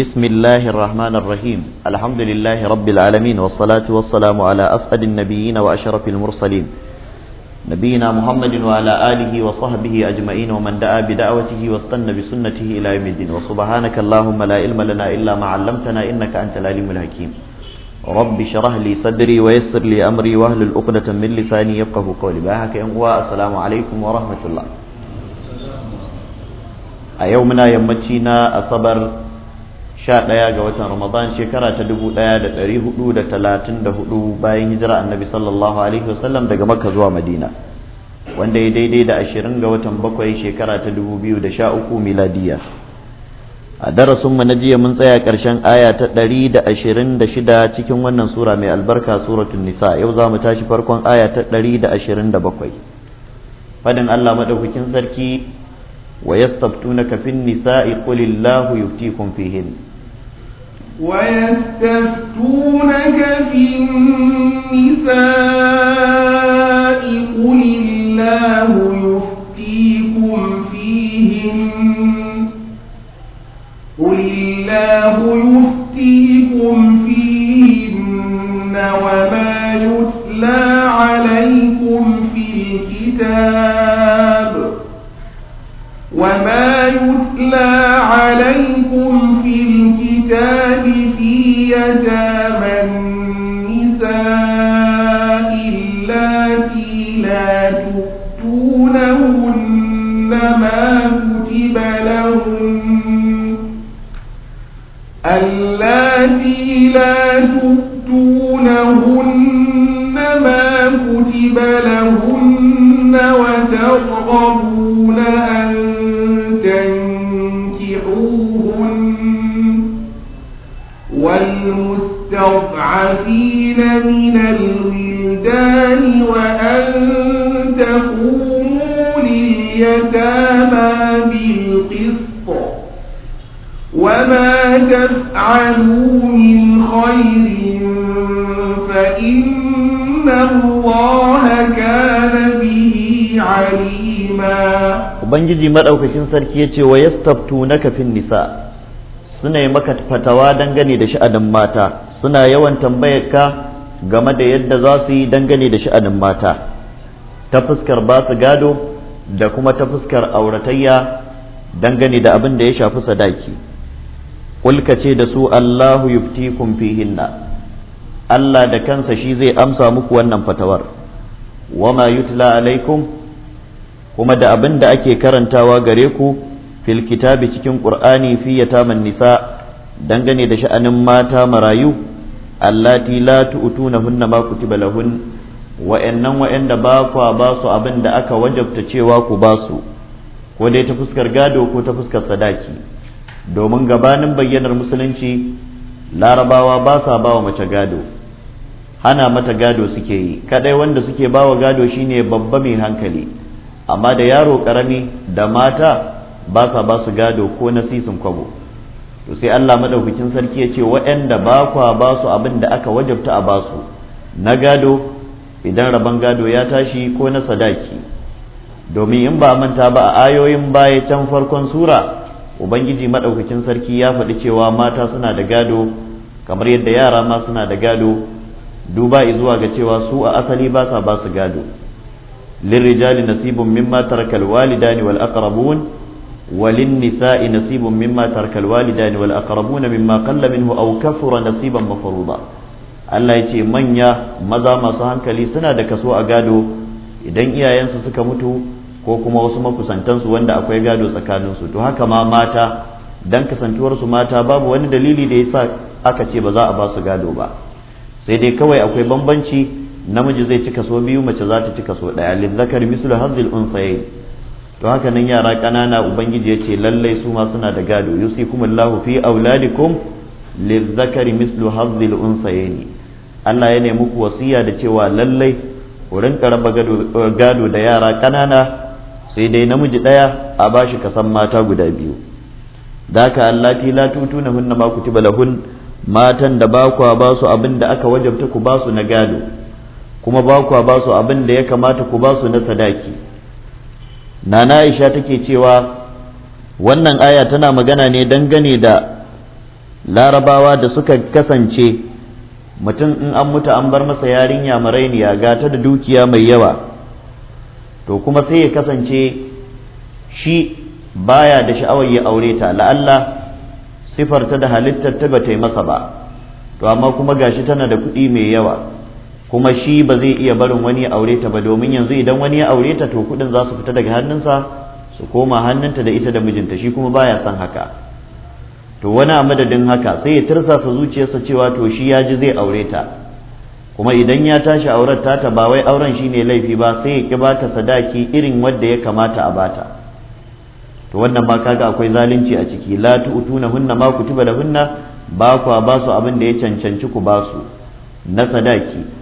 بسم الله الرحمن الرحيم الحمد لله رب العالمين والصلاة والسلام على أسعد النبيين وأشرف المرسلين نبينا محمد وعلى آله وصحبه أجمعين ومن دعا بدعوته واستنى بسنته إلى يوم الدين وسبحانك اللهم لا علم لنا إلا ما علمتنا إنك أنت العليم الحكيم رب شرح لي صدري ويسر لي أمري وأهل الأقدة من لساني يفقه قولي باهك السلام عليكم ورحمة الله a yau muna yammaci na asabar 11 ga watan Ramadan shekara ta 1434 bayan hijira annabi sallallahu alaihi wasallam daga Makka zuwa Madina wanda ya daidai da 20 ga watan bakwai shekara ta 2013 miladiya a darasin mu na jiya mun tsaya ƙarshen aya ta 126 cikin wannan sura mai albarka suratul nisa yau za mu tashi farkon aya ta 127 fadin Allah madaukakin sarki ويستبتونك في النساء قل الله يفتيكم فيهن ويستفتونك في النساء قل الله يفتيكم فيهن قل الله يفتيكم فيهن وما المستضعفين من الولدان وأن تقوموا لليتامى بالقسط وما تفعلوا من خير فإن الله كان به عليما وبنجي مرأة سركي يتي ويستبتونك في النساء suna yi maka fatawa dangane da sha'anin mata suna yawan tambayar ka game da yadda za su yi dangane da sha'anin mata ta fuskar ba su gado da kuma ta fuskar auratayya dangane da abin da ya shafi sadaki ulka ce da su Allahu yuftikum fihinna Allah da kansa shi zai amsa muku wannan fatawar wama yutla alaikum kuma da abin da ake karantawa gare ku fil kitabi cikin qur'ani fi yataman nisa dangane da sha'anin mata marayu allati la tu'tunahunna ma kutiba lahun wa'annan wa'anda ba ku ba su abin da aka wajabta cewa ku ba su ko dai ta fuskar gado ko ta fuskar sadaki domin gabanin bayyanar musulunci larabawa ba sa ba wa mace gado hana mata gado suke yi kadai wanda suke ba wa gado shine babba mai hankali amma da yaro karami da mata ba sa ba su gado ko na sisin kwabo to sai Allah madaukakin sarki ya ce waɗanda ba kwa ba su abin da aka wajabta a ba su na gado idan rabon gado ya tashi ko na sadaki domin in ba manta ba a ayoyin baya can farkon sura ubangiji madaukakin sarki ya faɗi cewa mata suna da gado kamar yadda yara ma suna da gado duba zuwa ga cewa su a asali ba sa ba su gado lirrijali nasibun mimma tarakal walidani wal aqrabun walin nisa'i nasibun mimma tarkal walidani wal aqrabuna mimma qalla minhu aw kathura nasiban mafruḍa Allah ya ce manya maza masu hankali suna da kaso a gado idan iyayensu suka mutu ko kuma wasu makusantansu wanda akwai gado tsakaninsu to haka ma mata dan kasantuwarsu mata babu wani dalili da yasa aka ce ba za a basu gado ba sai dai kawai akwai bambanci namiji zai ci kaso biyu mace za ta ci kaso ɗaya lizzakar mislu hazzil unsayayn to haka nan yara ƙanana ubangiji ya ce lallai su ma suna da gado yusi kuma allahu fi auladikum lizzakari mislu hazzil unsayeni Allah ya nemi ku wasiya da cewa lallai ku rinka raba gado da yara ƙanana sai dai namiji ɗaya a bashi kasan mata guda biyu daka allati la tutuna hunna ma kutiba lahun matan da ba kwa ba su abin da aka wajabta ku ba su na gado kuma ba kwa ba su abin da ya kamata ku ba su na sadaki nana aisha take cewa wannan aya tana magana ne dangane da larabawa da suka kasance mutum in an mutu an bar masa yarinya marainiya gata da dukiya mai yawa to kuma sai ya kasance shi baya da sha'awar ya aure ta la'alla sifarta da halittar ta ba ta ba to amma kuma gashi tana da kuɗi mai yawa kuma shi ba zai iya barin wani ya aure ta ba domin yanzu idan wani ya aure ta to kuɗin za su fita daga hannunsa su koma hannunta da ita da mijinta shi kuma baya son haka to wani a madadin haka sai ya sa zuciyarsa cewa to shi ya ji zai aure ta kuma idan ya tashi auren ta ba wai auren shi ne laifi ba sai ya ki bata sadaki irin wadda ya kamata a bata to wannan ba kaga akwai zalunci a ciki la tu'tuna hunna ma kutiba lahunna ba kwa ba su abin da ya cancanci ku ba su na sadaki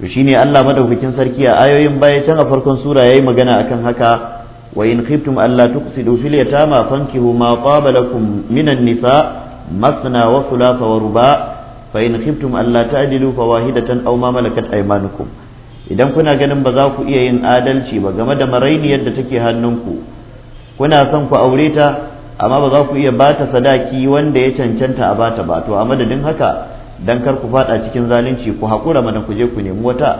to shine Allah madaukakin sarki a ayoyin baya can a farkon sura yayi magana akan haka wa in khiftum alla tuqsidu fil yatama fankihu ma qaba lakum minan nisa masna wa thulatha wa ruba fa in khiftum alla ta'dilu fawahidatan aw ma malakat aymanukum idan kuna ganin ba za ku iya yin adalci ba game da marainiyar da take hannunku kuna son ku aure ta amma ba za ku iya bata sadaki wanda ya cancanta a bata ba to a madadin haka dan kar ku fada cikin zalunci ku haƙura mana ku je ku nemi wata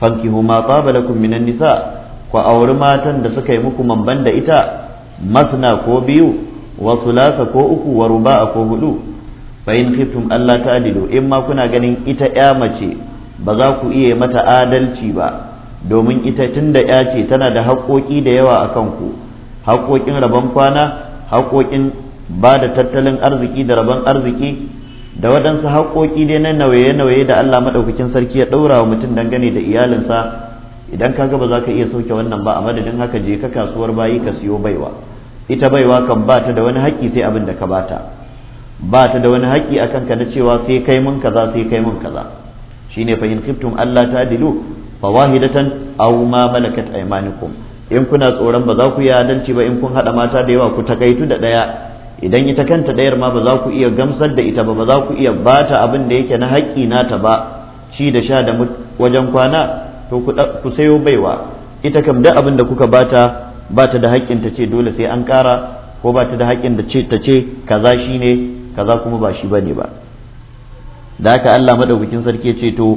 fanki huma taba lakum minan nisa ku auri matan da suka yi muku mamban da ita masna ko biyu wa sulasa ko uku wa ruba'a ko hudu fa in khiftum alla ta'dilu in ma kuna ganin ita ya mace ba za ku iya mata adalci ba domin ita tunda ya ce tana da haƙoƙi da yawa a kanku haƙoƙin rabon kwana haƙoƙin ba da tattalin arziki da rabon arziki da waɗansu haƙoƙi dai na nauye-nauye da Allah maɗaukakin sarki ya ɗaura wa mutum dangane da iyalinsa idan ka ga baza za ka iya sauke wannan ba a madadin haka je ka kasuwar bayi ka siyo baiwa ita baiwa kan ba ta da wani haƙƙi sai abin da ka bata ba ta da wani haƙƙi akan ka na cewa sai kai mun kaza sai kai mun kaza shine fa in khiftum alla ta'dilu fa wahidatan aw ma malakat aymanukum in kuna tsoron ba za ku yi adalci ba in kun hada mata da yawa ku takaitu da daya idan ita kanta ɗayar ma ba za ku iya gamsar da ita ba ba za ku iya bata abin da yake na haƙƙi na ta ba ci da sha da wajen kwana to ku sayo baiwa ita kam da abin da kuka bata ta da haƙƙin ta ce dole sai an ƙara ko ba ta da haƙƙin da ce ta ce kaza shi ne kaza kuma ba shi bane ba da haka Allah madaukakin sarki ce to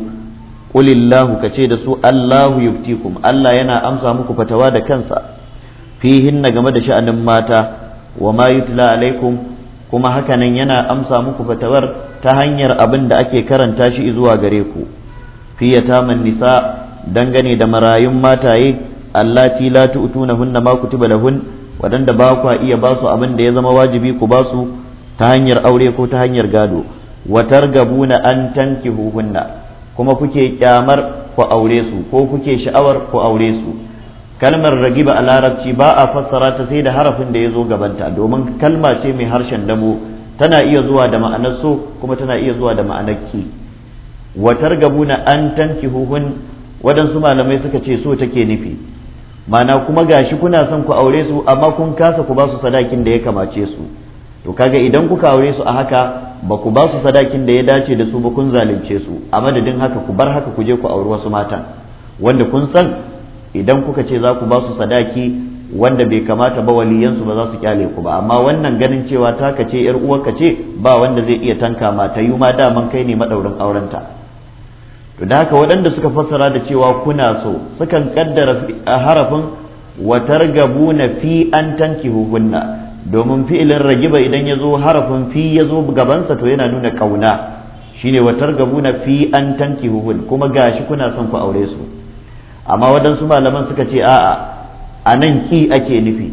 qulillahu ce da su Allahu yuftikum Allah yana amsa muku fatawa da kansa fihinna game da sha'anin mata wa ma yutla alaikum kuma hakanan yana amsa muku fatawar ta hanyar abin da ake karanta shi zuwa gare ku fi yataman nisa dangane da marayun mataye allati la tu'tunahunna ma kutiba lahun wadanda ba kwa iya ba su abin da ya zama wajibi ku ba su ta hanyar aure ko ta hanyar gado wa targabuna an huhunna, kuma kuke kyamar ku aure su ko kuke sha'awar ku aure su kalmar ragiba a larabci ba a fassara ta sai da harafin da ya zo gabanta domin kalma ce mai harshen damo tana iya zuwa da ma'anar so kuma tana iya zuwa da ma'anar ki watar gabuna an tanki huhun waɗansu malamai suka ce so take nufi mana kuma gashi kuna son ku aure su amma kun kasa ku ba su sadakin da ya kamace su to kaga idan kuka aure su a haka ba ku ba su sadakin da ya dace da su ba kun zalunce su a madadin haka ku bar haka ku je ku auri wasu matan wanda kun san idan kuka ce za ku ba su sadaki wanda bai kamata ba waliyansu ba za su kyale ku ba amma wannan ganin cewa ka ce yar uwarka ce ba wanda zai iya tanka ma ta yi ma daman kai ne madaurin aurenta to da haka waɗanda suka fassara da cewa kuna so sukan kaddara harafin wa targabuna fi an tankihu hunna domin fi'ilin ragiba idan ya zo harafin fi ya zo gabansa to yana nuna kauna shine wa targabuna fi an tankihu kuma gashi kuna son ku aure su amma waɗansu malaman suka ce a'a a nan ki ake nufi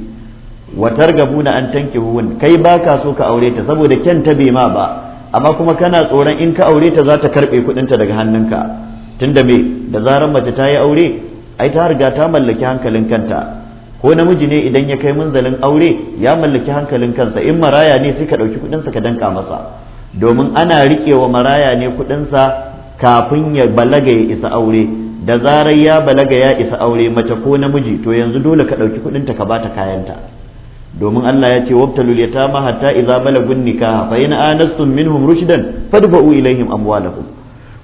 watar na an tanke huwun kai ba ka so ka aure ta saboda kyan ta bema ba amma kuma kana tsoron in ka aure ta za ta karɓe kuɗinta daga hannunka tunda me da zarar mace ta yi aure ai ta riga ta mallaki hankalin kanta ko namiji ne idan ya kai munzalin aure ya mallaki hankalin kansa in maraya ne sai ka ɗauki kuɗinsa ka danka masa domin ana wa maraya ne kuɗinsa kafin ya balaga ya isa aure da zarar ya balaga ya isa aure mace ko namiji to yanzu dole ka ɗauki kuɗinta ka bata kayanta domin Allah ya ce wabtalul yatama hatta idza balagun nikaha fa in anastum minhum rushdan fadfa'u ilaihim amwalakum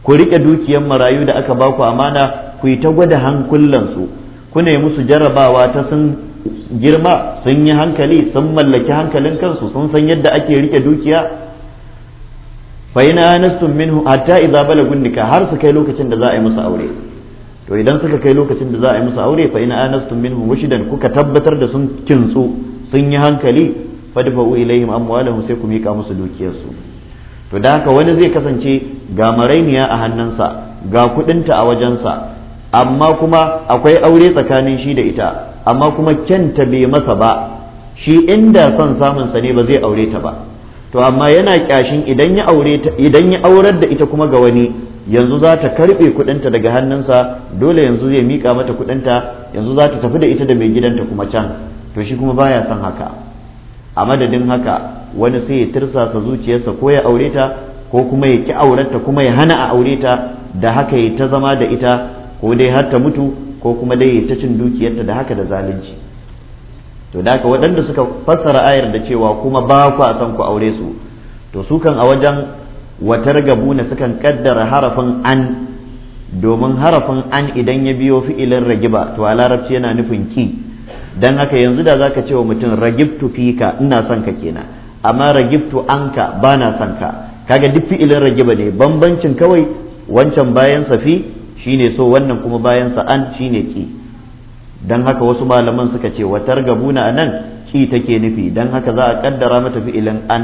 ku rike dukiyar marayu da aka baku amana ku yi ta gwada hankulan su ku ne musu jarabawa ta sun girma sun yi hankali sun mallaki hankalin kansu sun san yadda ake rike dukiya fa in anastum minhum hatta idza balagun nikah har su kai lokacin da za a yi musu aure to idan suka kai lokacin da za a yi musu aure fa ina anastum minhum da kuka tabbatar da sun kintsu sun yi hankali fadfa'u ilayhim amwalahum sai ku mika musu dukiyarsu to da haka wani zai kasance ga marainiya a hannunsa ga kudinta a wajensa amma kuma akwai aure tsakanin shi da ita amma kuma kyanta bai masa ba shi inda son samun sa ne ba zai aure ta ba to amma yana kyashin idan ya aure idan ya aurar da ita kuma ga wani yanzu za ta karbe kudinta daga hannunsa dole yanzu zai mika mata kudinta yanzu za ta tafi da ita da mai gidanta kuma can to shi kuma baya son haka a madadin haka wani sai ya tirsasa zuciyarsa ko ya aure ta ko kuma ya ki aurata kuma ya hana a aure ta da haka ya ta zama da ita ko dai har ta mutu ko kuma dai ya ta cin dukiyarta da haka da zalunci to da haka waɗanda suka fassara ayar da cewa kuma ba ku a san ku aure su to su kan a wajen targabuna sukan kaddara harafin an domin harafin an idan ya biyo fi'ilin ragiba to a larabci yana nufin ki dan haka yanzu da zaka ce wa mutum ragibtu fika ina son ka kenan amma ragibtu anka bana son ka kaga duk fi'ilin ragiba ne bambancin kawai wancan bayan safi shine so wannan kuma bayan sa an shine ki dan haka wasu malaman suka ce watar gabuna anan ki take nufi dan haka za a kaddara mata fi'ilin an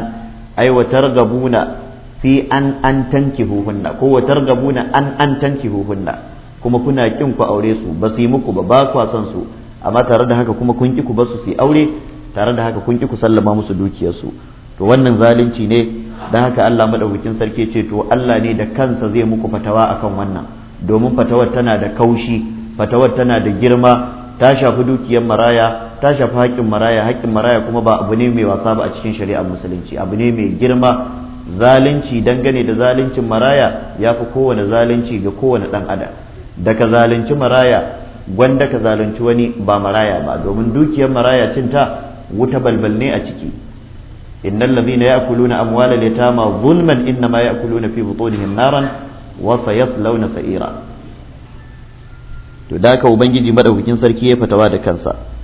ai watar gabuna sai an an tanki huhunna ko wa targabuna an an tanki huhunna kuma kuna kin ku aure su ba su yi muku ba ba kwa son su amma tare da haka kuma kun ki ku basu su aure tare da haka kun ki ku sallama musu dukiyarsu to wannan zalunci ne dan haka Allah madaukakin sarki ce to Allah ne da kansa zai muku fatawa akan wannan domin fatawar tana da kaushi fatawar tana da girma ta shafi dukiyar maraya ta shafi haƙƙin maraya haƙƙin maraya kuma ba abu ne mai wasa ba a cikin shari'ar musulunci abu ne mai girma zalunci dangane da zaluncin maraya ya fi kowane zalunci ga kowane ɗan adam daga ka zalunci maraya gwanda ka zalunci wani ba maraya ba domin dukiyar maraya cinta wuta balbal ne a ciki innal ladhina ya'kuluna amwalal yatama zulman innama ya'kuluna fi butunihim naran wa sayaslawna sa'ira to da ka ubangiji madaukakin sarki ya fatawa da kansa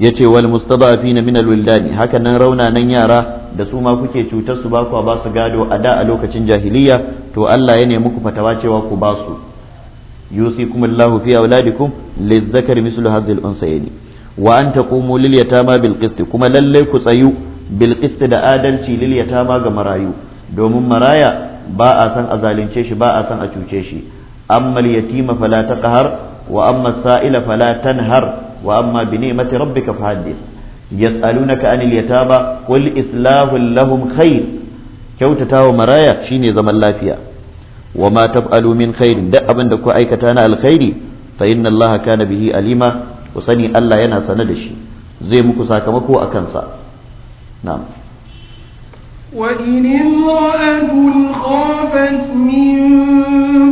yace wal mustada'afina minal alwildan hakan nan raunanan yara da su ma kuke cutar su ba ku ba su gado a da a lokacin jahiliya to Allah ya nemi ku fatawa cewa ku ba su yusikumullahu fi auladikum lizzakari mislu hadhil unsayni wa an taqumu lil yatama bil qist kuma lalle ku tsayu bil qist da adalci lil yatama ga marayu domin maraya ba a san a zalunce shi ba a san a cuce shi amma yatima fala taqhar wa amma sa'ila fala tanhar wa amma bine mata rabbi bi ni'mati rabbika fahaddith yas'alunaka anil yatama qul islahul lahum khair kyautatawa maraya shine zaman lafiya wa ma taf'alu min khairin duk abin da ku aikata na alkhairi fa inna allaha bihi alima ku sani Allah yana sane da shi zai muku sakamako a kansa na'am وإن امرأة خافت من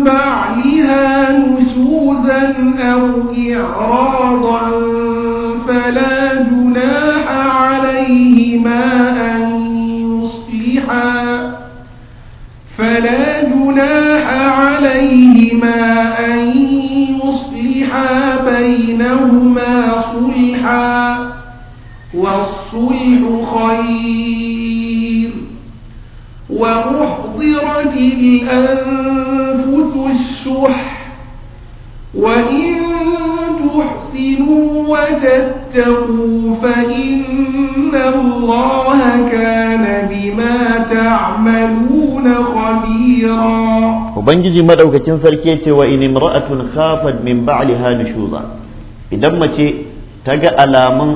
بعلها نسوزا أو إعراضا فلا جناح عليهما أن يصلحا فلا جناح عليهما أن يصلحا بينهما صلحا والصلح خير ومحضرت الأنفس الشح وإن تحسنوا وتتقوا فإن الله كان بما تعملون خبيرا Ubangiji madaukakin sarki ce wa in imra'atun khafat min ba'liha nushuza idan mace ta ga alamun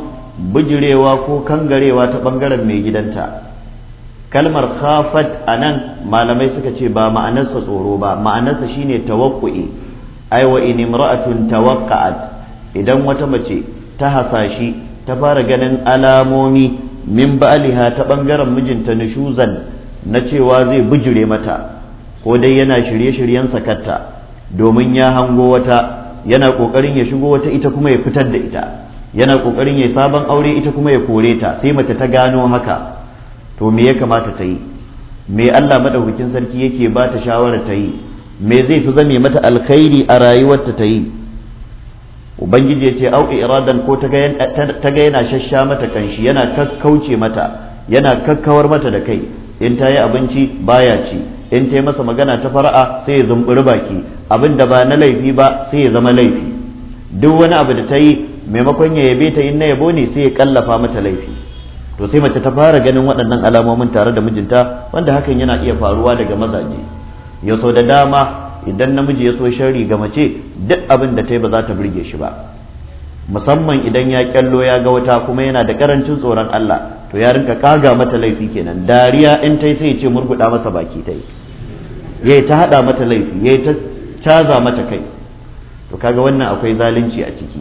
bijirewa ko kangarewa ta bangaren mai gidanta kalmar khafat nan malamai suka ce ba ma'anarsa tsoro ba ma'anarsa shine tawakku'i ai wa in imra'atun tawakka'at idan wata mace ta hasashi ta fara ganin alamomi min ba'liha ta bangaren mijinta nushuzan na cewa zai bijire mata ko dai yana shirye-shiryen sakatta domin ya hango wata yana kokarin ya shigo wata ita kuma ya fitar da ita yana kokarin ya sabon aure ita kuma ya kore ta sai mace ta gano haka to me ya kamata ta yi me Allah madaukakin sarki yake ba ta shawara ta yi me zai fi zame mata alkhairi a rayuwarta ta yi ubangiji ya ce au iradan ko ta ga yana shasha mata kanshi yana kakkauce mata yana kakkawar mata da kai in ta yi abinci baya ci in ta yi masa magana ta fara'a sai ya zumburi baki abin da ba na laifi ba sai ya zama laifi duk wani abu da ta yi maimakon ya yabe ta in na yabo ne sai ya kallafa mata laifi to sai mace ta fara ganin waɗannan alamomin tare da mijinta wanda hakan yana iya faruwa daga mazaje ya so da dama idan namiji ya so shari ga mace duk abin da ta yi ba za ta birge shi ba musamman idan ya kyallo ya ga wata kuma yana da karancin tsoron Allah to ya rinka kaga mata laifi kenan dariya in ta yi sai ce murguda masa baki ta yi ya ta haɗa mata laifi ya ta caza mata kai to kaga wannan akwai zalunci a ciki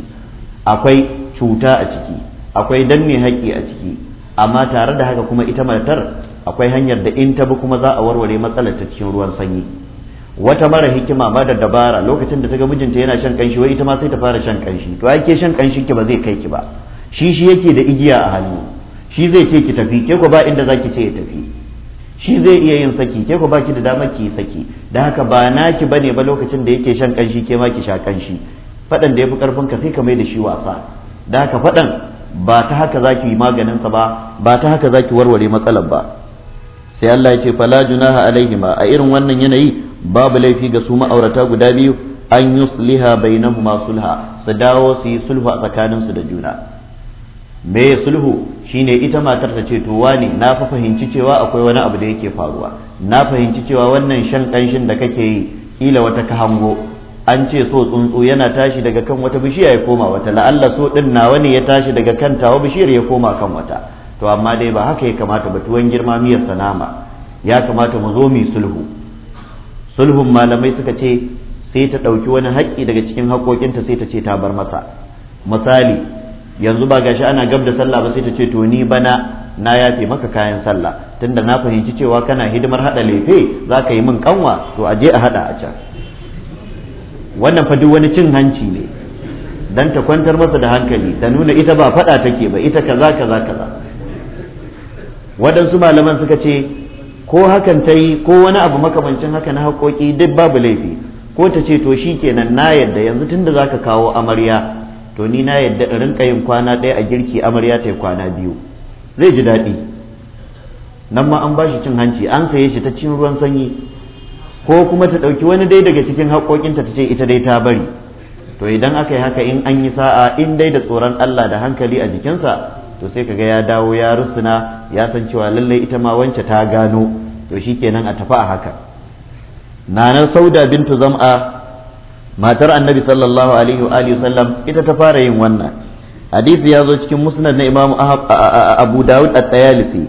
akwai cuta a ciki akwai danne haƙƙi a ciki amma tare da haka kuma ita matar akwai hanyar da in ta bi kuma za a warware matsalar ta cikin ruwan sanyi wata mara hikima ba da dabara lokacin da ta ga mijinta yana shan kanshi wai ita ma sai ta fara shan kanshi to ake shan kanshi ki ba zai kai ki ba shi shi yake da igiya a hannu shi zai ce ki tafi ke ku ba inda zaki ce ya tafi shi zai iya yin saki ke ku ba ki da dama ki yi saki da haka ba naki bane ba lokacin da yake shan kanshi ke ma ki sha kanshi fadan da yafi karfin ka sai ka mai da shi wasa da haka fadan ba ta haka za ki yi maganinsa ba ba ta haka za ki warware matsalar ba sai Allah ya ce fala junaha alaihima a irin wannan yanayi babu laifi ga su ma'aurata guda biyu an yusliha bainahuma sulha su dawo su yi sulhu a tsakaninsu da juna me ya sulhu shine ita matar ta ce to wani na fa fahimci cewa akwai wani abu da yake faruwa na fahimci cewa wannan shan kanshin da kake yi kila wata ka hango an ce so tsuntsu yana tashi daga kan wata bishiya ya koma wata la'alla so din nawa ne ya tashi daga kan tawa bishiyar ya koma kan wata to amma dai ba haka ya kamata ba tuwon girma miyar sanama ya kamata mu zo mu sulhu sulhun malamai suka ce sai ta ɗauki wani haƙƙi daga cikin haƙoƙinta sai ta ce ta bar masa misali yanzu ba gashi ana gab da sallah ba sai ta ce to ni bana na yafe maka kayan sallah tunda na fahimci cewa kana hidimar haɗa lefe za ka yi min kanwa to a je a haɗa a can wannan fa duk wani cin hanci ne dan ta kwantar masa da hankali ta nuna ita ba faɗa take ba ita kaza kaza kaza waɗansu malaman suka ce ko hakan ta yi ko wani abu makamancin haka na haƙoƙi duk babu laifi ko ta ce to shi kenan na yadda yanzu tun da za kawo amarya to ni na yadda in rinka yin kwana ɗaya a girki amarya ta yi kwana biyu zai ji daɗi nan ma an ba shi cin hanci an saye shi ta cin ruwan sanyi ko kuma ta ɗauki wani dai daga cikin haƙoƙinta ta ce ita dai ta bari to idan aka yi haka in an yi sa'a in dai da tsoron Allah da hankali a jikinsa to sai kaga ya dawo ya rusuna ya san cewa lallai ita ma wance ta gano to shikenan a tafi a haka nanar sauda bintu zam'a matar annabi sallallahu alaihi wa alihi sallam ita ta fara yin wannan hadisi ya zo cikin musnad na imamu abu dawud at-tayalisi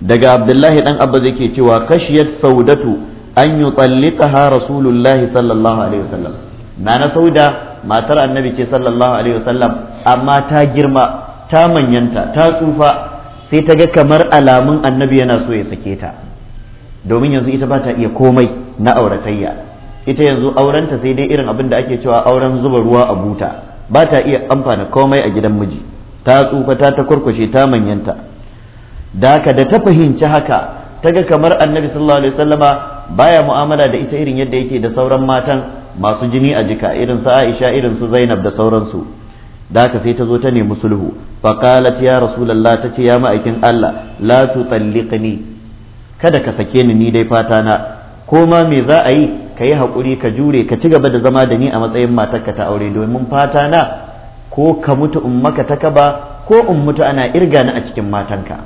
daga abdullahi dan abba ke cewa kashiyat saudatu an tsaha rasulullahi sallallahu alaihi wasallam nana sauda matar annabi ce sallallahu alaihi wasallam amma ta girma ta manyanta ta tsufa sai ta ga kamar alamun annabi yana so ya sake ta domin yanzu ita ba ta iya komai na auratayya ita yanzu aurenta sai dai irin abin da ake cewa auren zuba ruwa a buta ba ta iya amfana komai a gidan miji ta tsufa ta ta kurkushe ta manyanta da haka da ta fahimci haka ta ga kamar annabi sallallahu alaihi wasallama baya mu'amala da ita irin yadda yake da sauran matan masu jini a jika irin su Aisha irin su Zainab da sauransu da haka sai ta zo ta nemi sulhu fa qalat ya rasulullah tace ya ma'aikin Allah la tutalliqni kada ka sake ni ni dai fata na ko ma me za a yi ka yi hakuri ka jure ka ci gaba da zama da ni a matsayin matarka ta aure domin fata na ko ka mutu in maka ba ko in mutu ana irga ni a cikin matanka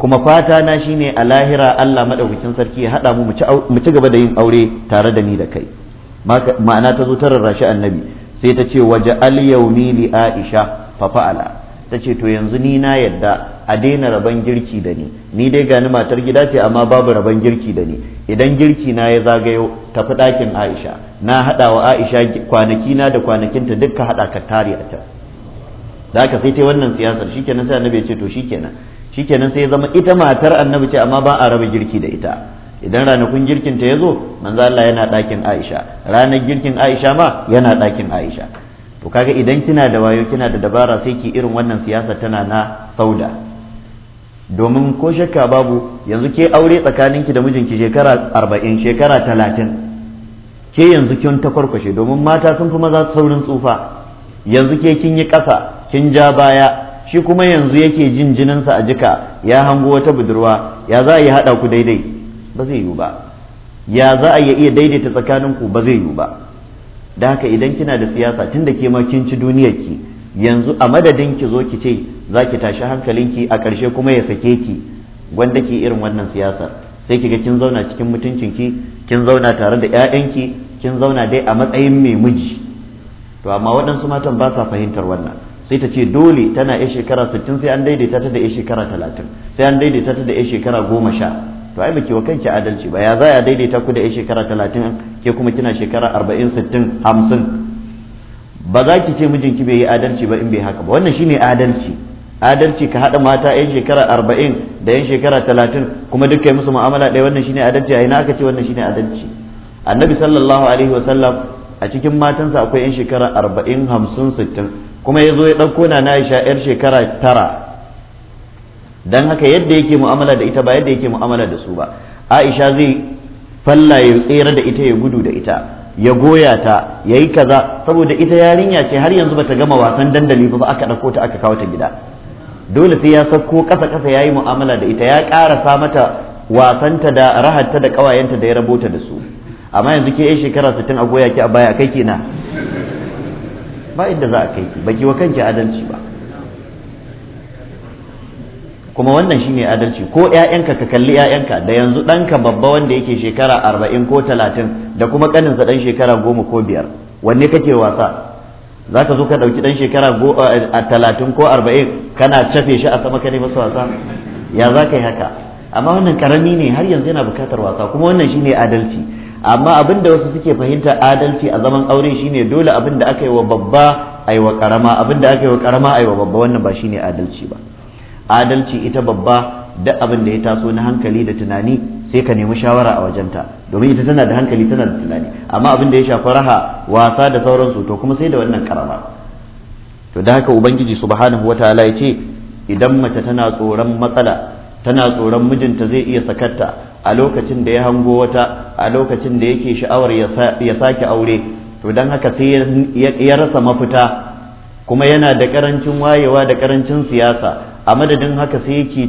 kuma fata na shine a lahira Allah madaukakin sarki ya hada mu mu ci gaba da yin aure tare da ni da kai ma'ana ta zo ta rarrashi annabi sai ta ce waje al yaumi li aisha fa fa'ala ta ce to yanzu ni na yadda a daina rabon girki da ni ni dai gani matar gida ce amma babu rabon girki da ni idan girki na ya zagayo tafi ɗakin aisha na haɗa wa aisha kwanaki na da kwanakinta dukka haɗa ka tare a ta da haka sai ta wannan siyasar shikenan sai annabi ya ce to shikenan shikenan sai ya zama ita matar annabi ce amma ba a raba girki da ita idan ranakun girkin ta zo, manzo Allah yana ɗakin Aisha ranar girkin Aisha ma yana ɗakin Aisha to kaga idan kina da wayo kina da dabara sai ki irin wannan siyasa tana na sauda domin ko shakka babu yanzu ke aure tsakaninki da mijinki shekara arba'in shekara talatin ke yanzu kin ta kwarkwashe domin mata sun fi maza saurin tsufa yanzu ke kin yi ƙasa kin ja baya shi kuma yanzu yake jin jininsa a jika ya hango wata budurwa ya za a yi haɗa ku daidai ba zai yiwu ba ya za a iya daidaita tsakaninku ba zai yiwu ba da haka idan kina da siyasa tun da ke ma kin ci duniyarki yanzu a madadin ki zo ki ce za ki tashi hankalinki a ƙarshe kuma ya sake ki wanda ke irin wannan siyasa sai ki ga kin zauna cikin mutuncin ki kin zauna tare da 'ya'yanki kin zauna dai a matsayin mai miji to amma waɗansu matan ba sa fahimtar wannan sai ta ce dole tana ya shekara 60 sai an daidaita ta da ya shekara 30 sai an daidaita ta da ya shekara 10 to ai baki wa kanki adalci ba ya za ya daidaita ku da ya shekara 30 ke kuma kina shekara 40 60 50 ba za ki ce mijinki bai yi adalci ba in bai haka ba wannan shine adalci adalci ka hada mata 'yan shekara 40 da 'yan shekara 30 kuma duka kai musu mu'amala ɗaya wannan shine adalci a ina aka ce wannan shine adalci annabi sallallahu alaihi wasallam a cikin matansa akwai 'yan shekara 40 50 60 kuma ya zo ya ɗauko na na Aisha yar shekara tara don haka yadda yake mu'amala da ita ba yadda yake mu'amala da su ba Aisha zai falla ya tsere da ita ya gudu da ita ya goya ta ya yi kaza saboda ita yarinya ce har yanzu bata gama wasan dandali ba aka ɗauko ta aka kawo ta gida dole sai ya sauko ƙasa ƙasa ya yi mu'amala da ita ya ƙarasa mata wasanta da rahatta da ƙawayenta da ya rabota da su amma yanzu ke shekara sittin a goya ki a baya kai kenan ba inda za a kai ki baki wa kanki adalci ba kuma wannan shine adalci ko 'ya'yanka ka kalli ƴaƴanka da yanzu ɗanka babba wanda yake shekara arba'in ko talatin da kuma ƙaninsa dan shekara goma ko biyar wanne kake wasa za ka zo ka ɗauki ɗan shekara talatin ko arba'in kana cafe shi a sama ka ne masa wasa ya za ka yi haka amma wannan karami ne har yanzu yana bukatar wasa kuma wannan shine adalci amma abin da wasu suke fahimta adalci a zaman aure shine dole abin da aka yi wa babba ai wa karama abin da aka yi wa karama aiwa wa babba wannan ba shine adalci ba adalci ita babba da abin da ya taso na hankali da tunani sai ka nemi shawara a wajenta domin ita tana da hankali tana da tunani amma abin da ya shafi raha wasa da sauransu to kuma sai da wannan karama to da haka ubangiji subhanahu wataala ya ce idan mace tana tsoron matsala tana tsoron mijinta zai iya sakatta a lokacin da ya hango wata a lokacin da yake sha'awar ya sake aure to don haka sai ya rasa mafita kuma yana da karancin wayewa da karancin siyasa a madadin haka sai yake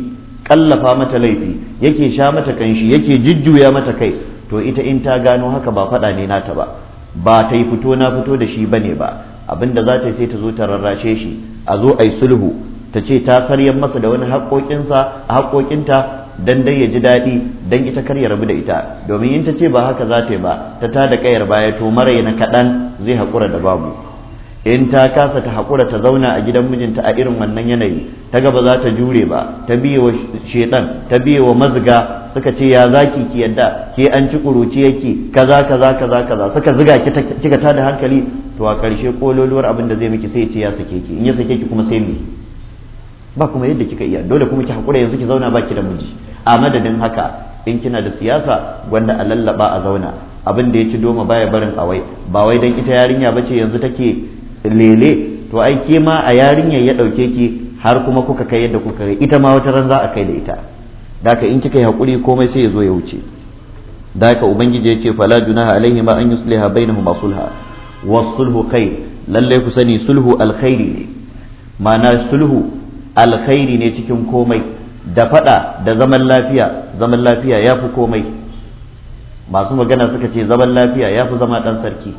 kallafa mata laifi yake sha mata kanshi yake jujjuya mata kai to ita in ta gano haka ba faɗa ne nata ba ba ta yi fito na fito da shi bane ba abinda za ta yi sai ta zo ta rarrashe shi a zo a yi sulhu ta ce ta saryan masa da wani haƙoƙinsa haƙoƙinta don dai ya ji daɗi don ita kar ya rabu da ita domin in ta ce ba haka za ta yi ba ta ta da kayar baya to marai na kaɗan zai haƙura da babu in ta kasa ta haƙura ta zauna a gidan mijinta a irin wannan yanayi ta gaba za ta jure ba ta biye wa shedan ta biye wa mazga suka ce ya zaki ki yadda ke an ci kuruci yake kaza kaza kaza kaza suka ziga ki kika tada hankali to a ƙarshe ƙololuwar abin da zai miki sai ya ce ya sake ki in ya sake ki kuma sai me ba kuma yadda kika iya dole kuma ki hakura yanzu ki zauna baki da miji a madadin haka in kina da siyasa gwanda a lallaba a zauna abin da ya ci doma baya barin awai ba wai dan ita yarinya bace yanzu take lele to ai ke ma a yarinyar ya dauke ki har kuma kuka kai yadda kuka kai ita ma wata ran za a kai da ita daka in kika yi hakuri komai sai ya zo ya wuce daka ubangiji ya ce fala junaha alaihi ma an yusliha bainahuma sulha wasulhu sulhu khair lalle ku sani sulhu alkhairi ne ma'ana sulhu alkhairi ne cikin komai da fada da zaman lafiya zaman lafiya ya fi komai masu magana suka ce zaman lafiya ya fi zama dan sarki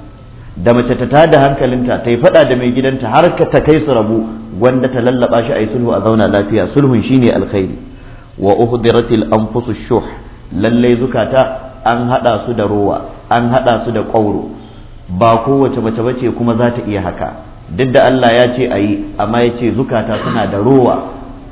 da mace ta tada hankalinta ta yi fada da mai gidanta har ka ta kai su rabu wanda ta lallaba shi a sulhu a zauna lafiya sulhun shine alkhairi wa uhdiratil anfusu shuh lallai zukata an hada su da rowa an hada su da kwauro ba kowace mace bace kuma za ta iya haka duk da Allah ya ce a yi amma ya ce zukata suna da rowa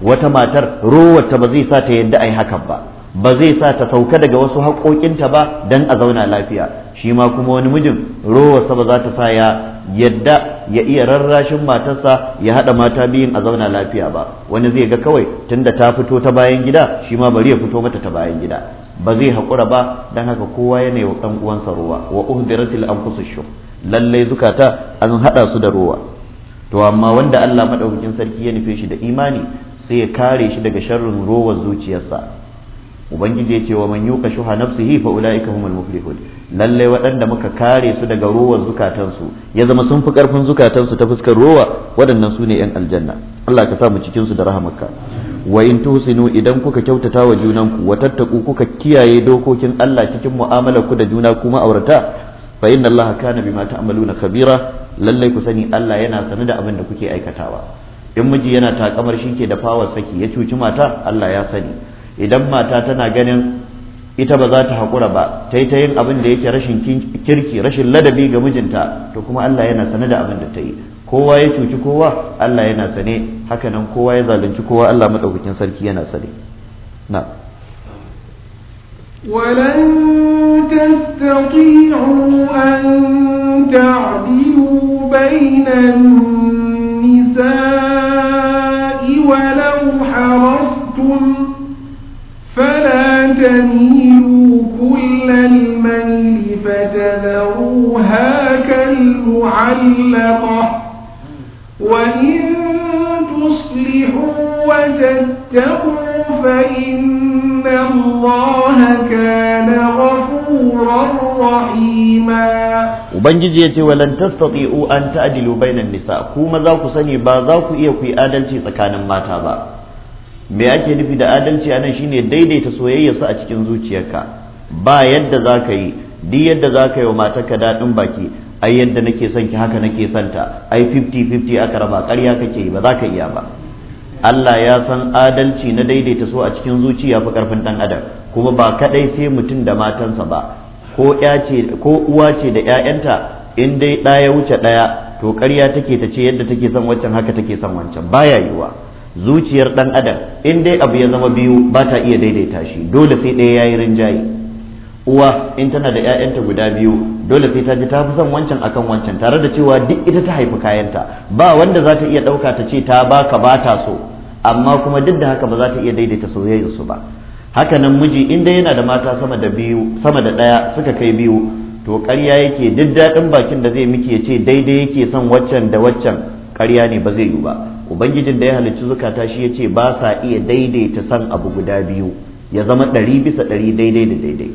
wata matar rowarta ba zai sa ta yadda a yi hakan ba ba zai sa ta sauka daga wasu haƙoƙinta ba don a zauna lafiya shi ma kuma wani mijin rowarsa ba za ta sa ya yadda ya iya rarrashin matarsa ya haɗa mata biyun a zauna lafiya ba wani zai ga kawai tunda ta fito ta bayan gida shi ma bari ya fito mata ta bayan gida ba zai haƙura ba don haka kowa yana yi wa ɗan uwansa ruwa wa uhdiratil anfusush lallai zukata an haɗa su da rowa to amma wanda Allah maɗaukakin sarki ya nufe shi da imani sai ya kare shi daga sharrin rowar zuciyarsa ubangiji ya ce wa man yuka shuha nafsihi fa ulaika humul muflihun lalle waɗanda muka kare su daga rowar zukatansu ya zama sun fi karfin zukatansu ta fuskar rowa waɗannan su ne yan aljanna Allah ka sa mu cikin su da rahamarka wa in tusinu idan kuka kyautata wa junanku wa tattaku kuka kiyaye dokokin Allah cikin mu'amalar ku da juna kuma aurata fa inna allaha kana bima ta'maluna khabira lallai ku sani Allah yana sane da abin da kuke aikatawa in miji yana takamar shi ke da fawar saki ya cuci mata Allah ya sani idan mata tana ganin ita ba za ta haƙura ba ta ta yin abin da yake rashin kirki rashin ladabi ga mijinta to kuma Allah yana sane da abin da ta yi kowa ya cuci kowa Allah yana sane hakanan kowa ya zalunci kowa Allah maɗaukakin sarki yana sane na'am ولن تستطيعوا أن تعدلوا بين النساء ولو حرصتم فلا تميلوا ubangiji ya ce walan tastati'u an ta'dilu bainan nisa kuma za ku sani ba za ku iya ku yi adalci tsakanin mata ba me ake nufi da adalci anan shine daidaita soyayya su a cikin zuciyarka ba yadda za ka yi duk yadda za ka yi wa matarka daɗin baki ai yadda nake son ki haka nake son ta ai 50 50 aka raba ƙarya kake yi ba za ka iya ba Allah ya san adalci na daidaita so a cikin zuciya fi karfin dan adam kuma ba kadai sai mutum da matansa ba ko uwa ce da 'ya'yanta in dai ɗaya wuce ɗaya to ƙarya take ta ce yadda take son wancan haka take son wancan baya yiwa zuciyar ɗan adam in dai abu ya zama biyu ba ta iya daidaita shi dole sai ɗaya yayi rinjaye uwa in tana da 'ya'yanta guda biyu dole sai ta ji ta fi son wancan akan wancan tare da cewa duk ita ta haifi kayanta ba wanda za ta iya ɗauka ta ce ta baka ba ta so amma kuma duk da haka ba za ta iya daidaita soyayyarsu ba haka nan miji inda yana da mata sama da biyu sama da ɗaya suka kai biyu to ƙarya yake duk daɗin bakin da zai miki ya ce daidai yake son waccan da waccan ƙarya ne ba zai yi ba ubangijin da ya halicci zukata shi ya ce ba sa iya daidaita son abu guda biyu ya zama ɗari bisa ɗari daidai da daidai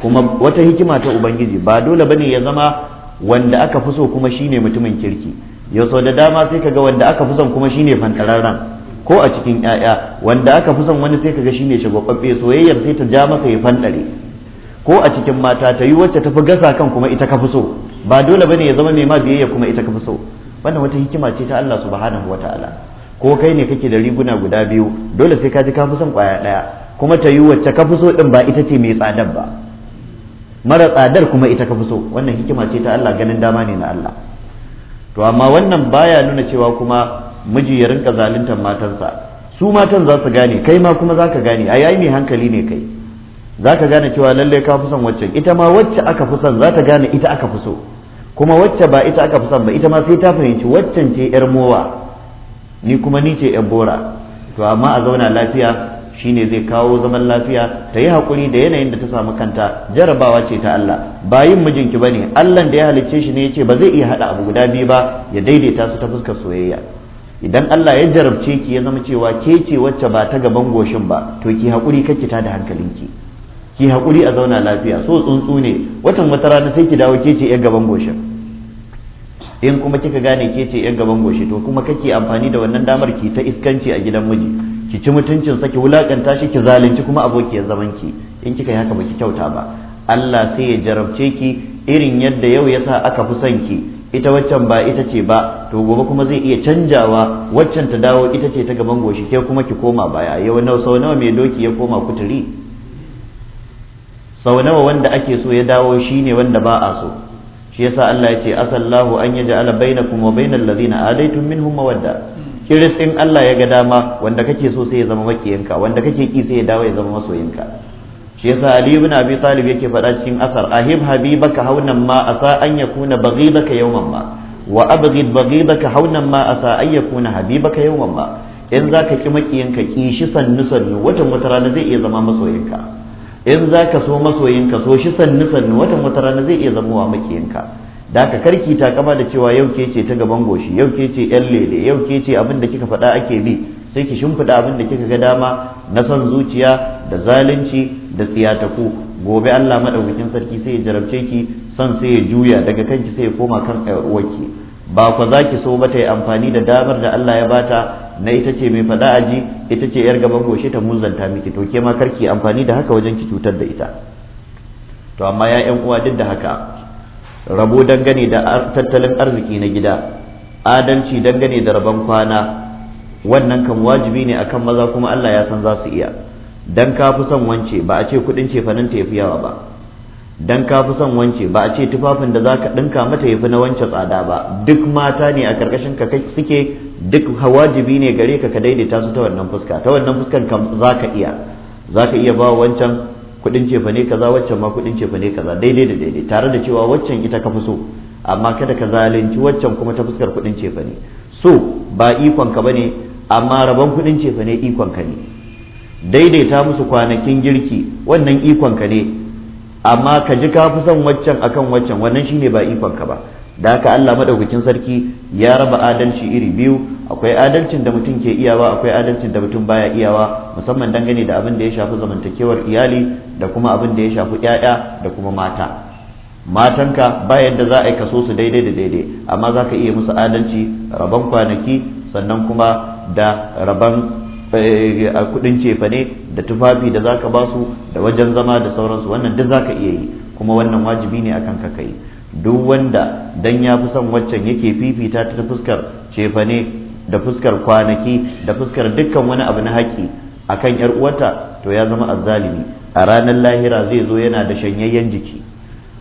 kuma wata hikima ta ubangiji ba dole bane ya zama wanda aka fi so kuma shine mutumin kirki ya so da dama sai ka ga wanda aka fi son kuma shine fantararren ko a cikin 'ya'ya wanda aka fi son wani sai ka kaga shine shagwababbe soyayyar sai ta ja masa ya fanɗare ko a cikin mata ta yi wacce ta fi gasa kan kuma ita ka fi so ba dole bane ya zama mai ma biyayya kuma ita ka fi so wannan wata hikima ce ta Allah subhanahu wataala ko kai ne kake da riguna guda biyu dole sai ka ji ka fi son kwaya ɗaya kuma ta yi wacce ka fi so ɗin ba ita ce mai tsadar ba mara tsadar kuma ita ka fi so wannan hikima ce ta Allah ganin dama ne na Allah to amma wannan baya nuna cewa kuma miji ya rinka zaluntar matarsa su matan za su gane kai ma kuma za ka gane a yayi mai hankali ne kai za ka gane cewa lalle ka fi son waccan ita ma wacce aka fi son za ta gane ita aka fi so kuma wacce ba ita aka fi son ba ita ma sai ta fahimci waccan ce yar mowa ni kuma ni ce yar bora to amma a zauna lafiya shine zai kawo zaman lafiya ta yi haƙuri da yanayin da ta samu kanta jarabawa ce ta Allah ba yin mijinki bane Allah da ya halicce shi ne ya ce ba zai iya haɗa abu guda biyu ba ya daidaita su ta fuskar soyayya idan Allah ya jarabce ki ya zama cewa ke ce wacce ba ta gaban goshin ba to ki haƙuri kake ta da hankalinki ki haƙuri a zauna lafiya so tsuntsu ne watan wata rana sai ki dawo ke ce yan gaban goshin in kuma kika gane ke ce yan gaban goshi to kuma kake amfani da wannan damar ki ta iskanci a gidan miji ki ci mutuncin sa ki wulakanta shi ki zalunci kuma aboki ya zaman ki in kika yi haka ba ki kyauta ba Allah sai ya jarabce ki irin yadda yau yasa aka fi son ki ita waccan ba ita ce ba to gobe kuma zai iya canjawa waccan ta dawo ita ce ta gaban goshi ke kuma ki koma baya yau nawa sau nawa mai doki ya koma kuturi sau nawa wanda ake so ya dawo shi ne wanda ba a so shi yasa Allah ya ce asallahu an yaj'ala bainakum wa bainal ladina adaitum minhum mawadda kiris in Allah ya ga dama wanda kake so sai ya zama makiyanka wanda kake ki sai ya dawo ya zama masoyinka shi yasa ali ibn abi talib yake faɗa cikin asar ahib habibaka haunan ma asa an yakuna baghidaka yawman ma wa abghid baghidaka haunan ma asa an yakuna habibaka yawman ma in zaka ki makiyinka ki shi sannu sannu watan wata rana zai iya zama masoyinka in zaka so masoyinka so shi sannu sannu watan wata rana zai iya zama wa makiyinka da ka karki ta kama da cewa yau ke ce ta gaban goshi yau ke ce yan lele yau ke ce abin da kika faɗa ake bi sai ki shimfiɗa abin da kika ga dama na son zuciya da zalunci da tsiyataku gobe Allah madaukakin sarki sai ya jarabce ki son sai ya juya daga kanki sai ya koma kan uwarki ba ku za ki so ba ta yi amfani da damar da Allah ya bata na ita ce mai faɗa aji ita ce yar gaban goshe ta muzanta miki to ke ma karki amfani da haka wajen ki cutar da ita to amma ya yan uwa duk da haka rabo dangane da tattalin arziki na gida adalci dangane da rabon kwana wannan kan wajibi ne akan maza kuma Allah ya san za su iya dan ka fi son wance ba a ce kudin fanin ta yafi yawa ba dan ka fi son wance ba a ce tufafin da zaka dinka mata yafi na wance tsada ba duk mata ne a karkashin ka suke duk wajibi ne gare ka ka daidaita su ta wannan fuska ta wannan fuskan kam zaka iya zaka iya ba wancan kudin fane kaza waccan ma kudin fane kaza daidai da daidai tare da cewa waccan ita ka fi so amma kada ka zalunci waccan kuma ta fuskar kudin cefane so ba ikon ka bane amma rabon kuɗin cefa ne ikon ka ne daidaita musu kwanakin girki wannan ikon ka ne amma ka ji ka fi son waccan akan waccan wannan shine ba ikon ka ba da haka Allah madaukakin sarki ya raba adalci iri biyu akwai adalcin da mutum ke iyawa akwai adalcin da mutum baya iyawa musamman dangane da abin da ya shafi zamantakewar iyali da kuma abin da ya shafi 'ya'ya da kuma mata matanka ba yadda za a yi kaso su daidai da daidai amma za ka iya musu adalci rabon kwanaki sannan kuma da rabon eh, kudin cefa ne da tufafi da zaka basu da wajen zama da sauransu wannan duk zaka iya yi kuma wannan wajibi ne akan ka kai duk wanda dan ya fi son waccan yake fifita ta fuskar cefa ne da fuskar kwanaki da fuskar dukkan wani abu na haƙi akan yar uwata to ya zama azzalimi a ranar lahira zai zo yana da shanyayyen jiki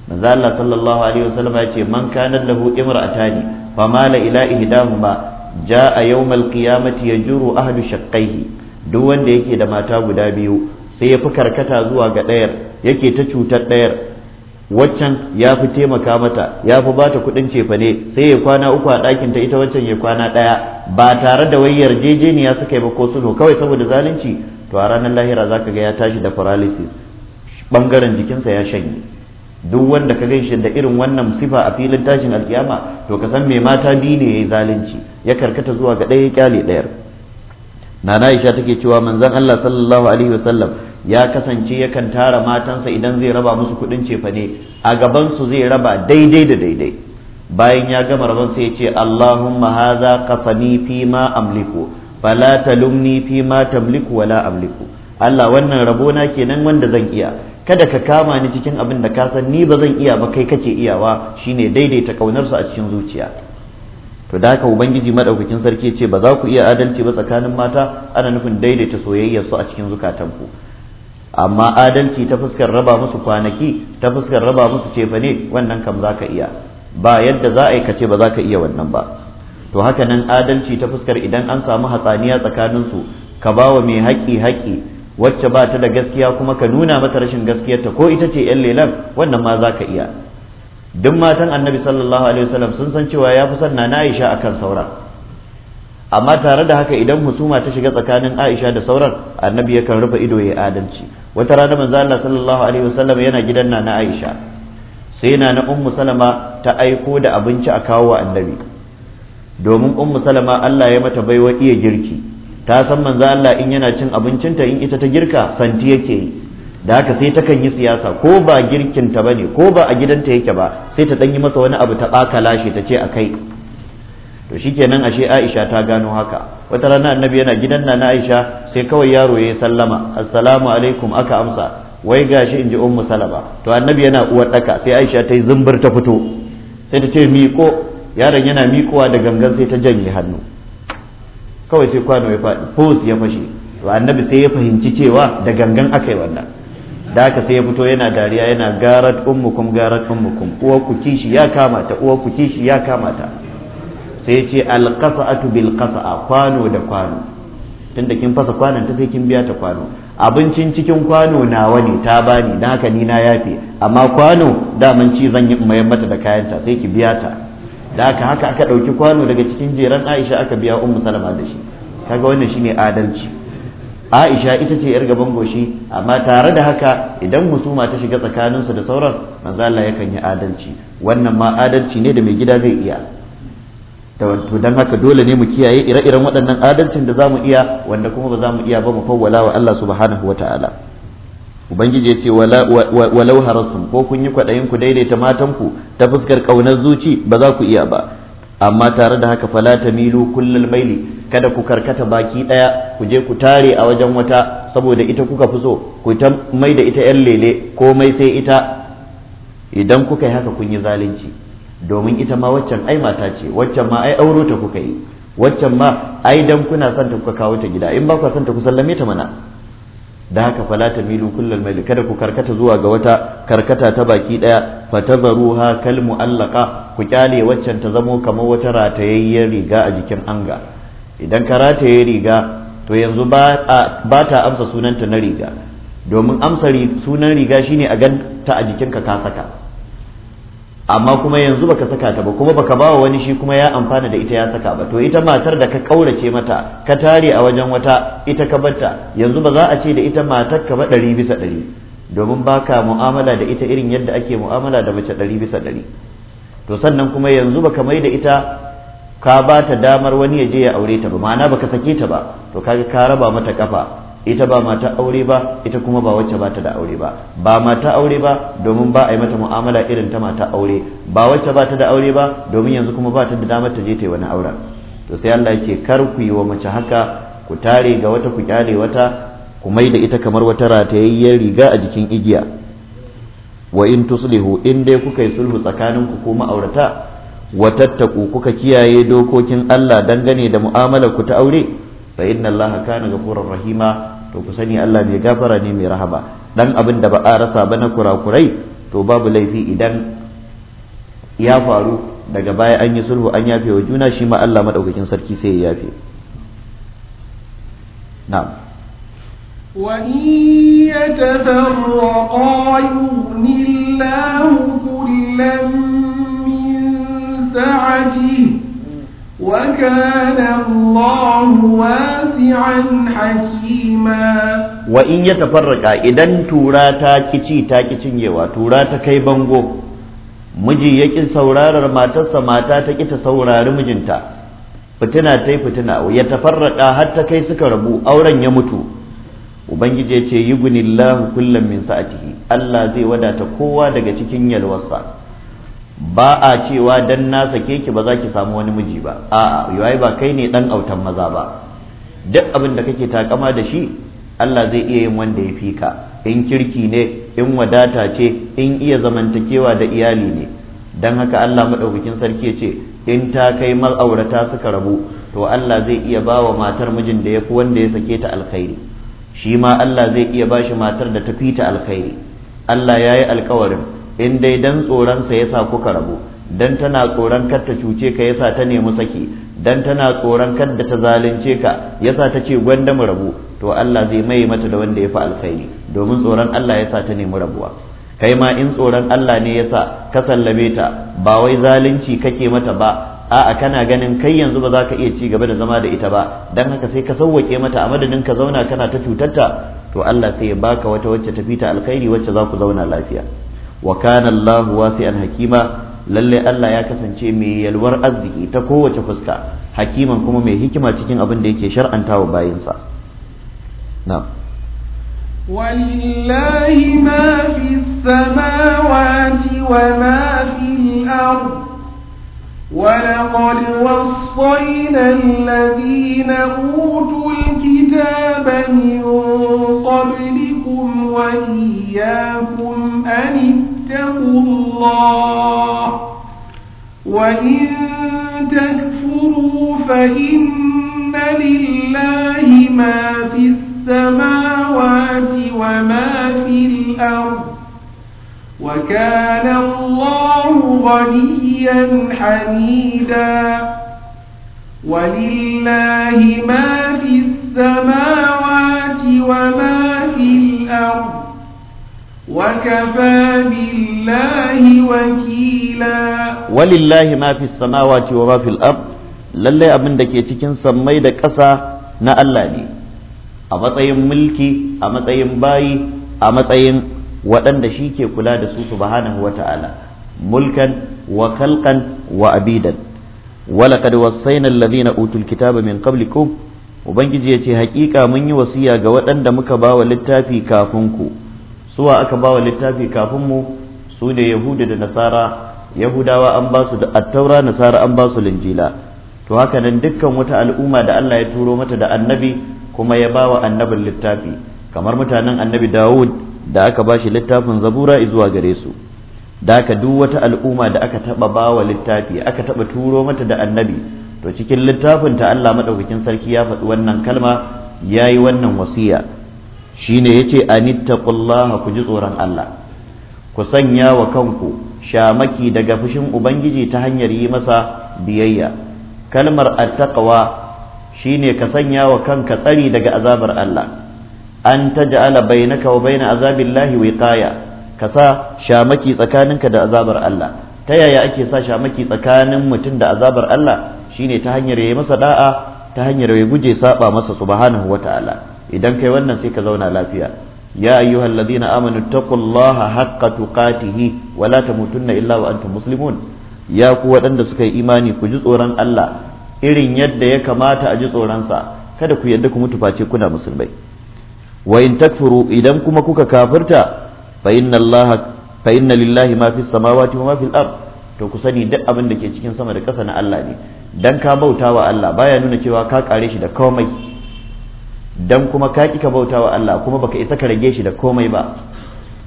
manzo Allah sallallahu alaihi wasallam ya ce man kana lahu imra'atani famala ila ihdahuma ja'a yawmal qiyamati yajuru ahadu shaqqaihi duk wanda yake da mata guda biyu sai ya fi karkata zuwa ga ɗayar yake ta cutar ɗayar waccan ya fi taimaka mata ya fi bata kuɗin cefane sai ya kwana uku a ɗakinta ta ita waccan ya kwana ɗaya ba tare da wai yarjejeniya suka yi ba ko suno kawai saboda zalunci to a ranar lahira zaka ga ya tashi da paralysis bangaren jikinsa ya shanye duk wanda ka gaishe da irin wannan sifa a filin tashin alkiyama to ka san mai mata biyu ne ya yi zalunci ya karkata zuwa ga ɗaya kyale ɗayar nana Aisha take cewa manzan Allah sallallahu alaihi wasallam ya kasance yakan tara matansa idan zai raba musu kuɗin cefane a gabansu zai raba daidai da daidai bayan ya gama rabon sai ya ce Allahumma haza kafani fi ma amliku fala talumni fi ma tamliku wala amliku Allah wannan rabona kenan wanda zan iya kada ka kama ni cikin abin da ka san ni ba zan iya ba kai kake iyawa shine daidaita kaunarsu a cikin zuciya to da haka ubangiji madaukakin sarki ce ba za ku iya adalci ba tsakanin mata ana nufin daidaita soyayyar su a cikin zukatanku amma adalci ta fuskar raba musu kwanaki ta fuskar raba musu cefane wannan kam za ka iya ba yadda za a yi kace ba za ka iya wannan ba to haka nan adalci ta fuskar idan an samu hatsaniya tsakaninsu ka ba wa mai haƙi-haƙi. wacce ba ta da gaskiya kuma ka nuna mata rashin gaskiyarta ko ita ce yan lelan wannan ma za ka iya duk matan annabi sallallahu alaihi wasallam sun san cewa ya fi son na aisha akan sauran amma tare da haka idan husuma ta shiga tsakanin aisha da sauran annabi yakan rufe ido ya adalci wata rana manzo Allah sallallahu alaihi wasallam yana gidan Nana na aisha sai na na ummu salama ta aiko da abinci a kawo wa annabi domin ummu salama Allah ya mata baiwa iya girki ta san manzo Allah in yana cin abincinta in ita ta girka santi yake yi da haka sai takan yi siyasa ko ba girkin ta bane ko ba a gidanta yake ba sai ta danyi masa wani abu ta baka lashe ta ce akai to shikenan ashe Aisha ta gano haka wata rana annabi yana gidan na Aisha sai kawai yaro ya sallama assalamu alaikum aka amsa wai gashi inji ummu salama to annabi yana uwar daka sai Aisha ta yi zumbur ta fito sai ta ce miƙo yaron yana mikowa da gangan sai ta janye hannu kawai sai kwano ya faɗi fus ya fashe to annabi sai ya fahimci cewa da gangan aka yi wannan da haka sai ya fito yana dariya yana garat ummukum garat ummukum uwar ku kishi ya kamata uwar ku kishi ya kamata sai ya ce alqasatu bil kwano da kwano tunda kin fasa kwanon ta sai kin biya ta kwano abincin cikin kwano na wani ta bani da haka ni na yafe amma kwano daman ci zan yi mayar mata da kayanta sai ki biya ta da haka haka aka ɗauki kwano daga cikin jeran aisha aka biya ummu salama da shi kaga wannan shine adalci aisha ita ce yar gaban goshi amma tare da haka idan musuma ta shiga tsakaninsu da sauran manzo Allah yakan yi adalci wannan ma adalci ne da mai gida zai iya to don haka dole ne mu kiyaye ire-iren waɗannan adalcin da zamu iya wanda kuma ba za mu iya ba mu fawwala wa Allah subhanahu wata'ala ta'ala ubangiji ya ce walau harastum ko kun yi kwaɗayin ku daidaita ku ta fuskar ƙaunar zuci ba za ku iya ba amma tare da haka fala ta milu kullal maili kada ku karkata baki ɗaya ku je ku tare a wajen wata saboda ita kuka fi so ku ta mai da ita 'yan lele komai sai ita idan kuka yi haka kun yi zalunci domin ita ma waccan ai mata ce waccan ma ai aure ta kuka yi waccan ma ai dan kuna son ta kuka kawo ta gida in ba ku son ta ku sallame ta mana da haka fala milu kullal mail kada ku karkata zuwa ga wata karkata ta baki daya fatadharuha kal mu'allaqa ku kyale waccan ta zamo kamar wata ratayayyen riga a jikin anga idan ka rataye riga to yanzu ba ta amsa sunanta na riga domin amsa sunan riga shine a ganta a jikinka ka saka amma kuma yanzu baka saka ta ba kuma baka bawa wani shi kuma ya amfana da ita ya saka ba to ita matar da ka kaurace mata ka tare a wajen wata ita ka batta yanzu ba za a ce da ita matar ka ba ɗari bisa ɗari domin baka mu'amala da ita irin yadda ake mu'amala da mace ɗari bisa ɗari to sannan kuma yanzu baka mai da ita ka ba ta damar wani ya je ya aure ta ba ma'ana baka sake ta ba to kaga ka raba mata kafa ita ba mata aure ba ita kuma ba wacce ba ta da aure ba ba mata aure ba domin ba a yi mata mu'amala irin ta mata aure ba wacce ba ta da aure ba domin yanzu kuma ba ta da damar ta je ta yi wani auren to sai Allah yake kar ku yi wa mace haka ku tare ga wata ku kyale wata ku mai da ita kamar wata ratayayyar riga a jikin igiya wa in tuslihu in dai kuka yi sulhu tsakaninku ko ma'aurata wa tattaku kuka kiyaye dokokin Allah dangane da mu'amalar ku ta aure fa inna allaha kana ghafurur rahima to ku sani Allah mai gafara ne mai rahama dan abin da ba a rasa ba na kurakurai to babu laifi idan ya faru daga baya an yi sulhu an yafe wa juna shi ma Allah madaukakin sarki sai ya yafe na'am وإن يتفرقا يغن الله كلا من سعته Wa ya ya idan tura tura ta توراتا كيشي تاكيشن tura ta kai bango miji ya ƙi saurarar matarsa mata ta ƙi ta saurari mijinta fitina ta yi fitina ya tafarraƙa har ta kai suka rabu auren ya mutu ubangiji ya ce yi gunillahu kullum min sa'atihi allah zai wadata kowa daga cikin yalwarsa ba a cewa dan na sake ki ba za ki samu wani miji ba a'a yayi ba kai ne dan autan maza ba duk abin da kake takama da shi Allah zai iya yin wanda ya fi ka in kirki ne in wadata ce in iya zamantakewa da iyali ne dan haka Allah madaukakin sarki ya ce in ta kai mal'aurata suka rabu to Allah zai iya ba wa matar mijin da ya fi wanda ya sake ta alkhairi shi ma Allah zai iya ba shi matar da ta fi ta alkhairi Allah ya yi alkawarin in dai dan tsoronsa yasa kuka rabu dan tana tsoron kar ta cuce ka yasa ta nemi saki dan tana tsoron kar da ta zalunce ka yasa ta ce gwanda mu rabu to Allah zai mai mata da wanda ya fi alkhairi domin tsoron Allah yasa ta nemi rabuwa kai ma in tsoron Allah ne yasa ka sallame ta ba wai zalunci kake mata ba a'a kana ganin kai yanzu ba za ka iya ci gaba da zama da ita ba dan haka sai ka sauwake mata a madadin ka zauna kana ta cutarta to Allah sai ya baka wata wacce tafi ta alkhairi wacce za ku zauna lafiya wa kana Allah wasi'an hakima lalle Allah ya kasance mai yalwar arziki ta kowace fuska hakiman kuma mai hikima cikin abin da yake shar'anta wa bayinsa na'am ولله ما في السماوات وما في الأرض ولقد وصينا الذين أوتوا الكتاب من قبلكم وإياكم أن الله وإن تكفروا فإن لله ما في السماوات وما في الأرض وكان الله غنيا حميدا ولله ما في السماوات وما في الأرض وكفى بالله وكيلا ولله ما في السماوات وما في الأرض lallai abin da ke cikin sammai da ƙasa na Allah ne a matsayin mulki a matsayin bayi a matsayin waɗanda shi ke kula da su subhanahu ta'ala, mulkan wa kalkan wa abidan walaqad wassayna alladhina utul kitaba min qablikum ubangiji ya ce haƙiƙa mun yi wasiya ga waɗanda muka bawa littafi kafin ku suwa aka bawa littafi kafin mu su ne yahuda da nasara yahudawa an ba su da attaura nasara an ba su linjila to haka nan dukkan wata al'umma da Allah ya turo mata da annabi kuma ya bawa annabin littafi kamar mutanen annabi dawud da aka ba shi littafin zabura zuwa gare su da aka duk wata al'umma da aka taba bawa littafi aka taba turo mata da annabi to cikin littafin ta Allah madaukakin sarki ya faɗi wannan kalma ya yi wannan wasiya shine yace anittaqullaha ku ji tsoron Allah ku sanya wa kanku shamaki daga fushin ubangiji ta hanyar yi masa biyayya kalmar attaqwa shine ka sanya wa kanka tsari daga azabar Allah an taj'ala bainaka wa baina azabillahi wiqaya ka sa shamaki tsakaninka da azabar Allah ta yaya ake sa shamaki tsakanin mutum da azabar Allah shine ta hanyar yi masa da'a ta hanyar ya guje saɓa masa subhanahu wataala idan kai wannan sai ka zauna lafiya ya haqqa tuqatih wa la tamutunna illa wa antum muslimun ya ku waɗanda suka yi imani ku ji tsoron allah irin yadda ya kamata a ji tsoron sa kada ku yadda ku mutu face kuna musulmai wa in takfuru idan kuma kuka kafirta fa inna Allah fa inna lillahi ma fis samawati wa ma fil ard to ku sani duk abin da ke cikin sama da ƙasa na Allah ne dan ka bautawa Allah baya nuna cewa ka kare shi da komai dan kuma ka ka bauta wa Allah kuma baka isa ka rage shi da komai ba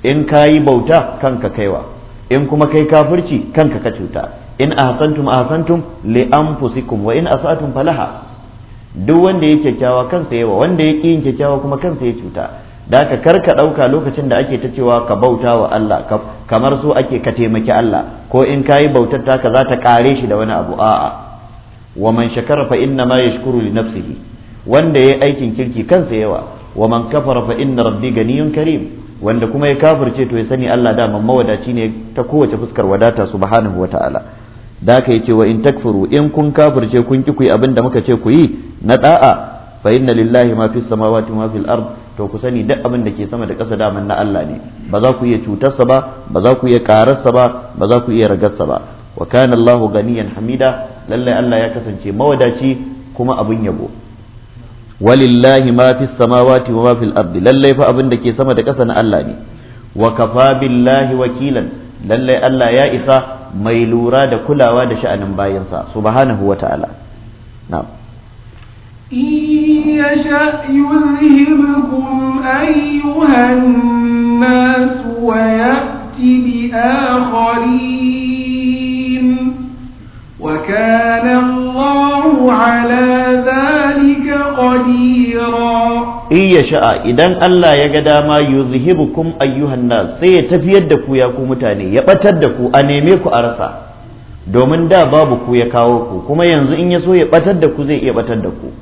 in ka yi bauta kanka kaiwa in kuma kai kafirci kanka ka cuta in ahsantum ahsantum li anfusikum wa in asatum falaha duk wanda ya kyakkyawa kansa yawa wanda ya ki yin kyakkyawa kuma kansa ya cuta da ka kar ka ɗauka lokacin da ake ta cewa ka bauta wa Allah kamar so ake ka taimaki Allah ko in ka yi bautar taka za ta kare shi da wani abu a'a wa man shakara fa inna ma yashkuru li nafsihi wanda ya yi aikin kirki kansa yawa wa man kafara fa inna rabbi ganiyun karim wanda kuma ya kafirce to ya sani Allah da mawadaci ne ta kowace fuskar wadata subhanahu wataala da ka yace wa in takfuru in kun kafirce kun ki kuyi abin da muka ce ku yi na da'a fa inna lillahi ma fis samawati ma fil ard to ku sani duk abin da ke sama da ƙasa daman na Allah ne ba za ku iya cutarsa ba ba za ku iya ƙararsa ba ba za ku iya ragarsa ba wa kana Allahu ganiyan hamida lallai Allah ya kasance mawadaci kuma abin yabo walillahi ma fi samawati wa ma fil ardi lallai fa abin da ke sama da ƙasa na Allah ne wa kafa billahi wakilan lallai Allah ya isa mai lura da kulawa da sha'anin bayansa subhanahu wa ta'ala na'am يشأ يذهبكم أيها الناس ويأت بآخرين وكان الله على ذلك ya idan allah dama ya tafiyar da ku ya ku mutane ya batar da ku a neme ku a rasa domin da babu ku ya kawo ku kuma yanzu in ya so ya batar da ku zai iya batar da ku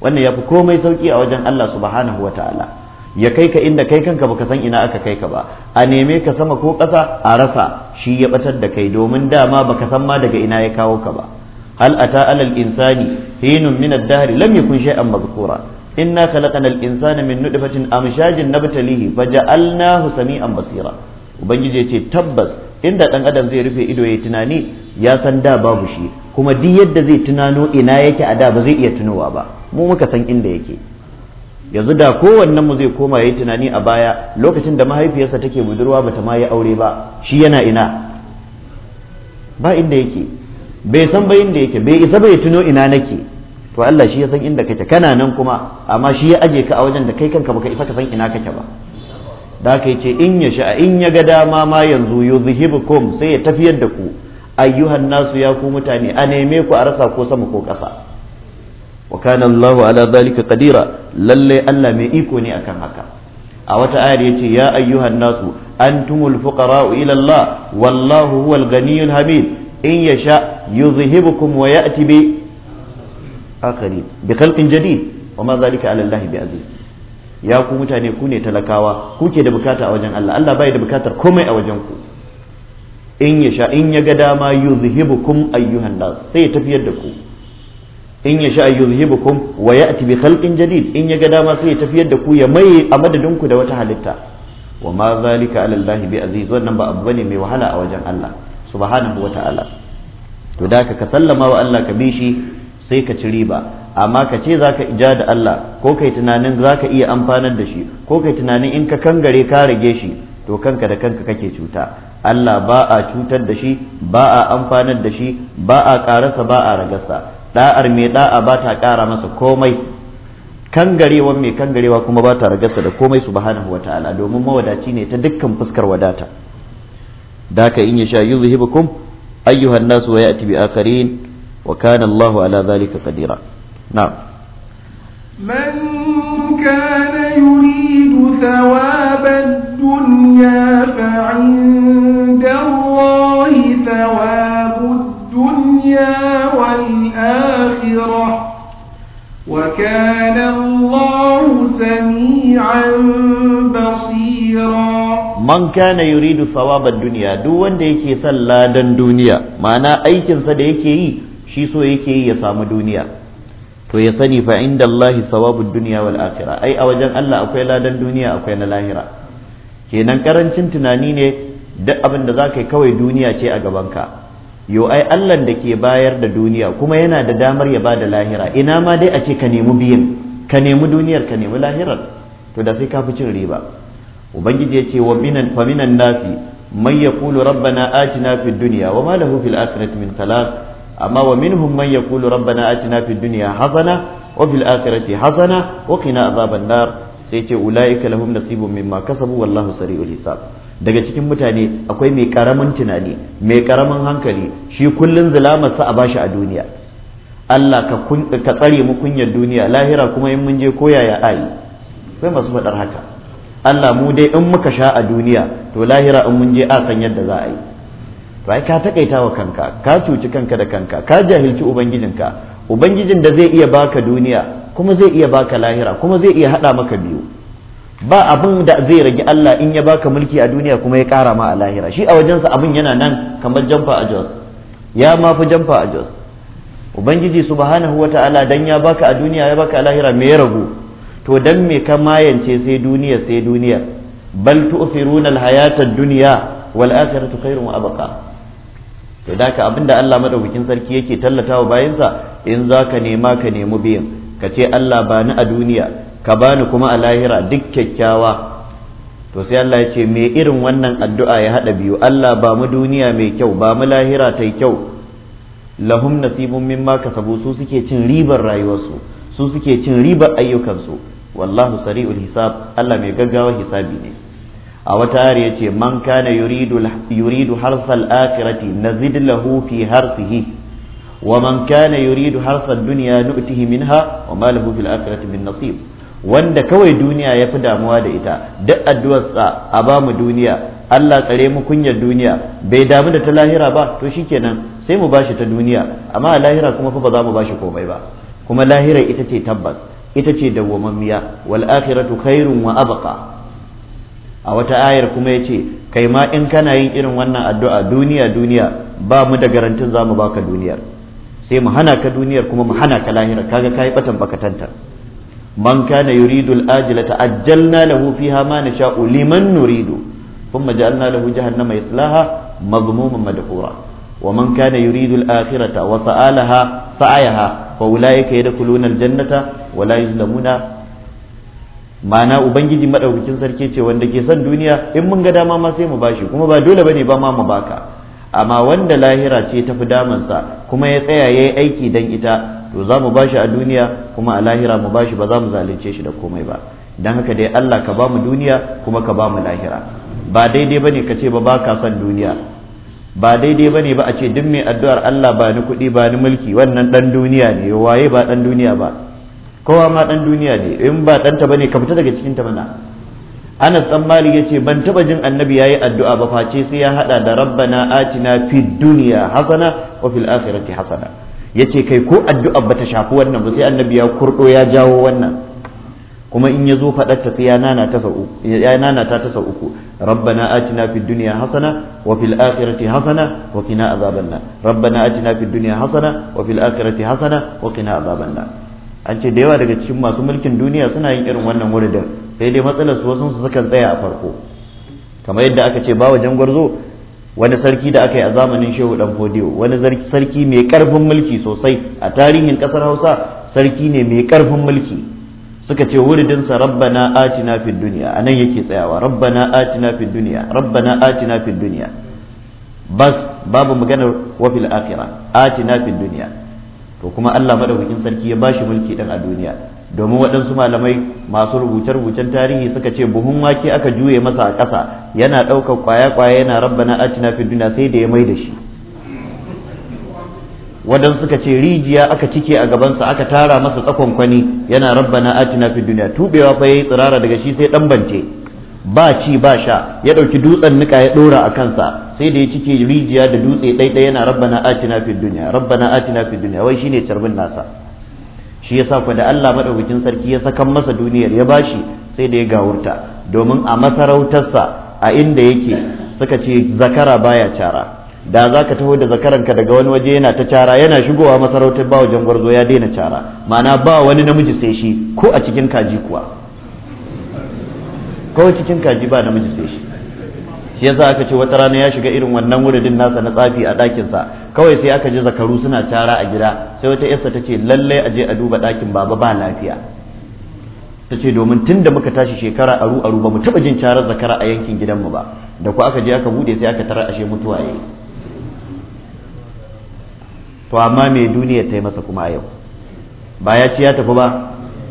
wannan yafi komai sauki a wajen Allah subhanahu wataala ta'ala ya kai ka inda kai kanka baka san ina aka kai ka ba a neme ka sama ko ƙasa a rasa shi ya batar da kai domin dama baka san ma daga ina ya kawo ka ba hal ata alal insani hinun min ad-dahr lam yakun shay'an madhkura inna khalaqna al-insana na batalihi baje nabtalihi faja'alnahu sami'an basira ubangiji ya ce tabbas inda ɗan adam zai rufe ido ya tunani ya san da babu shi kuma duk yadda zai tunano ina yake a da ba zai iya tunowa ba mu muka san inda yake yanzu da kowannen mu zai koma ya yi tunani a baya lokacin da mahaifiyarsa take budurwa bata ma yi aure ba shi yana ina ba inda yake bai san ba inda yake bai isa bai tuno ina nake to Allah shi ya san inda kake kana nan kuma amma shi ya aje ka a wajen da kai kanka baka isa ka san ina kake ba da kai ce in ya sha in ya ga dama ma yanzu yuzhibukum sai ya tafiyar da ku ayyuhan nasu ya ku mutane a neme ku a rasa ko sama ko kasa wa kana Allah ala zalika qadira lalle Allah mai iko ne akan haka a wata ayar yace ya ayyuhan nasu antumul fuqara ila Allah wallahu huwal ganiyul hamid in ya sha yasha yuzhibukum wa ya'ti bi akharin bi kalfin jadi wa ma zalika alallahi bi aziz ya ku mutane ku ne talakawa Ku ke da bukata a wajen Allah Allah bai da bukatar komai a wajen ku in ya sha in ya ga dama yuzhibukum ayyuhan nas sai ya tafiyar da ku in ya sha yuzhibukum wa ya'ti bi khalqin jadid in ya ga dama sai ya tafiyar da ku ya maye a madadin ku da wata halitta wa ma zalika alallahi bi aziz wannan ba abu bane mai wahala a wajen Allah subhanahu wata'ala to da ka sallama wa Allah ka bi shi sai ka ci riba amma ka ce zaka ija da Allah ko kai tunanin zaka iya amfanar da shi ko kai tunanin in ka kangare ka rage shi to kanka da kanka kake cuta Allah ba a cutar da shi ba a amfanar da shi ba a karasa ba a ragasa da'ar mai da'a ba ta kara masa komai kangarewa mai kangarewa kuma ba ta ragarsa da komai subhanahu ta'ala domin mawadaci ne ta dukkan fuskar wadata ذاك إن يشاء يذهبكم أيها الناس ويأتي بآخرين وكان الله على ذلك قديرا نعم من كان يريد ثواب الدنيا فعند الله ثواب الدنيا والآخرة وكان الله سميعا بصيرا man kana yuridu sawaban duniya duk wanda yake son ladan duniya ma'ana aikinsa da yake yi shi so yake yi ya samu duniya to ya sani fa inda Allahi duniya wal akhirah ai a wajen Allah akwai ladan duniya akwai na lahira kenan karancin tunani ne duk abin da za ka yi kawai duniya ce a gabanka yo ai Allah da ke bayar da duniya kuma yana da damar ya ba da lahira ina ma dai a ce ka nemi biyan ka nemi duniyar ka nemi lahirar to da sai ka fi cin riba ubangiji ya ce wa minan fa minan nasi man yaqulu rabbana atina fid dunya wa ma lahu fil akhirati min talaq amma wa minhum man yaqulu rabbana atina fid dunya hasana wa fil akhirati hasana wa qina azaban nar sai ce ulaika lahum nasibun mimma kasabu wallahu sari'ul hisab daga cikin mutane akwai mai karamin tunani mai karamin hankali shi kullun zulamarsa a bashi a duniya Allah ka tsare mu kunyar duniya lahira kuma in mun je koyaya ayi sai masu faɗar haka Allah mu dai in muka sha a duniya to lahira in mun je a san yadda za a yi to ai ka takaita wa kanka ka cuci kanka da kanka ka jahilci ubangijinka ubangijin da zai iya baka duniya kuma zai iya baka lahira kuma zai iya hada maka biyu ba abin da zai rage Allah in ya baka mulki a duniya kuma ya kara ma a lahira shi a wajensa abin yana nan kamar jamfa a jos ya ma fi jamfa a jos ubangiji subhanahu ta'ala dan ya baka a duniya ya baka a lahira me ya ragu to dan me ka mayance sai duniya sai duniya bal tu'thiruna al-hayata duniya dunya wal akhiratu khairun wa to da ka abinda Allah madaukakin sarki yake tallatawa bayansa in zaka nema ka nemi biyan ka ce Allah ba ni a duniya ka bani kuma a lahira duk kyakkyawa to sai Allah ya ce me irin wannan addu'a ya haɗa biyu Allah ba mu duniya mai kyau ba mu lahira ta kyau lahum nasibun mimma kasabu su suke cin ribar rayuwarsu su suke cin ribar ayyukansu wallahu sari'ul hisab Allah mai gaggawa hisabi ne a wata hari yace man kana yuridu yuridu harsal akhirati nazid lahu fi harsihi wa man kana yuridu harsal dunya nu'tihi minha wa ma lahu fil akhirati min nasib wanda kawai duniya ya fi damuwa da ita duk addu'arsa a ba mu duniya Allah tsare mu kunyar duniya bai damu da ta lahira ba to shi kenan sai mu bashi ta duniya amma a lahira kuma fa ba za mu bashi komai ba kuma lahira ita ce tabbas ita ce dawwamammiya wal akhiratu khairun wa abqa a wata ayar kuma yace kai ma in kana yin irin wannan addu'a duniya duniya ba mu da garantin za mu baka duniyar sai mu hana ka duniyar kuma mu hana ka lahira kaga kai batan bakatanta man na yuridu al-ajilata ajjalna lahu fiha ma nasha'u liman nuridu thumma ja'alna lahu jahannama yaslaha madhmuman madhura wa man kana yuridu al-akhirata wa sa'alaha sa'ayaha fa ulaika da al-jannata wa la ma'ana ubangiji madaukakin sarki ce wanda ke son duniya in mun ga dama ma sai mu bashi kuma ba dole ne ba ma mu baka amma wanda lahira ce ta fi damansa kuma ya tsaya ya yi aiki don ita to za mu bashi a duniya kuma a lahira mu bashi ba za mu zalunce shi da komai ba don haka dai Allah ka ba mu duniya kuma ka ba mu lahira ba daidai ba ne ka ce ba ba ka son duniya ba daidai ba ne ba a ce duk mai addu'ar Allah ba ni kuɗi ba ni mulki wannan ɗan duniya ne waye ba ɗan duniya ba kowa ma ɗan duniya ne in ba ɗanta ba ne ka fita daga cikin ta mana anas dan malik yace ban taba jin annabi yayi addu'a ba face sai ya hada da rabbana atina fid dunya hasana wa fil akhirati hasana yace kai ko addu'a ba ta shafi wannan ba sai annabi ya kurdo ya jawo wannan kuma in ya zo faɗar ta ya nana ta ta sau uku rabbana atina fid dunya hasana wa fil akhirati hasana wa qina azaban nar rabbana atina fid dunya hasana wa fil akhirati hasana wa qina azaban an ce da yawa daga cikin masu mulkin duniya suna yin irin wannan wuridin sai dai matsalar su wasu sukan tsaya a farko kamar yadda aka ce bawa jangwarzo wani sarki da aka yi a zamanin shehu dan fodiyo wani sarki mai karfin mulki sosai a tarihin kasar hausa sarki ne mai karfin mulki suka ce wuridinsa rabbana atina fid duniya anan yake tsayawa rabbana atina fid duniya rabbana atina fid duniya bas babu maganar wa fil akhirah atina fid duniya to kuma Allah madaukakin sarki ya bashi mulki dan a duniya domin waɗansu malamai masu rubuce-rubucen tarihi suka ce buhun wake aka juye masa a ƙasa yana ɗaukar kwaya-kwaya yana rabbana atina fid duniya sai da ya mai da shi wadansu suka ce rijiya aka cike a gabansa aka tara masa tsakon kwani yana rabbana atina fi duniya tubewa fa yayi tsirara daga shi sai dan bance ba ci ba sha ya ɗauki dutsen nika ya ɗora a kansa sai da ya cike rijiya da dutse ɗaiɗai yana rabbana atina fi duniya rabbana atina fi duniya wai shine carbin nasa shi yasa ku da Allah madaukakin sarki ya sakan masa duniyar ya bashi sai da ya gawurta domin a masarautarsa a inda yake suka ce zakara baya cara da za ka taho da zakaranka daga wani waje yana ta cara yana shigowa masarautar ba wajen gwarzo ya daina cara ma'ana ba wani namiji sai shi ko a cikin kaji kuwa ko cikin kaji ba namiji sai shi shi yasa aka ce wata rana ya shiga irin wannan wuridin nasa na tsafi a ɗakinsa kawai sai aka ji zakaru suna cara a gida sai wata yarsa ta ce lallai a je a duba ɗakin baba ba lafiya ta ce domin tun da muka tashi shekara aru aru ba mu taɓa jin carar zakara a yankin gidanmu ba da ku aka je aka bude sai aka tara ashe mutuwa yayi to amma me duniya ta yi masa kuma yau ba ya ci ya tafi ba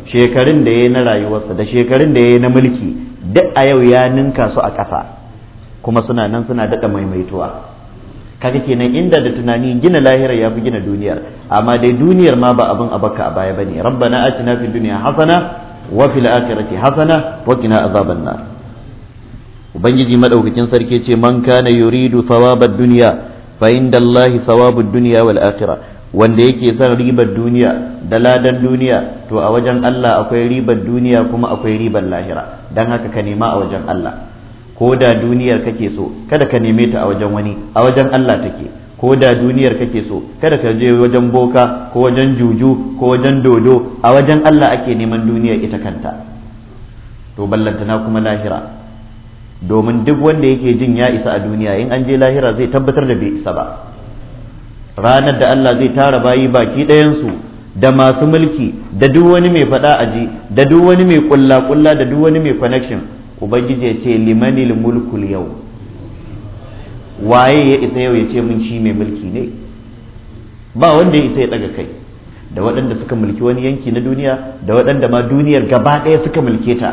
shekarun da ya yi na rayuwarsa da shekarun da ya yi na mulki duk a yau ya ninka su a ƙasa kuma suna nan suna daɗa maimaituwa kaga kenan inda da tunani gina lahira ya fi gina duniyar amma dai duniyar ma ba abin abaka a baya bane rabbana atina fid dunya hasana wa fil akhirati hasana wa qina azaban nar ubangiji madaukakin sarki ce man kana yuridu thawabad dunya fa inda allahi thawabud dunya wal akhirah wanda yake son ribar duniya da ladan duniya to a wajen Allah akwai ribar duniya kuma akwai ribar lahira dan haka ka nema a wajen Allah ko da duniyar kake so kada ka neme ta a wajen wani a wajen Allah take ko da duniyar kake so kada ka je wajen boka ko wajen juju ko wajen dodo a wajen Allah ake neman duniyar ita kanta to ballantana kuma lahira domin duk wanda yake jin ya isa a duniya in an je lahira zai tabbatar da bai isa ba ranar da Allah zai tara bayi baki ɗayansu da masu mulki da duk wani mai faɗa aji da duk wani mai ƙulla kulla da duk wani mai connection ubangiji ya ce limanil mulkul yau waye ya isa yau ya ce mun shi mai mulki ne ba wanda ya isa ya daga kai da waɗanda suka mulki wani yanki na duniya da waɗanda ma duniyar gaba ɗaya suka mulke ta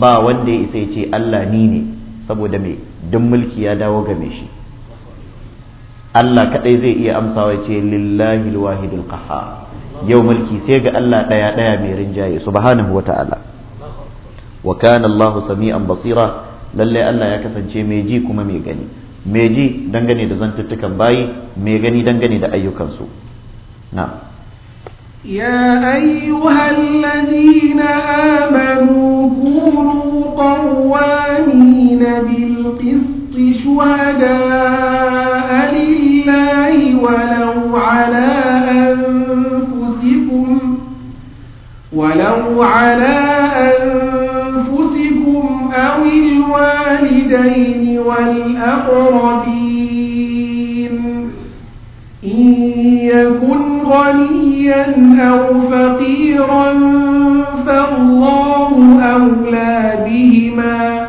ba wanda ya isa ya ce Allah ni ne saboda mai duk mulki ya dawo ga game shi Allah kaɗai zai iya amsawa ya ce lillahi alwahidul qahhar yau mulki sai ga Allah ɗaya ɗaya mai rinjaye subhanahu wata'ala wa kana Allahu sami'an basira lalle Allah ya kasance mai ji kuma mai gani mai ji dangane da zantuttukan bayi mai gani dangane da ayyukansu na. يا أيها الذين آمنوا كونوا قوامين بالقسط شهداء لله ولو على أنفسكم ولو على أنفسكم أو الوالدين والأقربين إن يكن غنيا أو فقيرا فالله أولى بهما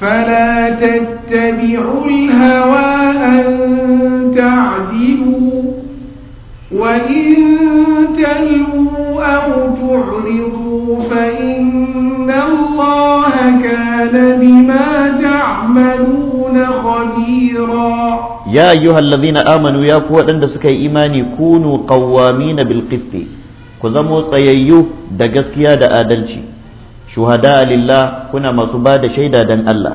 فلا تتبعوا الهوى أن تعدلوا وإن كان بما تعملون خبيرا يا أيها الذين آمنوا يا قوة أن سكي إيماني كونوا قوامين بالقسط كزمو سييو دقسكيا دا آدلشي شهداء لله كنا ما سباد شيدا دن الله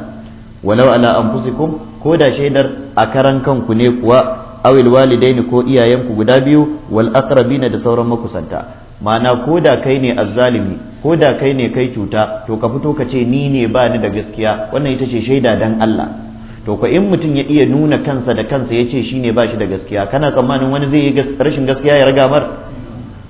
ولو على أنفسكم كودا شيدر أكرن كن كنيكوا أو الوالدين كو إيا يمكو قدابيو والأقربين دا سورا مكسنتا ma'ana ko da kai ne azzalimi ko da kai ne kai cuta to ka fito ka ce ni ne ba ni da gaskiya wannan ita ce shaida dan Allah to ko in mutum ya iya nuna kansa da kansa ya ce shi ne ba shi da gaskiya kana tsammanin wani zai yi rashin gaskiya ya raga mar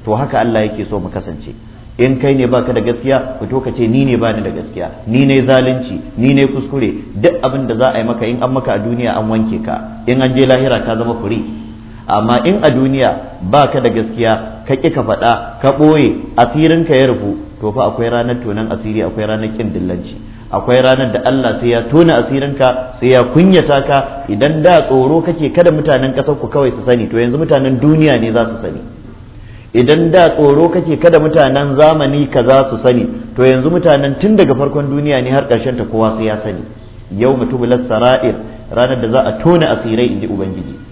to haka Allah yake so mu kasance in kai ne baka da gaskiya fito ka ce ni ne ba ni da gaskiya ni ne zalunci ni ne kuskure duk abin da za a yi maka in an maka a duniya an wanke ka in an je lahira ka zama fure amma in a duniya baka da gaskiya ka ƙi ka faɗa ka ɓoye asirin ka ya rufu to fa akwai ranar tonan asiri akwai ranar ƙin dillanci akwai ranar da Allah sai ya tona ka sai ya kunyata ka idan da tsoro kake kada mutanen ƙasar ku kawai su sani to yanzu mutanen duniya ne za su sani idan da tsoro kake kada mutanen zamani ka za su sani to yanzu mutanen tun daga farkon duniya ne har ƙarshen ta kowa sai ya sani yau mutubulas sara'ir ranar da za a tona asirai inji ubangiji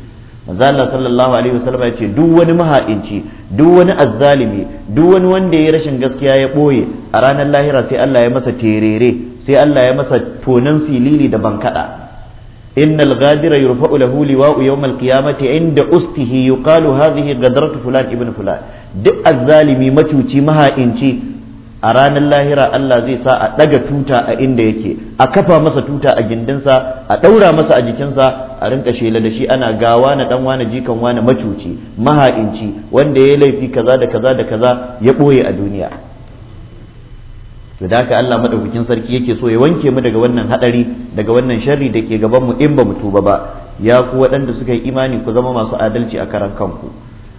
manzo Allah sallallahu alaihi wasallam ya ce duk wani maha'inci duk wani azzalimi duk wani wanda ya rashin gaskiya ya boye a ranar lahira sai Allah ya masa terere sai Allah ya masa tonan filili da bankada innal ghadira yurfa'u lahu liwa'u yawm al inda ustihi yuqalu hadhihi ghadratu fulan ibn fulan duk azzalimi macuci maha'inci a ranar lahira Allah zai sa a ɗaga tuta a inda yake a kafa masa tuta a gindinsa a ɗaura masa a jikinsa a rinka shela da shi ana gawa na ɗan wani jikan wani macuci maha'inci wanda ya laifi kaza da kaza da kaza ya ɓoye a duniya to da haka Allah madaukakin sarki yake so ya wanke mu daga wannan hadari daga wannan sharri da ke gaban mu in ba mu tuba ba ya ku waɗanda suka yi imani ku zama masu adalci a karan kanku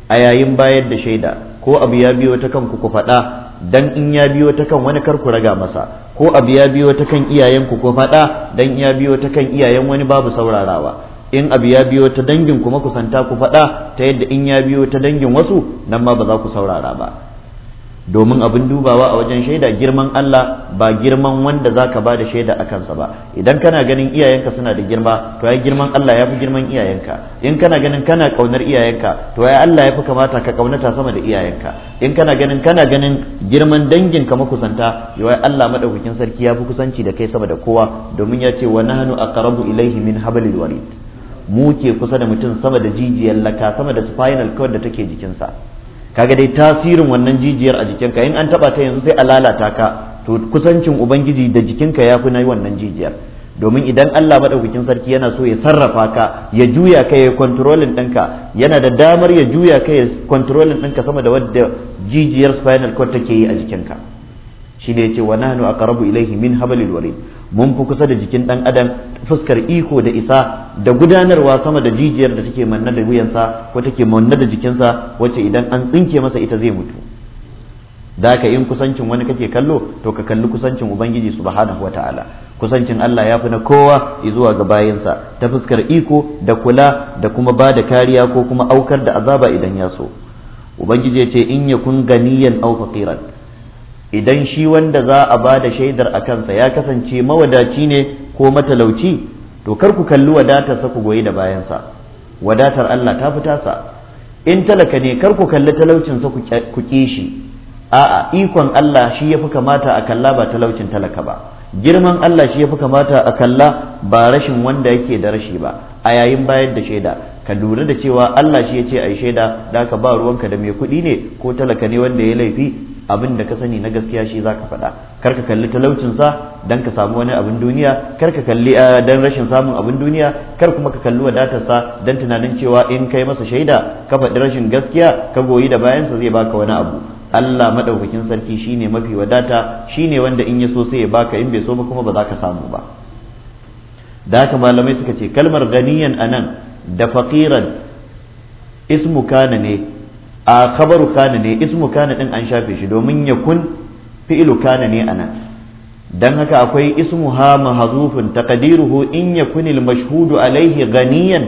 a yayin bayar da shaida ko abu ya biyo ta kanku ku faɗa dan in ya biyo ta kan wani kar ku raga masa ko abu ya biyo ta kan iyayenku ko faɗa dan ya biyo ta kan iyayen wani babu saurarawa in abu ya biyo ta dangin kuma kusanta ku faɗa ta yadda in ya biyo ta dangin wasu nan ma ba za ku saurara ba domin abin dubawa a wajen shaida girman Allah ba girman wanda za ka ba da shaida a kansa ba idan kana ganin iyayenka suna da girma to ya girman Allah ya fi girman iyayenka in kana ganin kana kaunar iyayenka to ya Allah ya fi kamata ka kaunata sama da iyayenka in kana ganin kana ganin girman dangin ka makusanta ya Allah madaukakin sarki yafi kusanci da kai sama da kowa domin ya ce wa nahnu aqrabu ilaihi min hablil warid mu ke kusa da mutum sama da jijiyar laka sama da spinal cord da take jikinsa kaga dai tasirin wannan jijiyar a jikinka in an taba ta yanzu sai a lalata ka to kusancin ubangiji da jikinka ya fi na wannan jijiyar domin idan Allah madaukakin sarki yana so ya sarrafa ka ya juya ka ya controlling ɗinka yana da damar ya juya ka ya controlling ɗinka sama da wadda jijiyar spinal cord take yi a jikinka shi ne ce wa a karabu ilaihi min habalil wari mun fi kusa da jikin dan adam fuskar iko da isa da gudanarwa sama da jijiyar da take manna da wuyansa ko take manna da jikinsa wacce idan an tsinke masa ita zai mutu da ka in kusancin wani kake kallo to ka kalli kusancin ubangiji subhanahu wataala kusancin Allah ya fi na kowa zuwa ga bayansa ta fuskar iko da kula da kuma ba da kariya ko kuma aukar da azaba idan ya so ubangiji ya ce in yakun ganiyan au faqiran idan shi wanda za a ba da shaidar a kansa ya kasance mawadaci ne ko matalauci to kar ku kalli wadatarsa ku goyi da bayansa wadatar Allah ta fi tasa in talaka ne kar ku kalli talaucinsa ku ki shi a'a ikon Allah shi ya fi kamata a kalla ba talaucin talaka ba girman Allah shi ya fi kamata a kalla ba rashin wanda yake da rashi ba a yayin bayar da shaida ka lura da cewa Allah shi ya ce a yi shaida da ka ba ruwanka da mai kuɗi ne ko talaka ne wanda ya laifi abin da ka sani na gaskiya shi zaka faɗa kar ka kalli talaucinsa don ka samu wani abin duniya kar ka kalli eh, dan rashin samun abin duniya kar kuma ka kalli wadatar sa dan tunanin cewa in kai masa shaida ka faɗi rashin gaskiya ka goyi da bayansa zai baka wani abu Allah madaukakin sarki shine mafi wadata shine wanda in ya so sai ya baka in bai so ba kuma ba za ka samu ba da haka malamai suka ce kalmar ganiyan anan da faqiran ismu kana ne a kabaru kana ne ismu kana din an shafe shi domin ya kun fi'ilu kana ne anan dan haka akwai ismu ha mahzufun taqdiruhu in kuni mashhudu alaihi ganiyan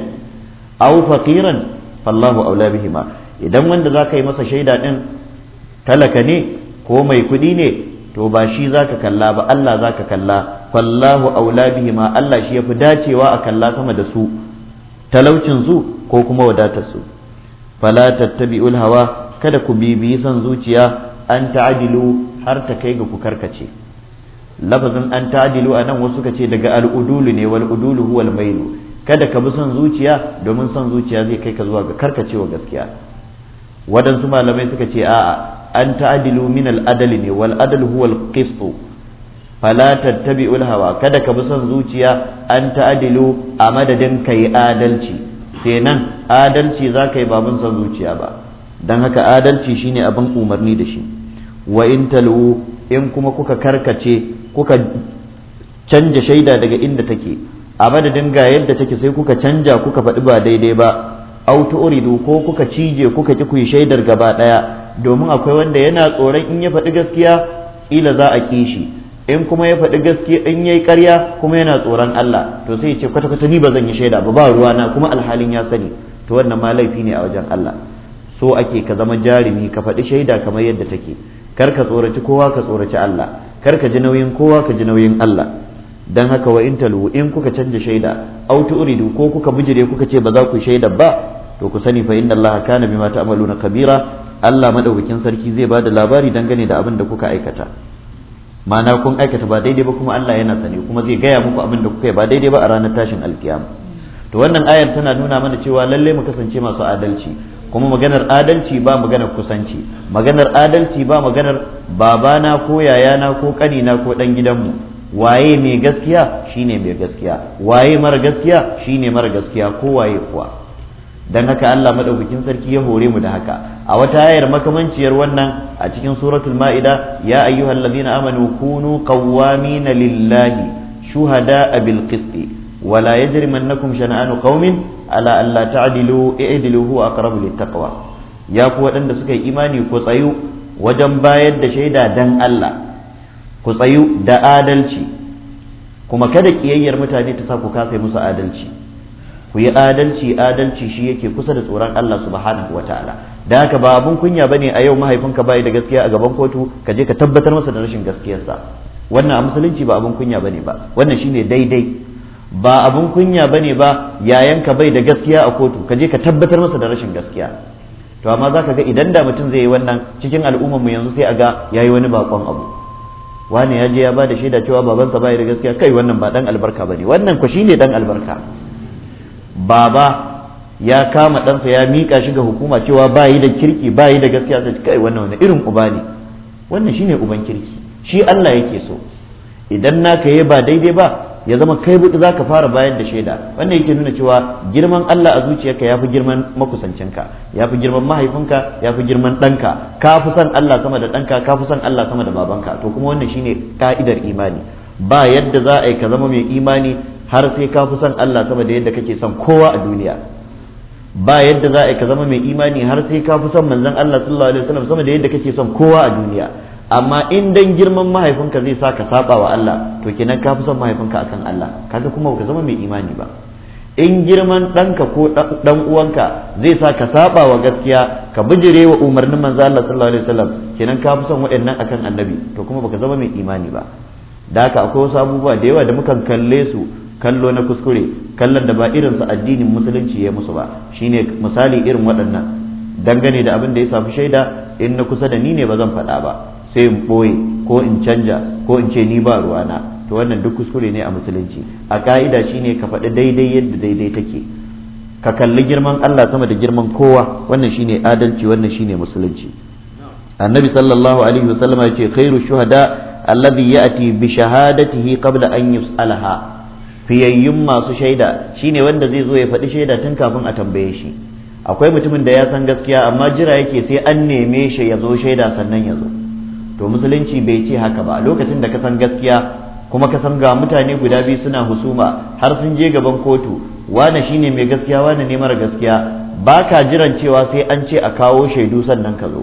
aw faqiran fallahu aula bihima idan wanda zaka yi masa shaida din talaka ne ko mai kudi ne to ba shi zaka kalla ba Allah zaka kalla fallahu aula bihima Allah shi yafi dacewa a kalla sama da su talaucin su ko kuma wadatar su fala tattabi'ul hawa kada ku bibiyi son zuciya an ta'adilu har ta kai ga ku karkace lafazin an ta'adilu a nan wasu ka ce daga al'udulu ne wal udulu huwal mailu kada ka bi son zuciya domin son zuciya zai kai ka zuwa ga karkacewa gaskiya waɗansu malamai suka ce a'a an ta'adilu min al-adali ne wal adal huwal qistu fala tattabi'ul hawa kada ka bi son zuciya an ta'adilu a madadin kai adalci kenan adalci za ka yi babin son zuciya ba don haka adalci shine abin umarni da shi wa in in kuma kuka karkace kuka canja shaida daga inda take a madadin ga yadda take sai kuka canja kuka faɗi ba daidai ba auto tu'ridu ko kuka cije kuka ki kuyi shaidar gaba ɗaya domin akwai wanda yana tsoron in ya faɗi gaskiya ila za a kishi in kuma ya faɗi gaske in yayi ƙarya kuma yana tsoron Allah to sai ya ce kwata kwata ni ba zan yi shaida ba ba ruwa na kuma alhalin ya sani to wannan ma laifi ne a wajen Allah so ake ka zama jarumi ka faɗi shaida kamar yadda take kar ka tsoraci kowa ka tsoraci Allah kar ka ji nauyin kowa ka ji nauyin Allah dan haka wa in talu in kuka canja shaida autu tu'ridu ko kuka bijire kuka ce ba za ku shaida ba to ku sani fa inna Allah kana bima ta'maluna kabira Allah madaukakin sarki zai bada labari dangane da abin da kuka aikata ma'ana kun aikata ba daidai ba kuma Allah yana sani kuma zai gaya muku abin da kuka yi ba daidai ba a ranar tashin alkiyama to wannan ayar tana nuna mana cewa lalle mu kasance masu adalci kuma maganar adalci ba maganar kusanci maganar adalci ba maganar babana ko yayana ko kanina ko dan gidanmu waye mai gaskiya shine mai gaskiya waye mara gaskiya shine mara gaskiya ko waye kuwa dan haka Allah madaukakin sarki ya hore mu da haka a wata ayar makamanciyar wannan a cikin suratul ma'ida ya ayyuhallazina amanu kunu qawwamina lillahi shuhada'a bil qisti ولا يجرمنكم شنآن قوم على ألا تعدلوا اعدلوا هو أقرب للتقوى يا قوة أن سكي إيماني كتسيو وجن بايد دا شيدا دن الله كتسيو دا آدلشي كما mutane ta متاني تساكو كاسي موسى adalci. ku yi adalci adalci shi yake kusa da tsoron Allah subhanahu wataala da haka ba abun kunya bane a yau mahaifinka bai da gaskiya a gaban kotu ka je ka tabbatar masa da rashin gaskiyarsa wannan a musulunci ba abun kunya bane ba wannan shine daidai ba abun kunya bane ba yayanka bai da gaskiya a kotu ka je ka tabbatar masa da rashin gaskiya to amma zaka ga idan da mutum zai yi wannan cikin al'ummar mu yanzu sai a ga yayi wani bakon abu wani ya je ya ba da shaida cewa babansa bai da gaskiya kai wannan ba dan albarka bane wannan ku shine dan albarka baba ya kama ɗansa ya miƙa shi ga hukuma cewa ba yi da kirki ba yi da gaskiya sai kai wannan wani irin uba ne wannan shine uban kirki shi Allah yake so idan naka yi ba daidai ba ya zama kai buɗi za ka fara bayan da shaida wannan yake nuna cewa girman Allah a zuciyarka ya fi girman makusancinka ya fi girman mahaifinka yafi girman ɗanka ka fi son Allah sama da ɗanka ka fi son Allah sama da babanka to kuma wannan shine ka'idar imani ba yadda za a yi ka zama mai imani har sai ka fi son Allah sama da yadda kake son kowa a duniya ba yadda za a ka zama mai imani har sai ka fi son manzon Allah sallallahu alaihi wasallam sama da yadda kake son kowa a duniya amma in dan girman mahaifinka zai sa ka saba wa Allah to kenan ka fi son mahaifinka akan Allah kaga kuma ka zama mai imani ba in girman danka ko ɗan uwanka zai sa ka saba wa gaskiya ka bijire wa umarnin manzo Allah sallallahu alaihi wasallam kenan ka fi son waɗannan akan annabi to kuma baka zama mai imani ba da haka akwai wasu abubuwa da yawa da mukan kalle su kallo na kuskure kallon da ba irin su addinin musulunci ya musu ba shine misali irin waɗannan dangane da abin da ya samu shaida in na kusa da ni ne ba zan faɗa ba sai in ɓoye ko in canja ko in ce ni ba ruwana to wannan duk kuskure ne a musulunci a ka'ida shine ka faɗi daidai yadda daidai take ka kalli girman Allah sama da girman kowa wannan shine adalci wannan shine musulunci annabi sallallahu alaihi wasallam ya ce khairu shuhada alladhi ya'ti bi shahadatihi qabla an yus'alaha fiyayyun masu shaida shine wanda zai zo ya faɗi shaida tun kafin a tambaye shi akwai mutumin da ya san gaskiya amma jira yake sai an neme shi ya zo shaida sannan ya zo to musulunci bai ce haka ba lokacin da ka san gaskiya kuma ka san ga mutane guda biyu suna husuma har sun je gaban kotu wane shine mai gaskiya wane ne mara gaskiya ba ka jiran cewa sai an ce a kawo shaidu sannan ka zo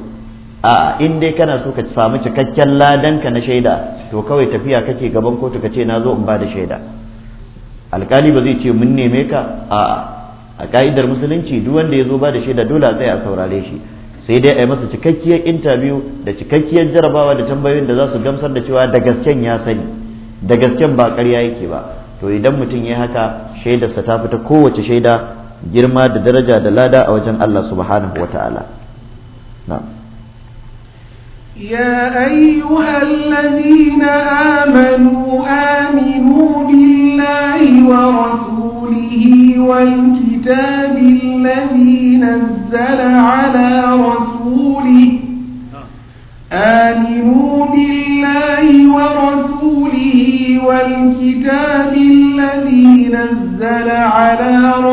a in dai kana so ka samu cikakken ladanka na shaida to kawai tafiya kake gaban kotu ka ce na zo in ba da shaida alkali ba zai ce mun neme ka a'a a ka'idar musulunci duk wanda ya zo ba da shaida dole a tsaya a saurare shi sai dai a yi masa cikakkiyar interview da cikakkiyar jarabawa da tambayoyin da za su gamsar da cewa da gasken ya sani da gasken ba ƙarya yake ba to idan mutum ya haka shaidarsa ta fita kowace shaida girma da daraja da lada a wajen Allah subhanahu wa ta'ala na'am يا أيها الذين آمنوا آمنوا بالله ورسوله والكتاب الذي نزل على رسوله آمنوا بالله ورسوله والكتاب الذي نزل على رسوله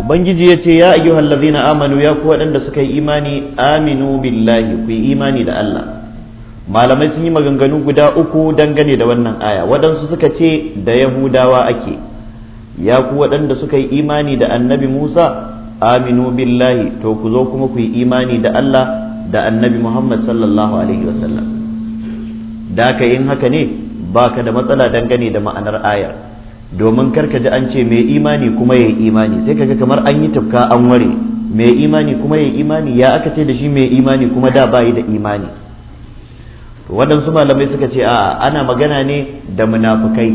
ubangiji ya ce ya ayyuhal ladzina amanu ya ku waɗanda suka yi imani aminu billahi ku yi imani da Allah malamai sun yi maganganu guda uku dangane da wannan aya waɗansu suka ce da yahudawa ake ya ku waɗanda suka yi imani da annabi Musa aminu billahi to ku zo kuma ku yi imani da Allah da annabi Muhammad sallallahu alaihi wasallam da haka in haka ne ba ka da matsala dangane da ma'anar ayar domin kar ka ji an ce mai imani kuma ya imani sai kaga kamar an yi tafka an ware mai imani kuma ya imani ya aka ce da shi mai imani kuma da bayi da imani waɗansu malamai suka ce a ana magana ne da munafukai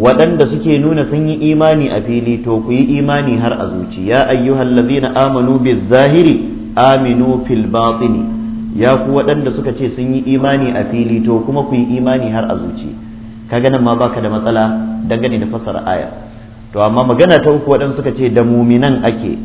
waɗanda suke nuna sun yi imani a fili to ku yi imani har a zuciya lazina ayyuhallazina amanu zahiri aminu fil batini ya ku waɗanda suka ce sun yi imani a fili to kuma ku yi imani har a zuci ka nan ma baka da matsala dangane da fasara aya to amma magana ta uku waɗanda suka ce da muminan ake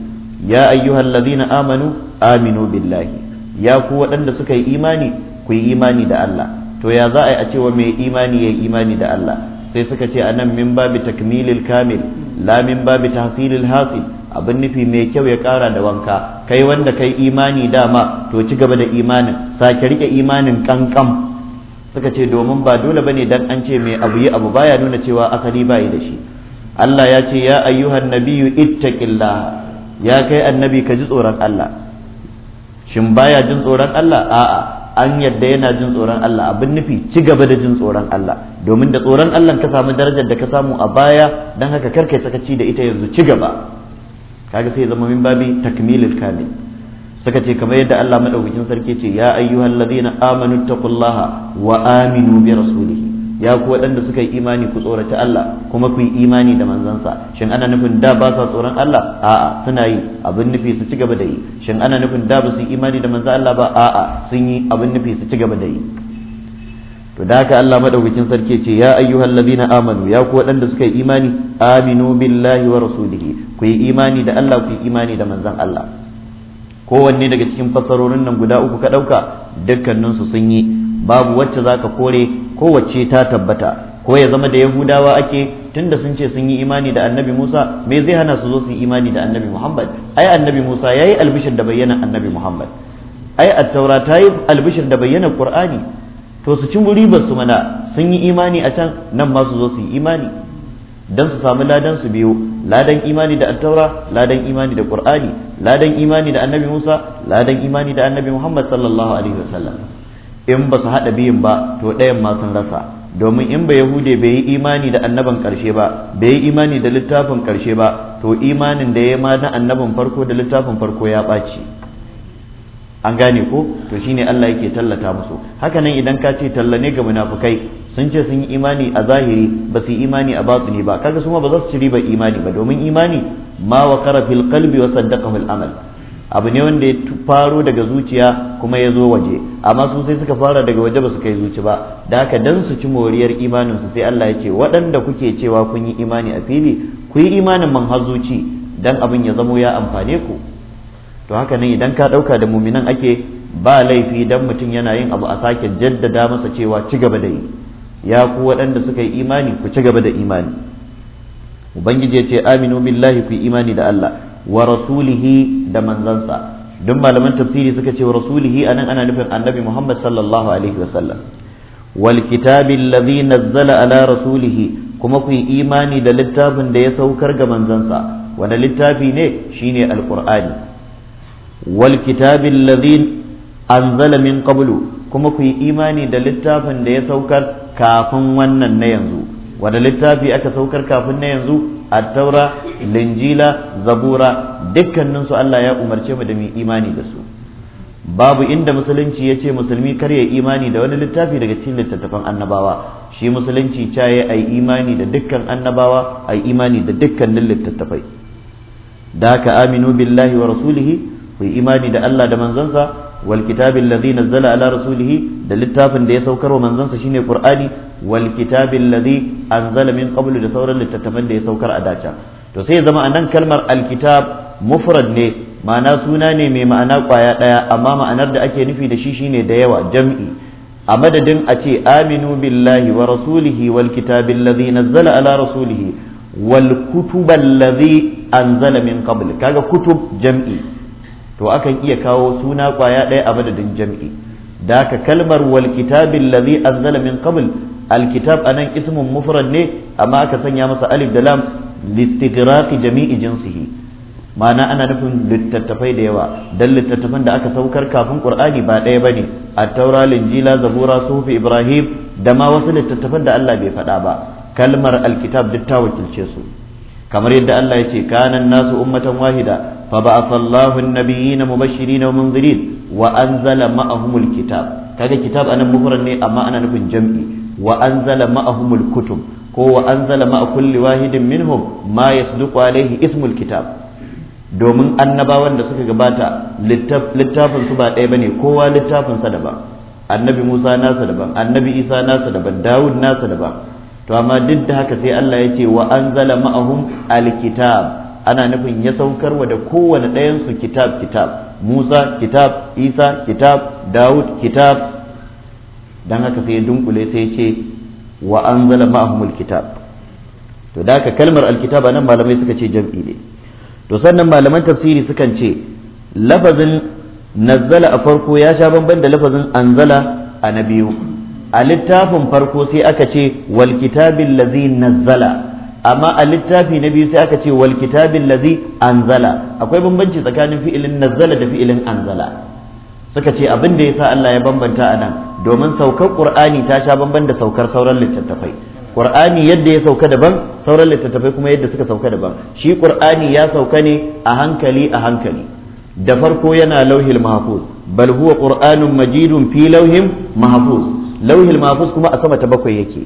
ya ayyuhal lazina amanu aminu billahi ya ku waɗanda suka yi imani ku yi imani da Allah to ya za a yi a cewa mai imani ya yi imani da Allah sai suka ce anan min babi takmilil kamil la min babi tahsilil hasil abin nufi mai kyau ya kara da wanka kai wanda kai imani dama to ci gaba da imanin sake rike imanin kankan suka ce domin ba dole bane dan an ce mai abu yi abu baya nuna cewa asali bayi da shi Allah ya ce ya ayyuhan nabiyyu ittaqillah ya kai annabi ka ji tsoron Allah shin baya jin tsoron Allah a'a an yadda yana jin tsoron Allah abin nufi ci gaba da jin tsoron Allah domin da tsoron Allah ka samu darajar da ka samu a baya dan haka karkai sakaci da ita yanzu ci gaba kaga sai zama min babi takmilil kamil suka ce kamar yadda Allah madaukakin sarki ce ya ayyuhal ladina amanu taqullaha wa aminu bi rasulihi ya ku waɗanda suka yi imani ku tsorata Allah kuma ku yi imani da manzansa shin ana nufin da ba sa tsoron Allah a'a suna yi abin nufi su ci gaba da yi shin ana nufin da ba su yi imani da manzan Allah ba a'a sun yi abin nufi su ci gaba da yi to da haka Allah madaukakin sarki ce ya ayyuhal ladina amanu ya ku waɗanda suka yi imani aminu billahi wa rasulihi ku yi imani da Allah ku yi imani da manzon Allah kowanne daga cikin fasarorin nan guda uku ka ɗauka dukkanin su sun yi babu wacce zaka kore wacce ta tabbata ko ya zama da yahudawa ake tunda sun ce sun yi imani da annabi Musa me zai hana su zo su yi imani da annabi Muhammad ai annabi Musa yayi albishir da bayyana annabi Muhammad ai at-taura ta yi albishin da bayyana Qur'ani to su cin wuri su mana sun yi imani a can nan ma su zo su yi imani don su samu ladan su biyu ladan imani da attaura ladan imani da ƙur'ani ladan imani da annabi Musa ladan imani da annabi Muhammad sallallahu alaihi wasallam in ba su haɗa biyun ba to ɗayan ma sun rasa domin in ba yahude bai yi imani da annaban ƙarshe ba bai yi imani da littafin ƙarshe ba to imanin da ya ma na annaban farko da littafin farko ya ɓaci an gane ko to shine Allah yake tallata musu haka nan idan ka ce talla ne ga munafukai sun ce sun yi imani a zahiri ba su yi imani a batini ba kaga su ma ba za su ci riba imani ba domin imani ma wa qara fil qalbi wa saddaqa al amal abu ne wanda ya faro daga zuciya kuma ya zo waje amma su sai suka fara daga waje ba su kai zuci ba da haka dan su ci moriyar imanin su sai Allah ya ce waɗanda kuke cewa kun yi imani a fili ku yi imanin man har zuci dan abin ya zamo ya amfane ku to haka ne idan ka ɗauka da muminan ake ba laifi dan mutum yana yin abu a sake jaddada masa cewa ci gaba da yi ya ku waɗanda suka yi imani ku ci gaba da imani ubangiji ya ce aminu billahi ku imani da Allah wa rasulihi da manzansa duk malaman tafsiri suka ce wa rasulihi anan ana nufin annabi Muhammad sallallahu alaihi wasallam wal kitabi allazi nazzala ala rasulihi kuma ku yi imani da littafin da ya saukar ga manzansa wanda littafi ne shine alqur'ani wal kitabil ladhi anzala min qablu kuma ku yi imani da littafin da ya saukar kafin wannan na yanzu wanda littafi aka saukar kafin na yanzu at-taura linjila zabura dukkanin su Allah ya umarce mu da mu imani da su babu inda musulunci ya ce musulmi kar ya imani da wani littafi daga cikin littattafan annabawa shi musulunci ca ya ai imani da dukkan annabawa ai imani da dukkanin litattafai. da ka aminu billahi wa rasulihi ku yi imani da Allah da manzansa wal kitabil ladhi nazzala ala rasulihi da littafin da ya saukar wa manzansa shine qur'ani wal kitabil ladhi anzala min qablu da sauran littattafan da ya saukar a dace to sai ya zama anan kalmar alkitab mufrad ne ma'ana suna ne mai ma'ana kwaya daya amma ma'anar da ake nufi da shi shine da yawa jam'i a madadin a ce aminu billahi wa rasulihi wal kitabil ladhi nazzala ala rasulihi wal kutubal ladhi anzala min qabl kaga kutub jam'i to akan iya kawo suna kwaya ɗaya a madadin jam'i da ka kalmar wal kitabin ladhi anzala min qabl al kitab anan ismun mufrad ne amma aka sanya masa alif da lam listighraqi jami'i jinsihi ma'ana ana nufin littattafai da yawa dan littattafan da aka saukar kafin qur'ani ba ɗaya bane at-taura linjila zabura sufi ibrahim da ma wasu littattafan da Allah bai faɗa ba kalmar alkitab duk ta wakilce su kamar yadda Allah ya ce kanan nasu ummatan wahida fa ba'atha Allahu an-nabiyina mubashirin wa munzirin wa anzala ma'ahumul kitab kaga kitab anan mufrad ne amma ana nufin jam'i wa anzala ma'ahumul kutub ko wa anzala ma'a kulli wahidin minhum ma yasduqu alayhi ismul kitab domin annabawan da suka gabata littafin su ba ɗaya bane kowa littafin sa daban annabi Musa nasa daban annabi Isa nasa daban Dawud nasa daban to amma duk da haka sai Allah ya ce wa anzala ma'ahum alkitab ana nufin ya saukar wa da kowane ɗayan su kitab kitab Musa kitab Isa kitab Dawud kitab dan haka sai ya dunkule sai ya ce wa anzala ma'ahum alkitab to da haka kalmar alkitab nan malamai suka ce jam'i ne to sannan malaman tafsiri sukan ce lafazin nazzala a farko ya sha bamban da lafazin anzala a na biyu a littafin farko sai aka ce wal kitabil ladzi nazzala amma a littafi na biyu sai aka ce wal kitabil ladzi anzala akwai bambanci tsakanin fi'ilin nazzala da fi'ilin anzala suka ce abin da sa Allah ya bambanta a nan domin saukar qur'ani ta sha bamban da saukar sauran littattafai qur'ani yadda ya sauka daban sauran littattafai kuma yadda suka sauka daban shi qur'ani ya sauka ne a hankali a hankali da farko yana lauhil mahfuz bal huwa qur'anun majidun fi lauhin mahfuz lauhil mahfuz kuma a sama ta bakwai yake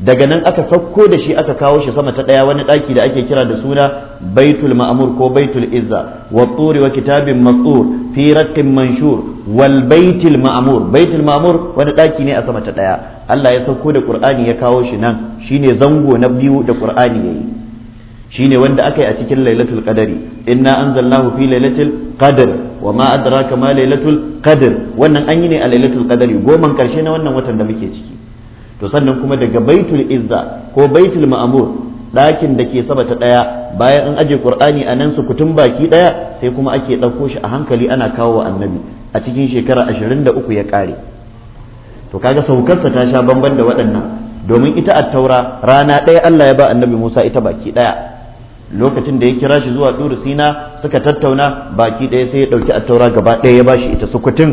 daga nan aka sauko da shi aka kawo shi sama ta ɗaya wani ɗaki da ake kira da suna baitul mamur ko baitul izza wa turi wa kitabin matsur fi rattin manshur wal baitul mamur baitul wani ɗaki ne a sama ta ɗaya Allah ya sauko da qur'ani ya kawo shi nan shine zango na biyu da qur'ani yayi shine wanda aka yi a cikin lailatul qadari inna anzalnahu fi lailatul qadr wa ma adraka ma lailatul qadr wannan an yi ne a lailatul qadri goman karshe na wannan watan da muke ciki to sannan kuma daga baitul izza ko baitul ma'mur ɗakin da ke saba ta ɗaya bayan an aje qur'ani a nan su kutun baki ɗaya sai kuma ake ɗauko shi a hankali ana kawo wa annabi a cikin shekara ashirin da uku ya kare to kaga saukarsa ta sha bamban da waɗannan domin ita taura rana ɗaya Allah ya ba annabi Musa ita baki ɗaya lokacin da ya kira shi zuwa duru sina suka tattauna baki ɗaya sai ya ɗauki attaura gaba ɗaya ya bashi ita sukutun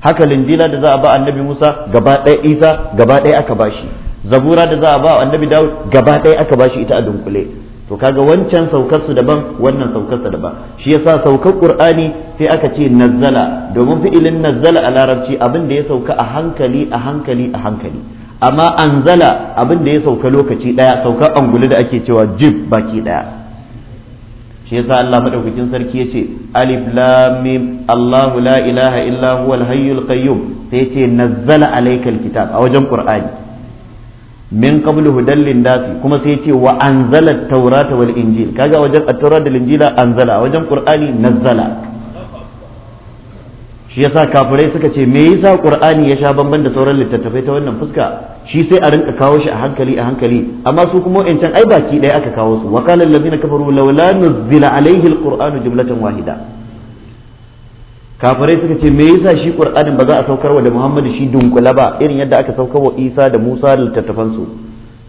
haka linjila da za a ba annabi musa gaba ɗaya isa gaba ɗaya aka bashi zabura da za a ba annabi dawud gaba ɗaya aka bashi ita a dunkule to kaga wancan saukar su daban wannan saukar sa daban shi yasa saukar qur'ani sai aka ce nazzala domin fi'ilin nazzala a larabci abin da ya sauka a hankali a hankali a hankali amma anzala abin da ya sauka lokaci daya saukar angulu da ake cewa jib baki daya shi yasa Allah madaukakin sarki yace alif lam mim Allahu la ilaha illa huwa al-hayyul qayyum sai yace nazzala alayka al-kitab a wajen qur'ani min qablu hudan lin-nasi kuma sai yace wa anzala at-taurata wal-injil kaga wajen at-taurata da injila anzala a wajen qur'ani nazzala shi yasa kafirai suka ce me yasa qur'ani ya sha bamban da sauran littattafai ta wannan fuska shi sai a rinka kawo shi a hankali a hankali amma su kuma wa'ancan ai baki ɗaya aka kawo su wa qala allazina kafaru laula nuzila alaihi alqur'anu jumlatan wahida kafirai suka ce me yasa shi qur'anin ba za a saukarwa da muhammadu shi dunkula ba irin yadda aka saukarwa isa da musa da littattafan su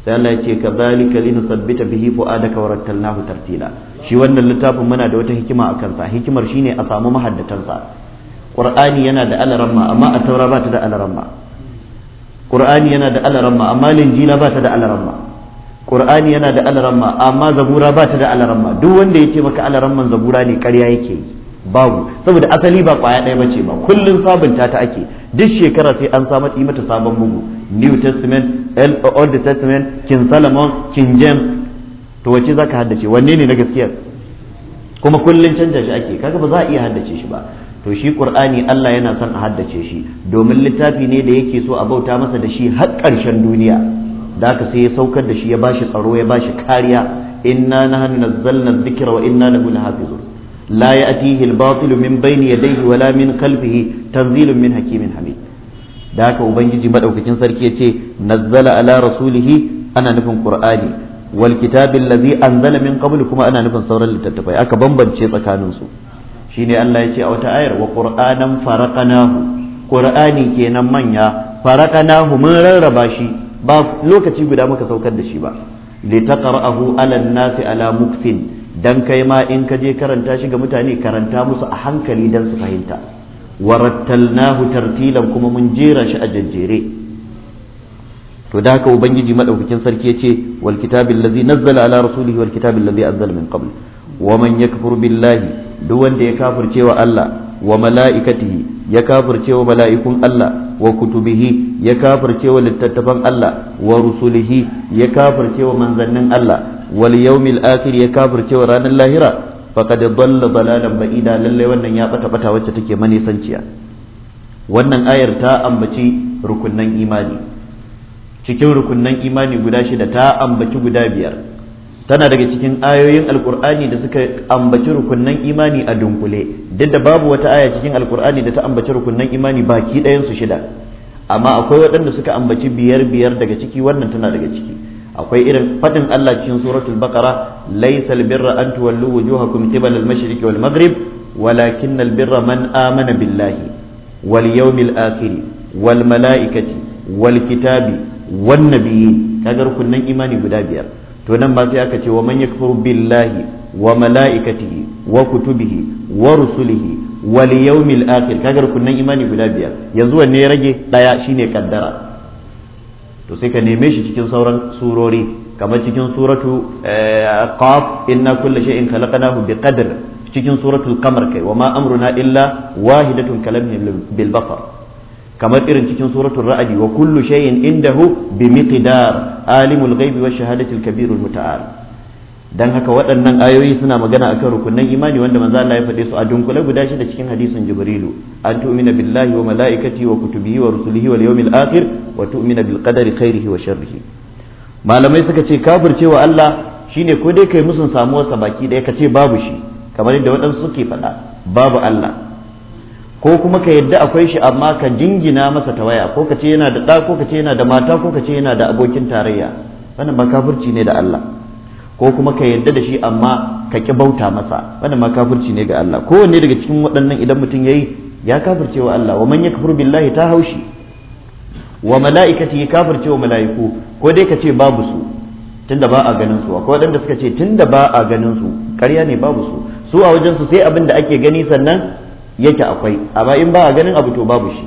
sai Allah ya ce kadhalika linusabbita bihi fuadaka wa rattalnahu tartila shi wannan littafin muna da wata hikima a kansa hikimar shine a samu sa. qur'ani yana da alaramma amma a taura ba ta da alaramma qur'ani yana da alaramma amma linjila ba ta da alaramma qur'ani yana da alaramma amma zabura ba ta da alaramma duk wanda ya ce maka alaramman zabura ne ƙarya yake yi babu saboda asali ba kwaya ɗaya bace ba kullum sabunta ta ake duk shekara sai an samar mata sabon bugu new testament old testament king solomon king james to wace zaka haddace wanne ne na gaskiya kuma kullum canja shi ake kaga ba za a iya haddace shi ba to shi qur'ani Allah yana son a haddace shi domin littafi ne da yake so a bauta masa da shi har ƙarshen duniya da haka sai ya saukar da shi ya bashi tsaro ya bashi kariya inna nahnu nazzalna dhikra wa inna lahu lahafizun la ya'tihi al-batil min bayni yadayhi wala min khalfihi tanzilun min hakimin hamid da haka ubangiji madaukakin sarki yace nazzala ala rasulihi ana nufin qur'ani wal kitabil ladzi anzala min qabl kuma ana nufin sauran littattafai aka bambance tsakaninsu su shine Allah ya ce a wata ayar wa qur'anan faraqanahu qur'ani kenan manya faraqanahu mun rarraba shi ba lokaci guda muka saukar da shi ba litaqra'ahu 'ala an-nasi 'ala mukfin dan kai ma in ka je karanta shi ga mutane karanta musu a hankali dan su fahimta warattalnahu tartilan kuma mun jera shi a jajjere to da haka ubangiji madaukakin sarki yace wal kitabil ladzi nazzala ala rasulihi wal kitabil ladzi anzala min qabl wa man yakfur billahi duk wanda ya kafirce wa Allah wa mala'ikatihi ya kafirce wa mala'ikun Allah wa kutubihi ya kafirce wa littattafan Allah wa rusulihi ya kafirce wa manzannin Allah wal yawmil akhir ya kafirce wa ranar lahira faqad dalla dalalan ba'ida lallai, wannan ya bata bata wacce take manisanciya wannan ayar ta ambaci rukunan imani cikin rukunnan imani guda shida ta ambaci guda biyar tana daga cikin ayoyin alkur'ani da suka ambaci rukunnan imani a dunkule duk da babu wata aya cikin alkur'ani da ta ambaci rukunnan imani baki ɗayansu shida amma akwai waɗanda suka ambaci biyar biyar daga ciki wannan tana daga ciki akwai irin faɗin Allah cikin suratul baqara laysal birra an tuwallu wujuhakum qibala al-mashriq wal maghrib walakinnal birra man amana billahi wal yawmil akhir wal malaikati wal kitabi wan nabiyyi kaga rukunnan imani guda biyar to nan ba sai aka ce wa man yakfuru billahi wa malaikatihi wa kutubihi wa rusulihi wal yawmil akhir kaga kunnan imani guda biyar yanzu wanne ya rage daya shine kaddara to sai ka neme shi cikin sauran surori kamar cikin suratu eh, qaf inna kulla shay'in khalaqnahu biqadr cikin suratul qamar kai wa ma amruna illa wahidatun kalamhi bil basar kamar irin cikin suratul ra'adi wa kullu shay'in indahu bi miqdar alimul ghaibi wa shahadatil kabirul muta'al dan haka waɗannan ayoyi suna magana akan rukunin imani wanda manzo Allah ya faɗe su a dunkule guda shi da cikin hadisin Jibrilu an tu'mina billahi wa malaikati wa kutubihi wa rusulihi wal yawmil akhir wa tu'mina bil qadari khairihi wa sharrihi malamai suka ce kafirce cewa Allah shine ko dai kai musun samuwarsa baki ɗaya ka ce babu shi kamar yadda waɗansu suke faɗa babu Allah ko kuma ka yadda akwai shi amma ka jingina masa ta waya, ko ka ce yana da ɗa ko ka ce yana da mata ko ka ce yana da abokin tarayya wannan ma kafirci ne da Allah ko kuma ka yadda da shi amma ka ki bauta masa wannan ma kafirci ne ga Allah kowanne daga cikin waɗannan idan mutum yayi ya kafirce wa Allah wa man yakfur billahi ta haushi wa mala'ikati ya kafirce wa mala'iku ko dai ka ce babu su tunda ba a ganin su akwai waɗanda suka ce tunda ba a ganin su ƙarya ne babu su su a wajen su sai abin da ake gani sannan yake akwai amma in ba a ganin abu to babu shi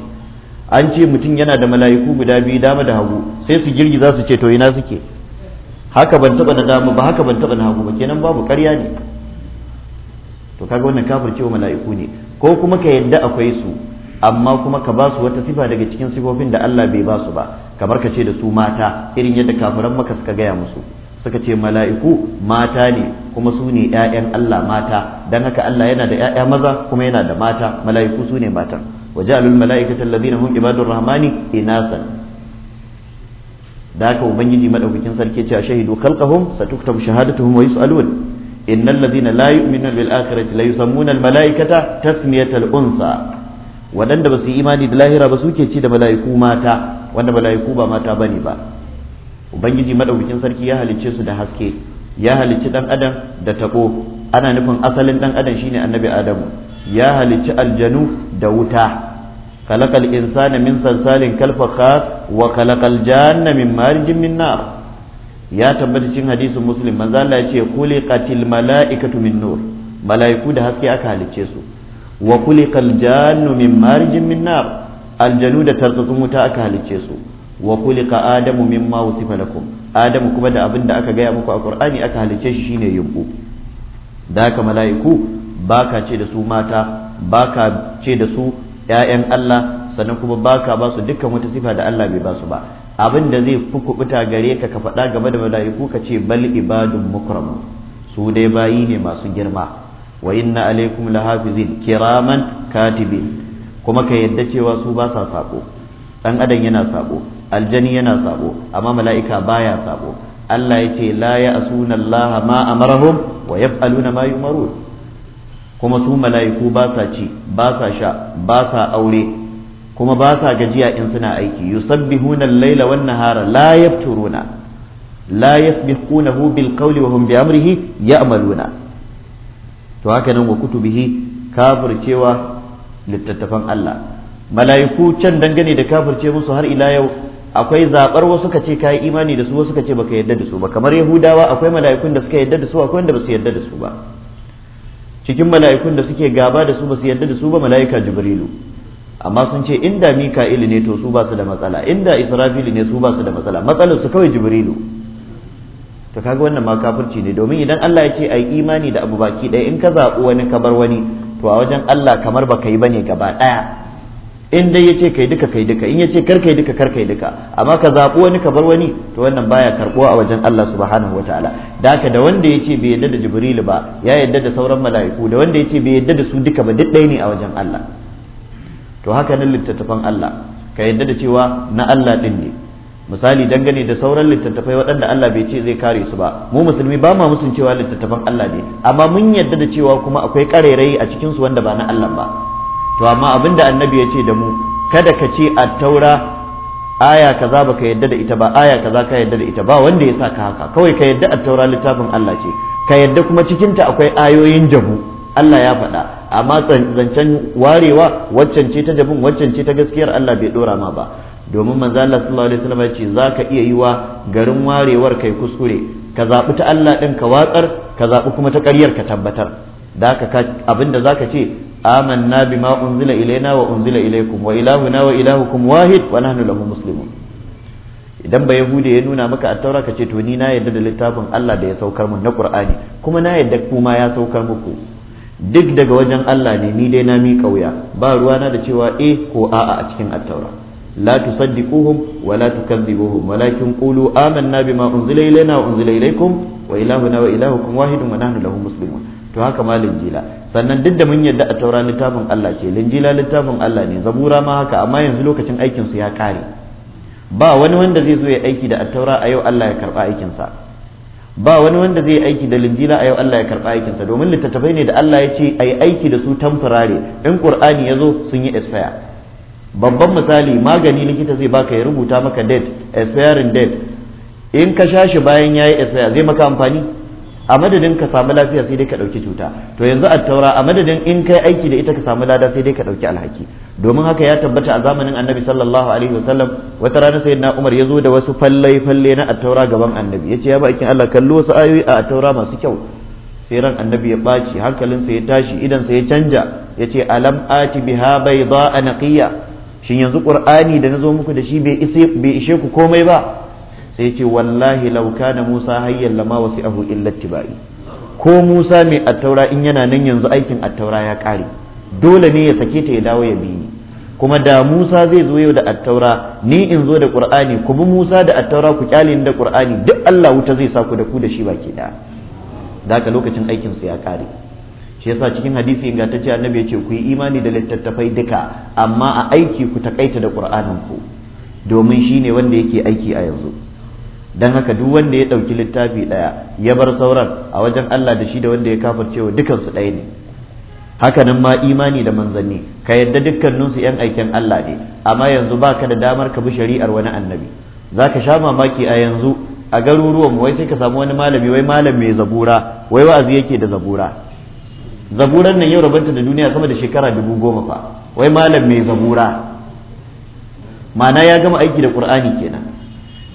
an ce mutum yana da mala'iku guda biyu dama da hagu sai su girgi za su ce to ina suke haka ban taba na dama ba haka ban taba na hagu ba kenan babu ƙarya ne to kaga wannan kafir cewa mala'iku ne ko kuma ka yadda akwai su amma kuma ka ba su wata sifa daga cikin sifofin da Allah bai ba su ba kamar ka ce da su mata irin yadda kafiran maka suka gaya musu suka ce mala'iku mata ne kuma su ne 'ya'yan Allah mata don haka Allah yana da 'ya'ya maza kuma yana da mata mala'iku su ne matan waje alul mala'ikatan allazina hum ibadun rahmani inasan da haka ubangiji madaukakin sarki ce a shahidu khalqahum satuktabu shahadatuhum wa yus'alun innal ladzina la yu'minuna bil akhirati la yusammuna al mala'ikata tasmiyatal unsa wadanda ba su imani da lahira ba suke ci da mala'iku mata wanda mala'iku ba mata bane ba ubangiji madaukakin sarki ya halicce su da haske ya halicci dan adam da tabo ana nufin asalin dan adam shine annabi adamu ya halicci aljanu da wuta khalaqal insana min salsalin kal wa khalaqal janna min marjin min nar ya tabbata cikin hadisin muslim manzo Allah ya ce khuliqatil malaikatu min nur malaiku da haske aka halicce su wa khuliqal jannu min marjin min nar aljanu da tarzatsun wuta aka halicce su wa kulika adamu mimma wusifa lakum adamu kuma da abin da aka gaya muku a qur'ani aka halice shi shine yubu da haka mala'iku baka ce da su mata baka ce da su ƴaƴan Allah sannan kuma baka ba su dukkan wata sifa da Allah bai ba su ba abin da zai fi kubuta gare ka ka faɗa game da mala'iku ka ce bal ibadun mukram su dai bayi ne masu girma wa inna alaikum lahafizin kiraman katibin kuma ka yadda cewa su ba sa sako dan adam yana sako aljani yana sabo amma mala'ika baya sabo Allah ya ce la ya asuna Allah ma amarahum wa yaf'aluna ma yumarun kuma su mala'iku ba sa ci ba sa sha ba sa aure kuma ba sa gajiya in suna aiki yusabbihuna al-laila wan nahara la yafturuna la yasbiqunahu bil qawli wa hum bi amrihi ya'maluna to haka nan wa kutubihi kafir cewa littattafan Allah mala'iku can dangane da kafirce musu har ila yau akwai zabar wasu ka ce kai imani da su wasu ka ce baka yadda da su ba kamar yahudawa akwai mala'ikun da suka yadda da su akwai wanda ba su yadda da su ba cikin mala'ikun da suke gaba da su ba su yadda da su ba mala'ika jibrilu amma sun ce inda mika'il ne to su ba su da matsala inda israfil ne su ba su da matsala matsalar su kawai jibrilu to kaga wannan ma kafirci ne domin idan Allah ya ce ai imani da abu baki ɗaya in ka zaɓi wani ka wani to a wajen Allah kamar baka yi bane gaba ɗaya in dai yace kai duka kai duka in yace kar kai duka kar kai duka amma ka zaɓi wani ka bar wani to wannan baya karbuwa a wajen Allah subhanahu wataala da haka da wanda yace bai yadda da Jibril ba ya yadda da sauran mala'iku da wanda yace bai yadda da su duka ba duk ɗaya ne a wajen Allah to haka nan littattafan Allah ka yadda da cewa na Allah din ne misali dangane da sauran littattafai waɗanda Allah bai ce zai kare su ba mu musulmi ba ma musun cewa littattafan Allah ne amma mun yadda da cewa kuma akwai ƙarairayi a cikin su wanda ba na Allah ba to amma abinda annabi ya ce da mu kada ka ce a taura aya kaza baka yadda da ita ba aya kaza ka yadda da ita ba wanda ya sa ka haka kawai ka yadda a taura littafin Allah ce ka yadda kuma cikinta akwai ayoyin jabu Allah ya faɗa amma zancen warewa waccan ce ta jabun waccan ce ta gaskiyar Allah bai dora ma ba domin manzo Allah sallallahu alaihi wasallam ya ce zaka iya yi wa garin warewar kai kuskure ka zabi ta Allah ɗin ka watsar ka zaɓi kuma ta ƙaryar ka tabbatar da haka abinda zaka ce آمنا بما أنزل إلينا وأنزل إليكم وإلهنا وإلهكم واحد ونحن له مسلمون idan ba yahudi ya nuna maka a taura ka ce to ni na yadda da littafin Allah da ya saukar mun na Qur'ani kuma na yadda kuma ya saukar muku duk daga wajen Allah ne ni dai na mi kauya ba na da cewa eh ko a'a a cikin attaura la tusaddiquhum wa la tukadzibuhum walakin qulu amanna bima unzila ilayna wa unzila ilaykum wa ilahuna wa ilahukum wahidun wa nahnu lahu muslimun to haka ma linjila sannan duk da mun yadda a taura littafin Allah ce linjila littafin Allah ne zabura ma haka amma yanzu lokacin aikin su ya kare ba wani wanda zai zo ya aiki da a yau Allah ya karba aikin sa ba wani wanda zai aiki da linjila a yau Allah ya karba aikin sa domin littattafai ne da Allah ya ce yi aiki da su tamfurare in qur'ani zo sun yi expire babban misali magani likita zai baka ya rubuta maka date expiring date in ka sha shi bayan yayi expire zai maka amfani a madadin ka samu lafiya sai dai ka ɗauki cuta to yanzu a taura a madadin in kai aiki da ita ka samu lada sai dai ka ɗauki alhaki domin haka ya tabbata a zamanin annabi sallallahu alaihi wasallam wata rana sai na umar ya zo da wasu fallai falle na attaura gaban annabi ya ce ya bakin allah kallo wasu ayoyi a attaura masu kyau sai ran annabi ya ɓaci hankalinsa ya tashi idansa ya canja ya ce alam ati biha bai za a naqiya shin yanzu qur'ani da na zo muku da shi bai ishe ku komai ba sai ce wallahi Lauka kana Musa hayyan lama wasi'ahu illa tibai ko Musa mai attaura in yana nan yanzu aikin attaura ya kare dole ne ya sake ta ya dawo ya bi ni kuma da Musa zai zo yau da attaura ni in zo da Qur'ani ku bi Musa da attaura ku kyale ni da Qur'ani duk Allah wuta zai sa ku da ku da shi baki da Daka lokacin aikin su ya kare shi yasa cikin hadisi ga ta ce annabi ya ce ku yi imani da littattafai duka amma a aiki ku takaita da Qur'anin ku domin shine wanda yake aiki a yanzu dan haka duk wanda ya ɗauki littafi ɗaya ya bar sauran a wajen Allah da shi da wanda ya kafirce dukansu ɗaya ne haka nan ma imani da manzanni ka yadda dukkaninsu yan aikin Allah ne amma yanzu ba ka da damar ka bi shari'ar wani annabi Za ka sha mamaki a yanzu a garuruwan wai sai ka samu wani malami wai malam mai zabura wai wa'azi yake da zabura zaburan nan yau rabanta da duniya sama da shekara dubu goma fa wai malam mai zabura ma'ana ya gama aiki da ƙur'ani kenan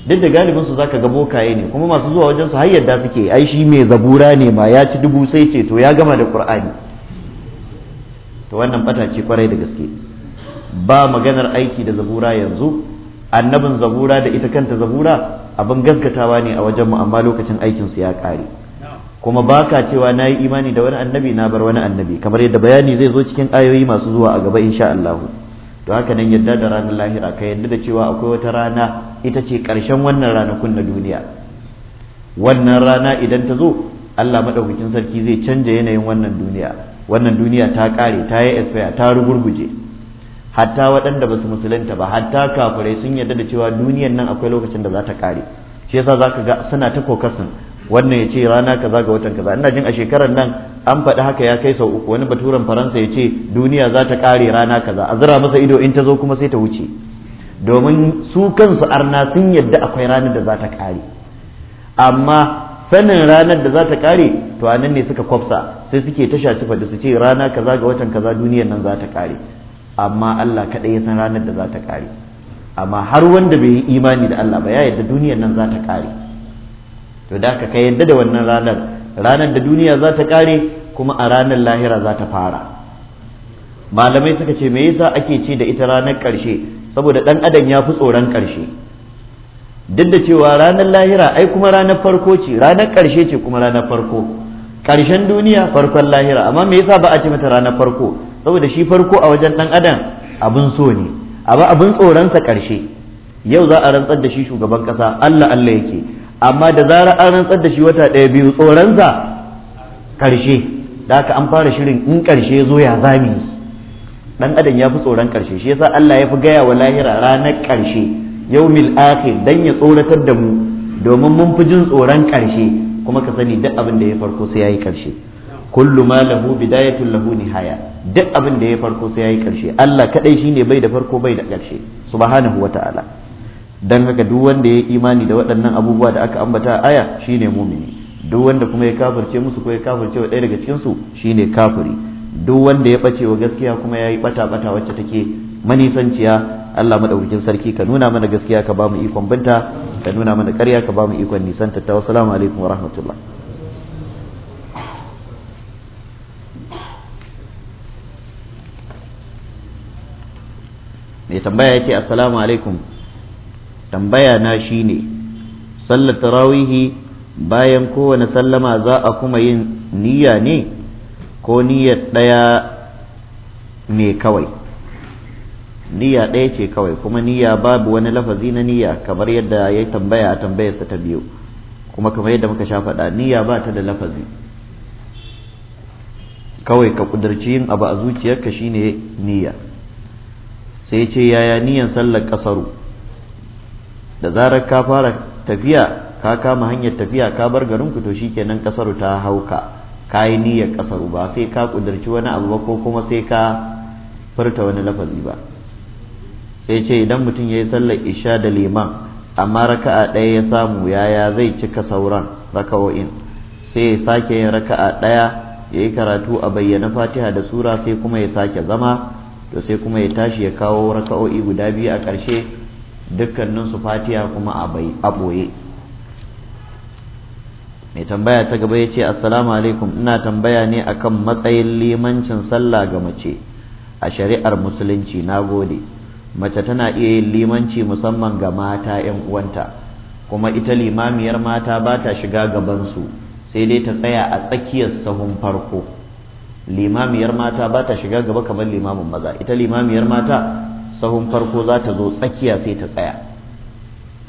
duk da galibin su zaka ga bokaye ne kuma masu zuwa wajen su har yadda suke ai shi mai zabura ne ma ya ci dubu sai ce to ya gama da qur'ani to wannan bata ce kwarai da gaske ba maganar aiki da zabura yanzu annabin zabura da ita kanta zabura abin gaskatawa ne a mu amma lokacin aikin su ya kare kuma baka cewa nayi imani da wani annabi na bar wani annabi kamar yadda bayani zai zo cikin ayoyi masu zuwa a gaba insha Allahu to haka nan yadda da ranar lahira ka yadda da cewa akwai wata rana ita ce ƙarshen wannan ranakun na duniya wannan rana idan ta zo Allah maɗaukakin sarki zai canja yanayin wannan duniya wannan duniya ta ƙare ta yi esfaya ta rugurguje hatta waɗanda ba su musulunta ba hatta kafirai sun yadda da cewa duniyan nan akwai lokacin da za ta ƙare shi yasa za ka ga suna ta kokasin wannan ya ce rana kaza ga watan kaza ina jin a shekarar nan an faɗi haka ya kai sau uku wani baturen faransa ya ce duniya za ta ƙare rana kaza a zira masa ido in ta zo kuma sai ta wuce domin su kansu arna sun yadda akwai ranar da za ta ƙare amma sanin ranar da za ta kare to a nan ne suka kwafsa sai suke tasha shaci fadi su ce rana kaza ga watan kaza duniyar nan za ta kare amma Allah kaɗai ya san ranar da za ta kare amma har wanda bai yi imani da Allah ba ya yadda duniyar nan za ta kare to da ka yadda da wannan ranar ranar da duniya za ta kare kuma a ranar lahira za ta fara malamai suka ce me yasa ake ce da ita ranar karshe saboda ɗan adam ya fi tsoron karshe duk da cewa ranar lahira ai kuma ranar farko ce ranar ƙarshe ce kuma ranar farko Karshen duniya farkon lahira amma me yasa ba a ce mata ranar farko saboda shi farko a wajen ɗan adam abin so ne ba abin tsoronsa ƙarshe yau za a rantsar da shi shugaban ƙasa allah allah yake amma da zarar an rantsar da shi wata ɗaya biyu tsoronsa ƙarshe da aka an fara shirin in ƙarshe zo ya zami dan adam ya fi tsoron ƙarshe shi yasa Allah ya fi gaya wa lahira ranar ƙarshe yaumil akhir dan ya tsoratar da mu domin mun fi jin tsoron ƙarshe kuma ka sani duk abin da ya farko sai yayi ƙarshe kullu ma lahu bidayatun lahu nihaya duk abin da ya farko sai yayi ƙarshe Allah kadai shine bai da farko bai da ƙarshe subhanahu wata'ala dan haka duk wanda ya imani da waɗannan abubuwa da aka ambata aya shine mumini duk wanda kuma ya kafirce musu ko ya kafirce wa ɗaya daga cikin su shine kafiri duk wanda ya bace wa gaskiya kuma yayi bata bata wacce take manisanciya Allah madaukakin sarki ka nuna mana gaskiya ka ba mu ikon binta ka nuna mana ƙarya ka ba mu ikon nisanta ta wassalamu alaikum wa rahmatullah mai tambaya yake assalamu alaikum tambaya na shine sallar tarawihi bayan kowane sallama za a kuma yin niyya ne ko niyyar ɗaya ne kawai niyya ɗaya ce kawai kuma niyya babu wani lafazi na niyya kamar yadda ya tambaya a tambayarsa ta biyu kuma kamar yadda muka sha faɗa niyya ba ta da lafazi kawai ka ƙudurci yin abu a zuciyarka shine niyya sai ce yaya niyyan sallar ƙasaru da zarar ka fara tafiya ka kama hanyar tafiya ka bar garin ku to shikenan kasar ta hauka ka yi niyyar kasar ba sai ka kudirci wani abu ba ko kuma sai ka furta wani lafazi ba sai ce idan mutum ya yi sallar isha da liman amma raka'a ɗaya ya samu yaya zai cika sauran raka'o'in sai ya sake yin raka'a ɗaya ya yi karatu a bayyana fatiha da sura sai kuma ya sake zama to sai kuma ya tashi ya kawo raka'o'i guda biyu a ƙarshe su Fatiya kuma a ɓoye mai tambaya ta gaba yace, ce assalamu alaikum ina tambaya ne akan matsayin limancin sallah ga mace a shari'ar musulunci na gode mace tana iya yin limanci musamman ga mata 'yan uwanta kuma ita limamiyar mata ba ta shiga gabansu sai dai ta tsaya a tsakiyar sahun farko limamiyar mata ba ta shiga gaba kamar limamin maza ita limamiyar mata sahun farko za ta zo tsakiya sai ta tsaya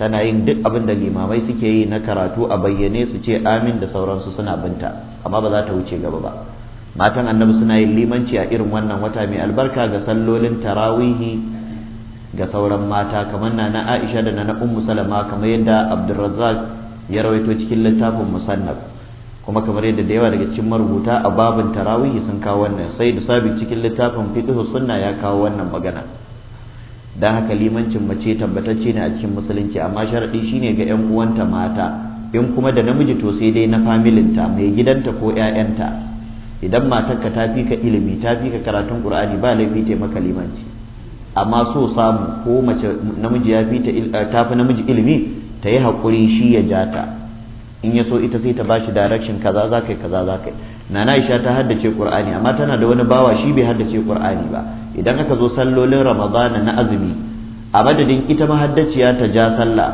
tana yin duk abin da limamai suke yi na karatu a bayyane su ce amin da sauransu suna binta amma ba za ta wuce gaba ba matan annabi suna yin limanci a irin wannan wata mai albarka ga sallolin tarawihi ga sauran mata kamar na na Aisha da na Ummu Salama kamar yadda Abdulrazzaq ya rawaito cikin littafin Musannaf kuma kamar yadda da yawa daga cikin marubuta a babin tarawihi sun kawo wannan sai da sabi cikin littafin fiqh sunna ya kawo wannan magana don haka limancin mace tabbatacce ne a cikin musulunci amma shi shine ga yan uwanta mata in kuma da namiji to sai dai na familinta mai gidanta ko 'ya'yanta idan matarka ta fi ka ilimi ta fi ka karatun qur'ani ba laifi ta maka limanci amma so samu ko mace namiji ya fi eh, ta fi namiji ilimi ta yi haƙuri shi ya ja ta in ya so ita sai ta bashi direction kaza za kai kaza za na nana aisha ta haddace qur'ani amma tana da wani bawa shi bai haddace qur'ani ba idan aka zo sallolin ramadana na azumi a madadin ita mahaddaciya ta ja sallah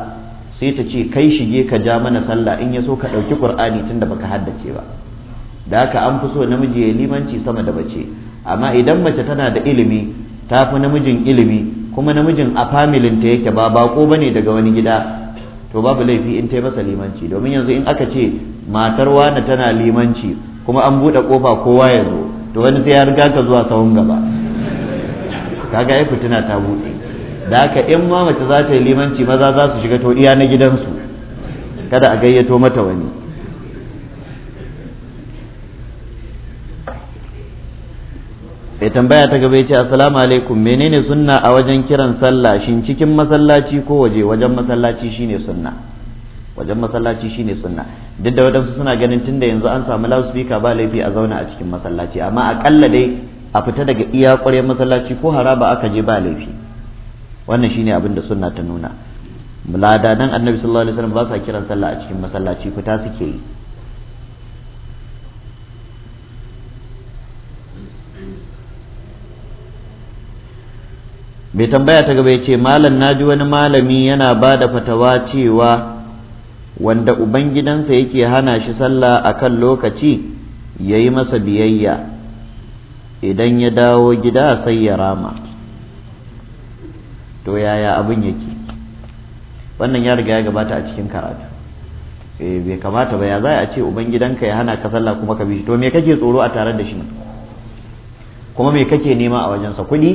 sai ta ce kai shige ka ja mana sallah in ya so ka ɗauki qur'ani tunda baka haddace ba da haka an fi so namiji ya limanci sama da bace amma idan mace tana da ilimi ta fi namijin ilimi kuma namijin a familin ta yake ba bako ne daga wani gida to babu laifi in ta yi masa limanci domin yanzu in aka ce matar wani tana limanci kuma an buɗe kofa kowa ya zo to wani sai ya riga ka zuwa sahun gaba kaga ai fitina ta buɗe da haka in ma mace za ta yi limanci maza za su shiga to iya na gidansu kada a gayyato mata wani mai tambaya ta gaba ce assalamu alaikum menene sunna a wajen kiran sallah shin cikin masallaci ko waje wajen masallaci shine sunna wajen masallaci shine sunna duk da wadansu suna ganin tunda yanzu an samu loudspeaker ba laifi a zauna a cikin masallaci amma akalla dai a fita daga iya ƙwaryar masallaci ko haraba aka je ba laifi wannan shine abin da sunna ta nuna muladanan annabi sallallahu alaihi wasallam ba sa kiran sallah a cikin masallaci fita suke yi Mai tambaya ta gaba ya ce malam na ji wani malami yana ba da fatawa cewa wanda ubangidansa yake hana shi sallah a kan lokaci ya yi masa biyayya idan ya dawo gida sai ya rama to yaya abin yake wannan ya riga ya gabata a cikin karatu eh bai kamata ba ya za a ce ubangidanka ya hana ka sallah kuma ka bi to me kake tsoro a tare da shi kuma me kake nema a wajensa kuɗi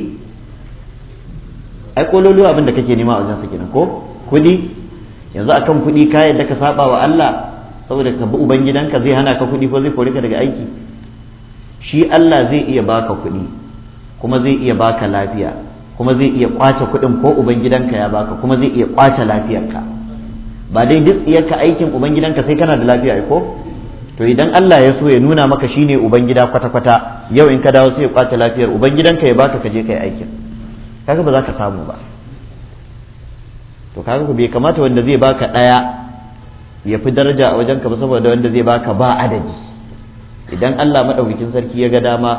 ai kololo abin da kake nema a wajensa kenan ko kuɗi yanzu akan kuɗi ka yadda ka saba wa Allah saboda ka bi ubangidanka zai hana ka kuɗi ko zai kore ka daga aiki shi Allah zai iya baka kuɗi kuma zai iya baka lafiya kuma zai iya kwace kuɗin ko ubangidanka ya baka kuma zai iya kwace lafiyarka ba dai duk iyaka aikin ubangidanka sai kana da lafiya ko to idan Allah ya so ya nuna maka shine ubangida kwata kwata yau in ka dawo sai ya kwace lafiyar ubangidanka ya baka ka kai aikin kaga ba za ka samu ba to kaga bai kamata wanda zai baka ɗaya ya fi daraja a wajenka ba saboda wanda zai baka ba adadi idan Allah maɗaukakin sarki ya ga dama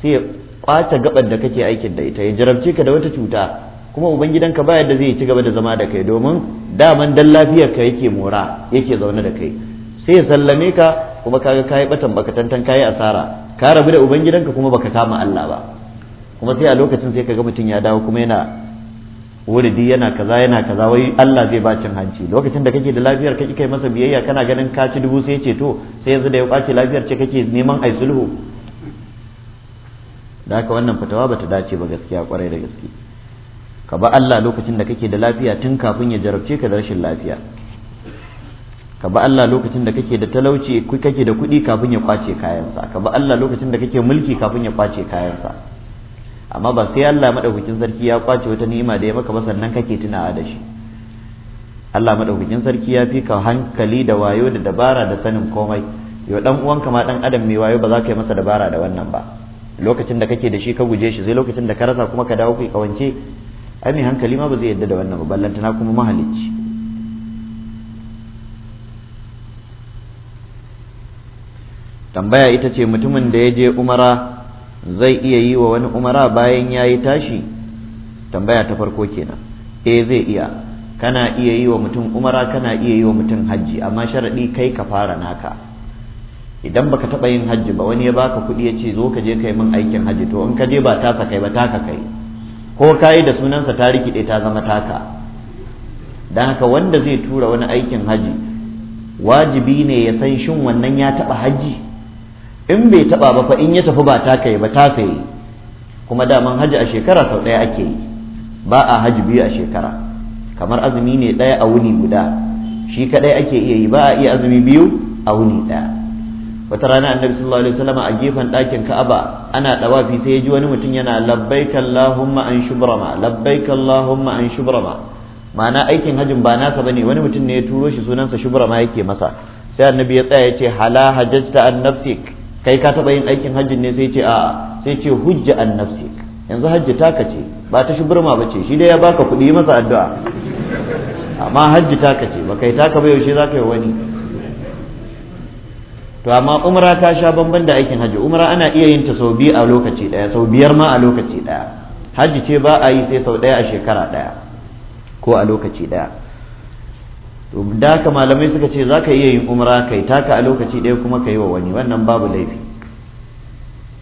sai ya kwace gaɓar da kake aikin da ita ya jarabce ka da wata cuta kuma ubangidanka ba yadda zai ci gaba da zama da kai domin daman dan lafiyar ka yake mora yake zaune da kai sai ya sallame ka kuma kaga kayi batan baka tantan kayi asara ka rabu da ubangidanka kuma baka kama Allah ba kuma sai a lokacin sai ka ga mutum ya dawo kuma yana wuridi yana kaza yana kaza wai Allah zai ba cin hanci lokacin da kake da lafiyar kake kai masa biyayya kana ganin ka ci dubu sai ce to sai yanzu da ya kwace lafiyar ce kake neman ai sulhu da haka wannan fitawa bata dace ba gaskiya kwarai da gaske ka ba Allah lokacin da kake da lafiya tun kafin ya jarabce ka da rashin lafiya ka ba Allah lokacin da kake da talauci kake da kuɗi kafin ya kwace kayansa ka ba Allah lokacin da kake mulki kafin ya kwace kayansa amma ba sai Allah madaukakin sarki ya kwace wata ni'ima da ya maka ba sannan kake tunawa da shi Allah madaukakin sarki ya fi ka hankali da wayo da dabara da sanin komai yau dan uwanka ma dan adam mai wayo ba za ka yi masa dabara da wannan ba lokacin da kake da shi ka guje shi sai lokacin da ka rasa kuma ka dawo kai kawance ai mai hankali ma ba zai yadda da wannan ba na kuma mahalicci tambaya ita ce mutumin da ya je umara zai iya yi wa wani umara bayan ya yi tashi tambaya ta farko kenan eh zai iya kana iya yi wa mutum umara kana iya yi wa mutum hajji amma sharaɗi kai ka fara naka idan baka taɓa yin hajji ba wani ya baka kuɗi ya ce zo ka je kai min aikin hajji to in ka je ba tasa kai ba taka kai ko kayi da sunansa ta rikide ta zama taka don haka wanda zai tura wani aikin hajji wajibi ne ya san shin wannan ya taɓa hajji in bai taba ba fa in ya tafi ba ta kai ba ta sai kuma daman haji a shekara sau ɗaya ake yi ba a haji biyu a shekara kamar azumi ne ɗaya a wuni guda shi kaɗai ake iya yi ba a iya azumi biyu a wuni ɗaya wata rana annabi sallallahu alaihi wasallam a gefen ɗakin ka'aba ana ɗawafi sai ya ji wani mutum yana labbaik allahumma an shubrama labbaik allahumma an shubrama ma'ana aikin hajin ba nasa bane wani mutum ne ya turo shi sunansa shubrama yake masa sai annabi ya tsaya ya ce hala hajjata an nafsik kai ka taba yin aikin hajjin ne sai ce a sai ce hujja an nafsi yanzu hajji taka ce ba ta burma ba ce shi dai ya baka kuɗi masa addu'a amma hajji taka ce ba kai taka ba yaushe za ka yi wani to amma umra ta sha bamban da aikin hajji umra ana iya yin ta sau biyu a lokaci ɗaya sau biyar ma a lokaci ɗaya hajji ce ba a yi sai sau ɗaya a shekara ɗaya ko a lokaci ɗaya to da ka malamai suka ce za ka iya yin umra kai taka a lokaci ɗaya kuma ka yi wa wani wannan babu laifi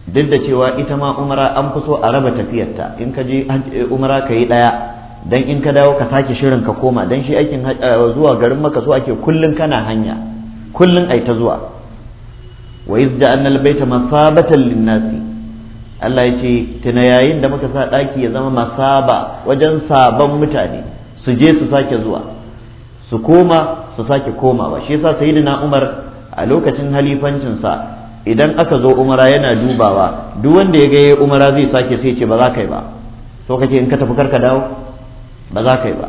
duk da cewa ita ma umra an fi so a raba tafiyarta in ka je eh, umra ka yi ɗaya dan in ka dawo ka sake shirin ka koma dan shi aikin eh, zuwa garin maka so ake kullun kana hanya kullun ai ta zuwa wa izda annal baita masabatan linnasi Allah ya ce tuna yayin da muka sa daki ya zama masaba wajen saban mutane su je su sake zuwa su koma su sake komawa shi yasa na Umar a lokacin halifancinsa idan aka zo umara yana dubawa duk wanda ya ga yayi umara zai sake sai ce ba za ka yi ba so kake in ka tafi karka dawo ba za ka yi ba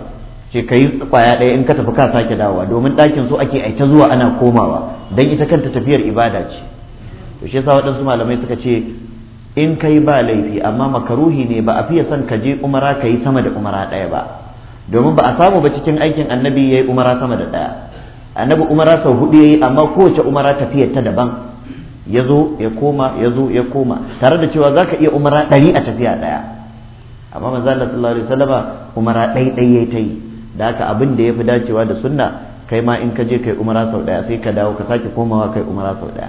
ce ka yi kwaya ɗaya in ka tafi ka sake dawowa domin ɗakin so ake aita zuwa ana komawa dan ita kanta tafiyar ibada ce to shi yasa waɗansu malamai suka ce in kai ba laifi amma makaruhi ne ba a fiye son ka je umara ka yi sama da umara ɗaya ba domin ba a samu ba cikin aikin annabi ya yi umara sama da ɗaya annabi umara sau hudu yi amma kowace umara tafiyar ta daban ya zo ya koma ya zo ya koma tare da cewa za ka iya umara ɗari a tafiya ɗaya amma manzo Allah sallallahu alaihi wasallama umara ɗai ɗai yayi ta yi da haka abin da ya fi dacewa da sunna kai ma in ka je kai umara sau ɗaya sai ka dawo ka sake komawa kai umara sau ɗaya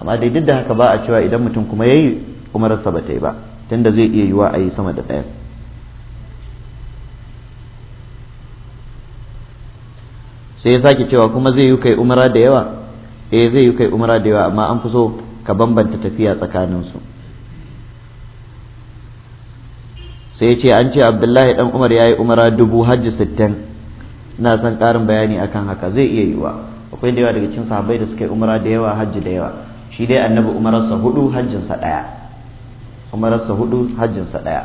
amma dai duk da haka ba a cewa idan mutum kuma ya yayi umararsa ba ta yi ba tunda zai iya yiwa a yi sama da ɗaya sai ya sake cewa kuma zai yi kai umara da yawa eh zai yi kai umara da yawa amma an fi so ka bambanta tafiya tsakanin su sai ya ce an ce abdullahi dan umar ya yi umara dubu hajji sittin na son karin bayani akan haka zai iya yiwa akwai da yawa daga cikin sahabbai da suka yi umara da yawa hajji da yawa shi dai annabi umararsa hudu hajjinsa daya umararsa hudu hajjinsa daya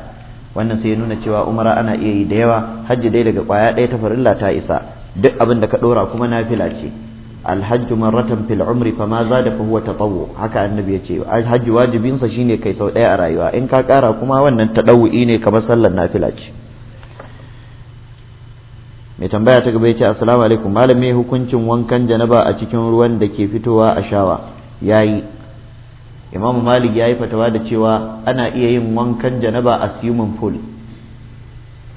wannan sai ya nuna cewa umara ana iya yi da yawa hajji dai daga kwaya ɗaya ta farilla ta isa duk abin da ka dora kuma nafila ce alhajju marratan fil umri ma zada fa huwa tatawwu haka annabi yace ce alhajju wajibin sa shine kai sau daya a rayuwa in ka kara kuma wannan tadawwi ne kamar sallar nafila ce mai tambaya ta gaba ya ce assalamu alaikum malami hukuncin wankan janaba a cikin ruwan da ke fitowa a shawa yayi imamu malik yayi fatawa da cewa ana iya yin wankan janaba a swimming pool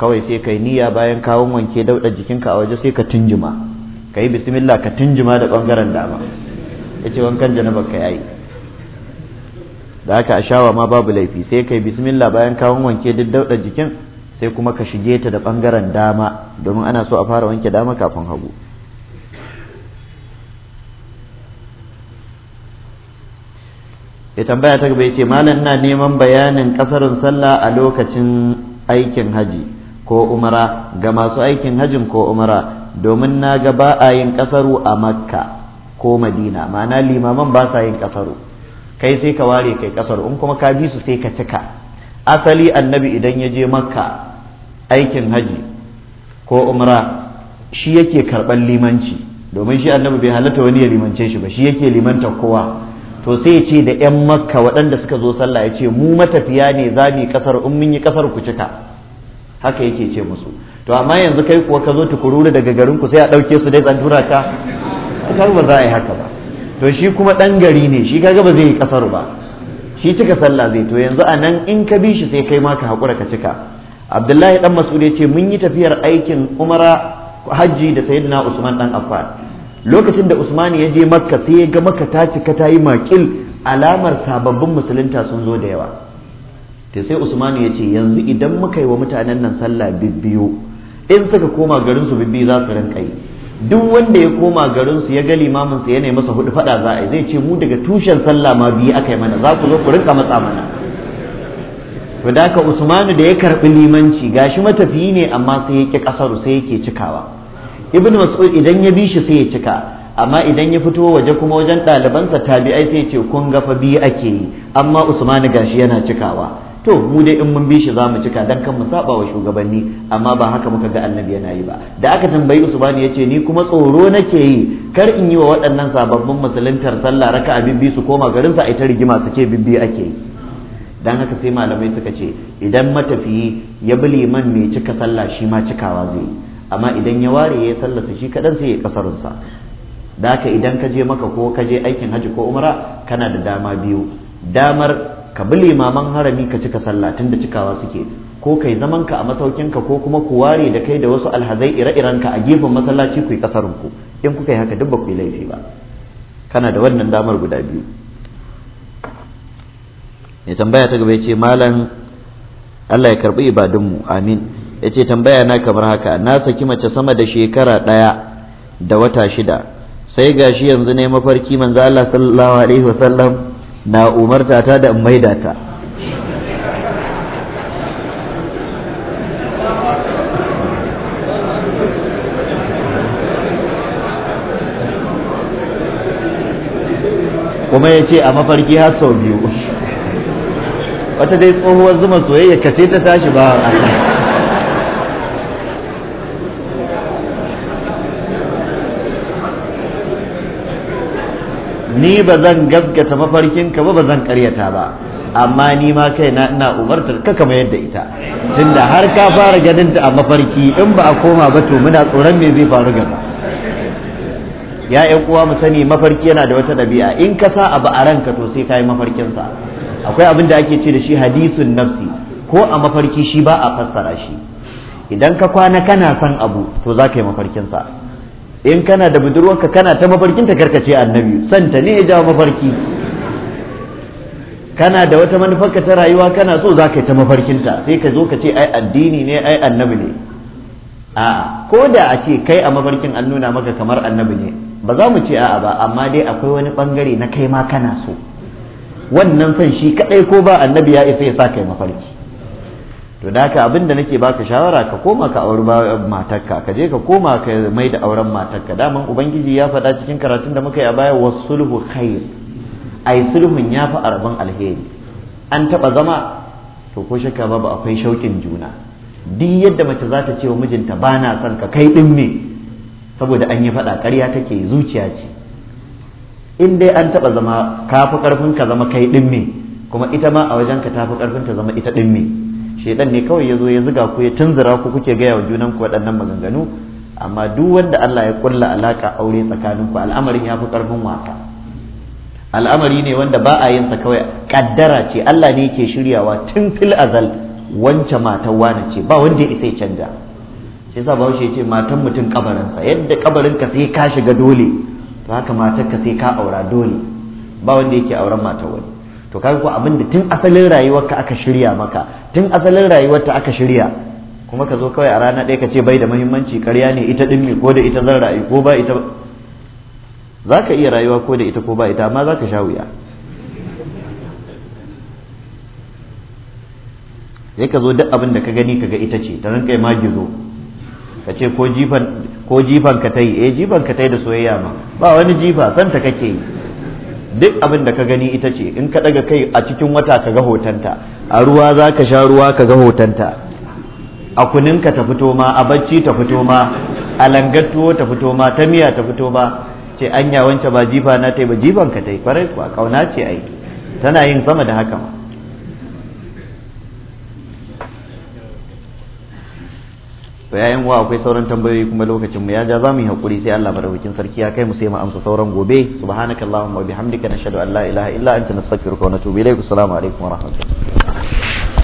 kawai sai kai niyya bayan kawon wanke dauɗa jikinka a waje sai ka tunjima ka yi bismillah ka tunjima da ɓangaren dama ya ce wankan janaba ka yayi da haka a shawa ma babu laifi sai kai bismillah bayan kawon wanke duk dauɗa jikin sai kuma ka shige ta da ɓangaren dama domin ana so a fara wanke dama kafin hagu ya tambaya ta gaba ya ce malam na neman bayanin kasarin sallah a lokacin aikin haji ko umara ga masu aikin hajin ko umara domin na ga ba a yin kasaru a makka ko madina ma'ana limaman ba sa yin kasaru kai sai ka ware kai kasar in kuma ka bi su sai ka cika asali annabi idan ya je makka aikin haji ko umra shi yake karɓar limanci domin shi annabi bai halatta wani ya limance shi ba shi yake limanta kowa to sai ce da 'yan makka waɗanda suka zo sallah ya ce mu matafiya ne za mu yi kasar in mun yi kasar ku cika haka yake ce musu to amma yanzu kai kuwa ka zo tukururu daga garin ku sai a ɗauke su dai tsantura ka ka ba za a yi haka ba to shi kuma ɗan gari ne shi kaga ba zai yi kasar ba shi cika sallah zai to yanzu a nan in ka bi shi sai kai ma ka haƙura ka cika abdullahi dan mas'ud ya ce mun yi tafiyar aikin umara hajji da sayyidina usman dan affan lokacin da usman ya je makka sai ya ga makka ta cika ta yi makil alamar sababbin musulunta sun zo da yawa ta sai usmanu ya ce yanzu idan muka yi wa mutanen nan sallah bibbiyo in suka koma garin su bibbi za su rinka yi duk wanda ya koma garin su ya ga limamin su yana masa hudu fada za a yi zai ce mu daga tushen sallah ma biyu aka yi mana za ku zo ku rinka matsa mana to da usmanu da ya karbi limanci gashi matafiyi ne amma sai ya ki kasaru sai yake cikawa ibnu mas'ud idan ya bi shi sai ya cika amma idan ya fito waje kuma wajen ɗalibansa tabi'ai sai ce kun ga biyu ake yi amma usmanu gashi yana cikawa to mu dai in mun bi shi za mu cika dan kan mu saba wa shugabanni amma ba haka muka ga annabi yana yi ba da aka tambayi usmani yace ni kuma tsoro nake yi kar in yi wa waɗannan sababbin musuluntar sallah raka'a bibbi su koma garin su a ita rigima su ce bibbi ake yi dan haka sai malamai suka ce idan matafiyi ya bi liman mai cika sallah shi ma cikawa zai amma idan ya ware ya sallarsa shi kadan sai ya kasarunsa da haka idan ka je maka ko ka je aikin haji ko umara kana da dama biyu damar ka bi limaman harami ka cika sallah tun da cikawa suke ko kai zaman ka a masaukin ka ko kuma ku ware da kai da wasu alhazai ire-iren ka a gefen masallaci ku yi kasarun ku in kuka yi haka duk ba ku yi laifi ba kana da wannan damar guda biyu mai tambaya ta gaba ya ce malam Allah ya karbi ibadunmu amin ya ce tambaya na kamar haka na saki mace sama da shekara ɗaya da wata shida sai gashi yanzu ne mafarki manzo Allah sallallahu alaihi wasallam na umarta ta da maida ta kuma ya ce a mafarki har sau biyu wata dai tsohuwar zuma soyayya ka sai ta tashi ba a ni ba zan gaskata mafarkinka ba ba zan karyata ba amma ni ma kai na ina umartar ka kamar yadda ita tunda har ka fara ganin ta a mafarki in ba a koma ba to muna tsoron me zai faru gaba ya yan uwa mu sani mafarki yana da wata ɗabi'a in ka sa abu a ranka to sai kai mafarkin sa akwai abin da ake ce da shi hadisun nafsi ko a mafarki shi ba a fassara shi idan ka kwana kana son abu to za ka yi mafarkin sa in kana da budurwarka kana ta mafarkinta karkace annabi santa ne ya jawo mafarki kana da wata manufarka ta rayuwa kana so za ka yi ta mafarkinta sai ka zo ka ce ai addini ne ai annabi ne a ko da a ce kai a mafarkin an nuna maka kamar annabi ne ba za mu ce a'a ba amma dai akwai wani bangare na kai ma kana so wannan son shi kadai ko ba annabi ya isa ya sa kai mafarki to da haka abin da nake baka shawara ka koma ka auri matarka ka je ka koma ka mai da auren matarka daman ubangiji ya faɗa cikin karatun da muka yi a baya wa sulhu khair ai sulhun ya fi arbin alheri an taɓa zama to ko shakka babu akwai shaukin juna duk yadda mace za ta ce wa mijinta ba na son ka kai ɗin me saboda an yi faɗa ƙarya take zuciya ce in dai an taba zama ka fi ƙarfin ka zama kai ɗin me kuma ita ma a wajenka ta fi ƙarfin ta zama ita ɗin me shedan ne kawai ya zo ya zuga ku ya tunzura ku kuke gaya wa junan ku waɗannan maganganu amma duk wanda Allah ya kulla alaka aure tsakanin ku al'amarin ya fi karfin wasa al'amari ne wanda ba a yin sa kawai kaddara ce Allah ne yake shiryawa tun fil azal wancan matan wani ce ba wanda ya sai ya canja sai yasa bahaushe ce matan mutum sa yadda kabarin ka sai ka shiga dole haka matar ka sai ka aura dole ba wanda yake auren matar wani to kaga ko abin da tun asalin rayuwarka aka shirya maka tun asalin rayuwarta aka shirya kuma ka zo kawai a rana ɗaya ka ce bai da muhimmanci karya ne ita ɗin ko da ita zan rayu ko ba ita za ka iya rayuwa ko da ita ko ba ita amma za ka sha wuya sai ka zo duk abin da ka gani kaga ita ce ta rinka ma gizo ka ce ko jifan ka ta yi eh jifan ka ta yi da soyayya ma ba wani jifa san ta kake yi duk abin da ka gani ita ce in ka daga kai a cikin wata ka ga hotonta a ruwa za ka sha ruwa ka ga hotonta a kuninka ta fito ma a bacci ta fito ma a langattuwo ta fito ma ta miya ta fito ma ce anya wance ba jifa na ta yi ba jifan ka ta yi kwarai kuwa kauna ce ai tana yin sama da haka ma to yayin wa akwai sauran tambayoyi kuma lokacin mu ya ja zamu yi hakuri sai Allah madaukakin sarki ya kai mu sai mu amsa sauran gobe subhanakallahumma wa bihamdika nashhadu an la ilaha illa anta nastaghfiruka wa natubu ilaik assalamu alaikum wa rahmatullahi